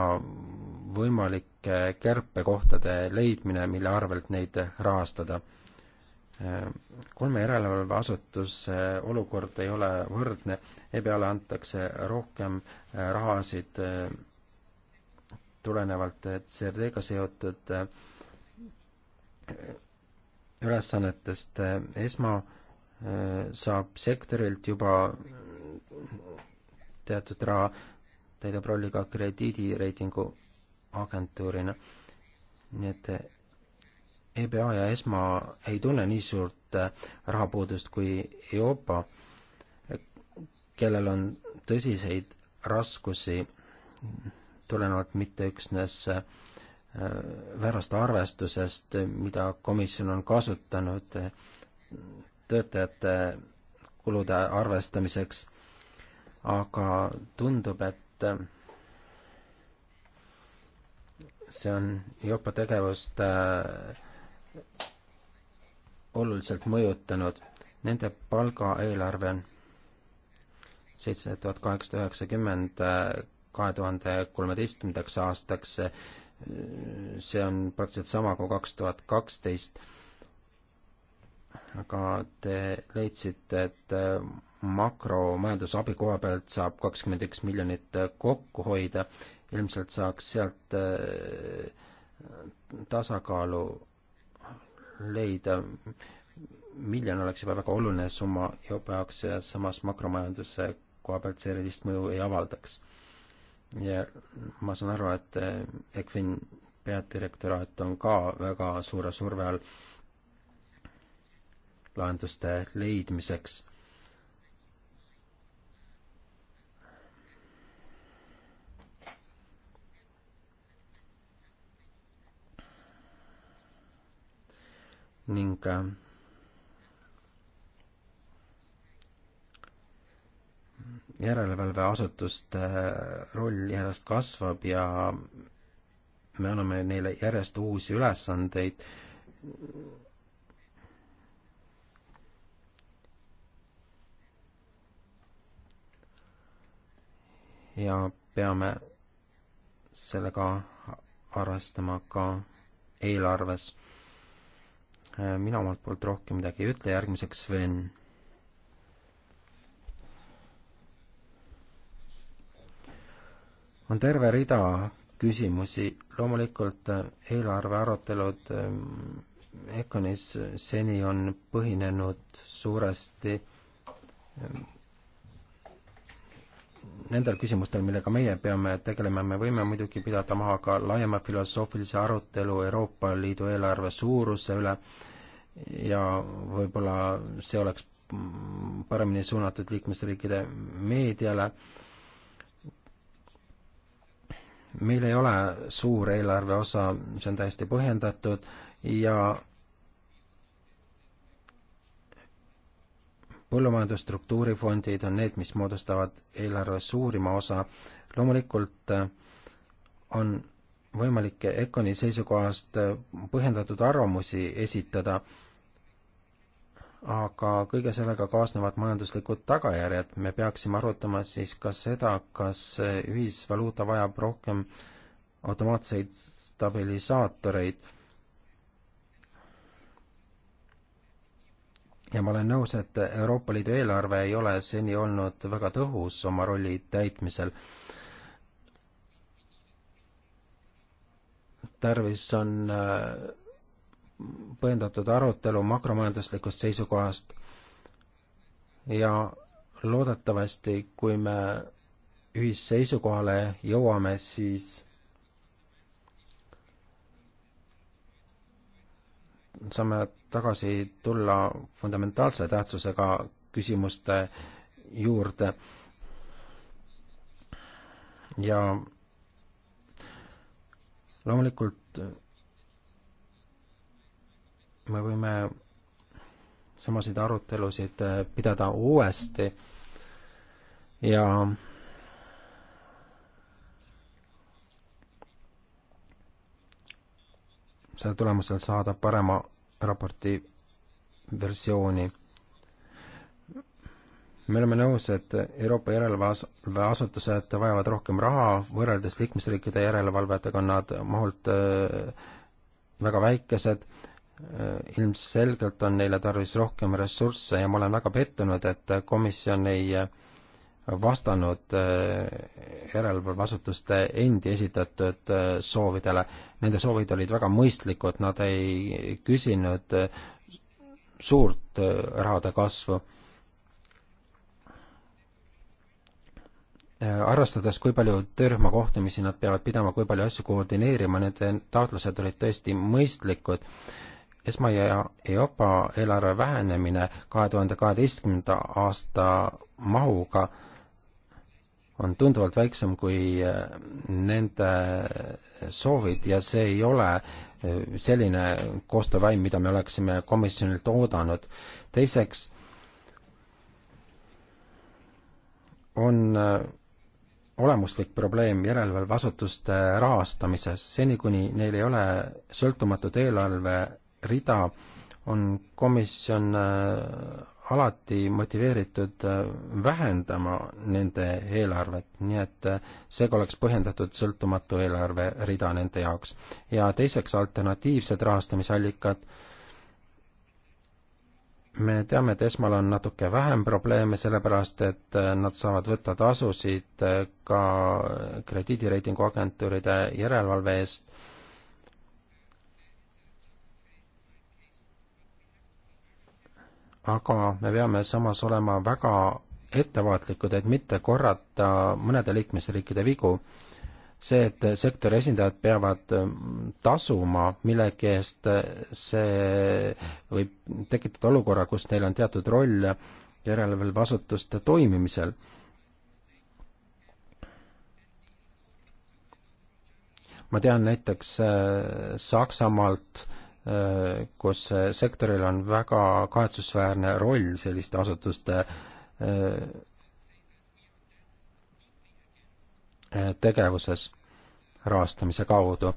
võimalike kärpekohtade leidmine, mille arvelt neid rahastada. kolme järelevalveasutuse olukord ei ole võrdne, EBA-le antakse rohkem rahasid tulenevalt CRD-ga seotud ülesannetest, esma- Äh, saab sektorilt juba teatud raha, täidab rolli ka krediidireitingu agentuurina. nii et EBA ja ESMA ei tunne nii suurt äh, rahapuudust kui EOPA, kellel on tõsiseid raskusi tulenevalt mitte üksnes äh, väärast arvestusest, mida komisjon on kasutanud töötajate kulude arvestamiseks, aga tundub, et see on Euroopa tegevust äh, oluliselt mõjutanud. Nende palgaeelarve on seitse tuhat kaheksasada üheksakümmend äh, kahe tuhande kolmeteistkümnendaks aastaks, äh, see on praktiliselt sama kui kaks tuhat kaksteist aga te leidsite, et äh, makromajandusabi koha pealt saab kakskümmend üks miljonit äh, kokku hoida, ilmselt saaks sealt äh, tasakaalu leida. miljon oleks juba väga oluline summa ja peaks samas makromajanduse koha pealt see erilist mõju ei avaldaks. ja ma saan aru, et ECFIN peadirektoraat on ka väga suure surve all lahenduste leidmiseks. ning äh, järelevalveasutuste äh, roll järjest kasvab ja me anname neile järjest uusi ülesandeid ja peame sellega arvestama ka eelarves. mina omalt poolt rohkem midagi ei ütle, järgmiseks Sven. on terve rida küsimusi, loomulikult äh, eelarve arutelud äh, EKONis seni on põhinenud suuresti äh, nendel küsimustel, millega meie peame tegelema, me võime muidugi pidada maha ka laiema filosoofilise arutelu Euroopa Liidu eelarve suuruse üle ja võib-olla see oleks paremini suunatud liikmesriikide meediale. meil ei ole suur eelarve osa, see on täiesti põhjendatud ja põllumajandusstruktuurifondid on need, mis moodustavad eelarve suurima osa. loomulikult äh, on võimalik EKONi seisukohast äh, põhjendatud arvamusi esitada, aga kõige sellega kaasnevad majanduslikud tagajärjed. me peaksime arutama siis ka seda, kas äh, ühisvaluuta vajab rohkem automaatseid stabilisaatoreid ja ma olen nõus, et Euroopa Liidu eelarve ei ole seni olnud väga tõhus oma rolli täitmisel. tarvis on äh, põhjendatud arutelu makromajanduslikust seisukohast ja loodetavasti, kui me ühisseisukohale jõuame, siis saame tagasi tulla fundamentaalse tähtsusega küsimuste juurde. ja loomulikult me võime samasid arutelusid pidada uuesti ja selle tulemusel saada parema raporti versiooni. me oleme nõus, et Euroopa järelevalveasutused vajavad rohkem raha, võrreldes liikmesriikide järelevalvetega on nad mahult äh, väga väikesed, äh, ilmselgelt on neile tarvis rohkem ressursse ja ma olen väga pettunud, et komisjon ei äh, vastanud äh, järelevalveasutuste endi esitatud äh, soovidele. Nende soovid olid väga mõistlikud, nad ei küsinud äh, suurt rahade kasvu. arvestades, kui palju töörühma kohtumisi nad peavad pidama, kui palju asju koordineerima, nende taotlused olid tõesti mõistlikud ESMA ja EOPA eelarve vähenemine kahe tuhande kaheteistkümnenda aasta mahuga on tunduvalt väiksem kui äh, nende äh, soovid ja see ei ole äh, selline koostööväim, mida me oleksime komisjonilt oodanud. teiseks on olemuslik probleem järelevalveasutuste rahastamises, seni kuni neil ei ole sõltumatut eelarverida, on komisjon alati motiveeritud äh, vähendama nende eelarvet, nii et äh, seega oleks põhjendatud sõltumatu eelarverida nende jaoks. ja teiseks, alternatiivsed rahastamisallikad, me teame, et esmal on natuke vähem probleeme, sellepärast et äh, nad saavad võtta tasusid ka krediidireitingu agentuuride järelevalve eest aga me peame samas olema väga ettevaatlikud, et mitte korrata mõnede liikmesriikide vigu. see, et sektori esindajad peavad ähm, tasuma millegi eest, see võib tekitada olukorra, kus neil on teatud roll järelevalveasutuste toimimisel. ma tean näiteks äh, Saksamaalt äh, kus sektoril on väga kahetsusväärne roll selliste asutuste äh, tegevuses rahastamise kaudu.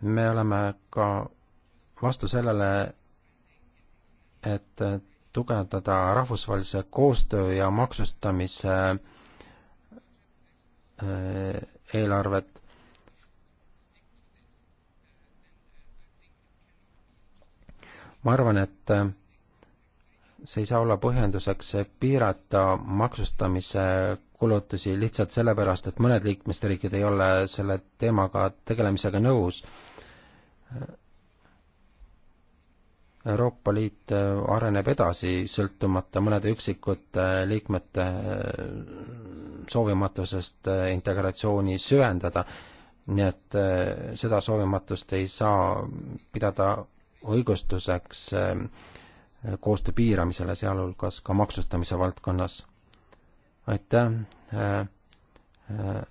me oleme ka vastu sellele, et tugevdada rahvusvahelise koostöö ja maksustamise äh, eelarvet ma arvan, et äh, see ei saa olla põhjenduseks äh, piirata maksustamise kulutusi lihtsalt sellepärast, et mõned liikmesriigid ei ole selle teemaga tegelemisega nõus. Äh, Euroopa Liit areneb edasi, sõltumata mõnede üksikute liikmete soovimatusest integratsiooni süvendada, nii et seda soovimatust ei saa pidada õigustuseks äh, koostöö piiramisele, sealhulgas ka maksustamise valdkonnas. aitäh, äh, äh,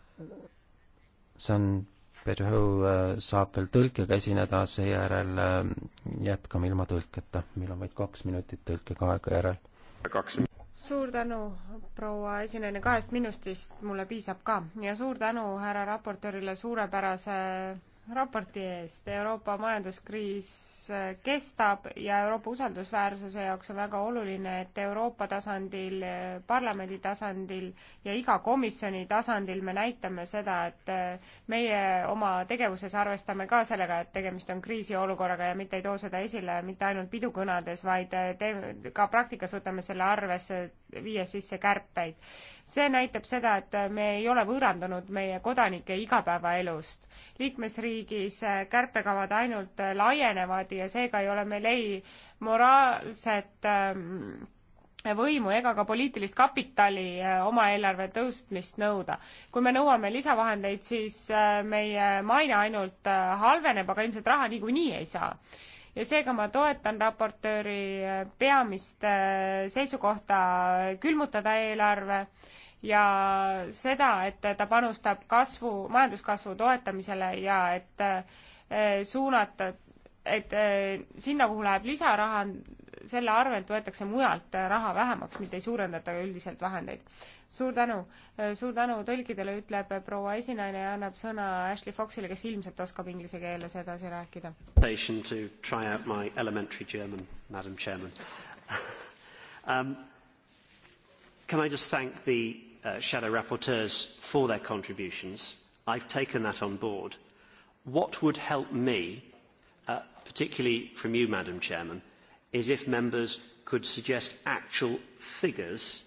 San Pedro saab veel tõlkega esineda, seejärel jätkame ilma tõlketa, meil on vaid kaks minutit tõlkega aega järel. kaks minutit suur tänu, proua esinejana, kahest minutist mulle piisab ka ja suur tänu härra raportöörile suurepärase raporti eest. Euroopa majanduskriis äh, kestab ja Euroopa usaldusväärsuse jaoks on väga oluline, et Euroopa tasandil, äh, parlamendi tasandil ja iga komisjoni tasandil me näitame seda, et äh, meie oma tegevuses arvestame ka sellega, et tegemist on kriisiolukorraga ja mitte ei too seda esile mitte ainult pidukõnades, vaid teeme, ka praktikas võtame selle arvesse, viies sisse kärpeid see näitab seda, et me ei ole võõrandunud meie kodanike igapäevaelust. liikmesriigis äh, kärpekavad ainult äh, laienevad ja seega ei ole meil ei moraalset ähm, võimu ega ka poliitilist kapitali äh, oma eelarve tõstmist nõuda. kui me nõuame lisavahendeid, siis meie maine ainult halveneb, aga ilmselt raha niikuinii ei saa ja seega ma toetan raportööri äh, peamist äh, seisukohta äh, külmutada eelarve ja seda, et ta panustab kasvu, majanduskasvu toetamisele ja et suunata, et sinna, kuhu läheb lisaraha, selle arvelt võetakse mujalt äh, raha vähemaks, mitte ei suurendata üldiselt vahendeid. suur tänu, äh, suur tänu tõlkidele, ütleb proua esinaine ja annab sõna Ashley Foxile, kes ilmselt oskab inglise keeles edasi rääkida. To try out my elementary German, madam chairman um, can I just thank the uh, shadow rapporteurs for their contributions? I've taken that on board. What would help me, uh, particularly from you, Madam Chairman, uh, is if members could suggest actual figures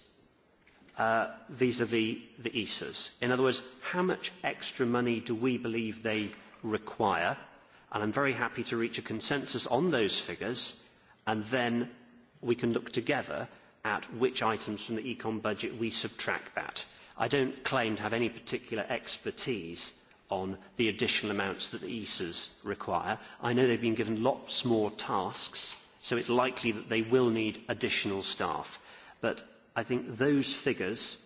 vis-à-vis uh, -vis the ESAs. In other words, how much extra money do we believe they require? And I'm very happy to reach a consensus on those figures, and then we can look together at which items from the econ budget we subtract that. I don't claim to have any particular expertise on the additional amounts that the ESAs require. I know they've been given lots more tasks so it's likely that they will need additional staff. But I think those figures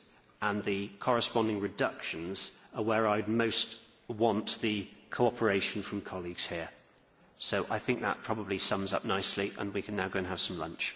and the corresponding reductions are where I'd most want the cooperation from colleagues here. So I think that probably sums up nicely, and we can now go and have some lunch.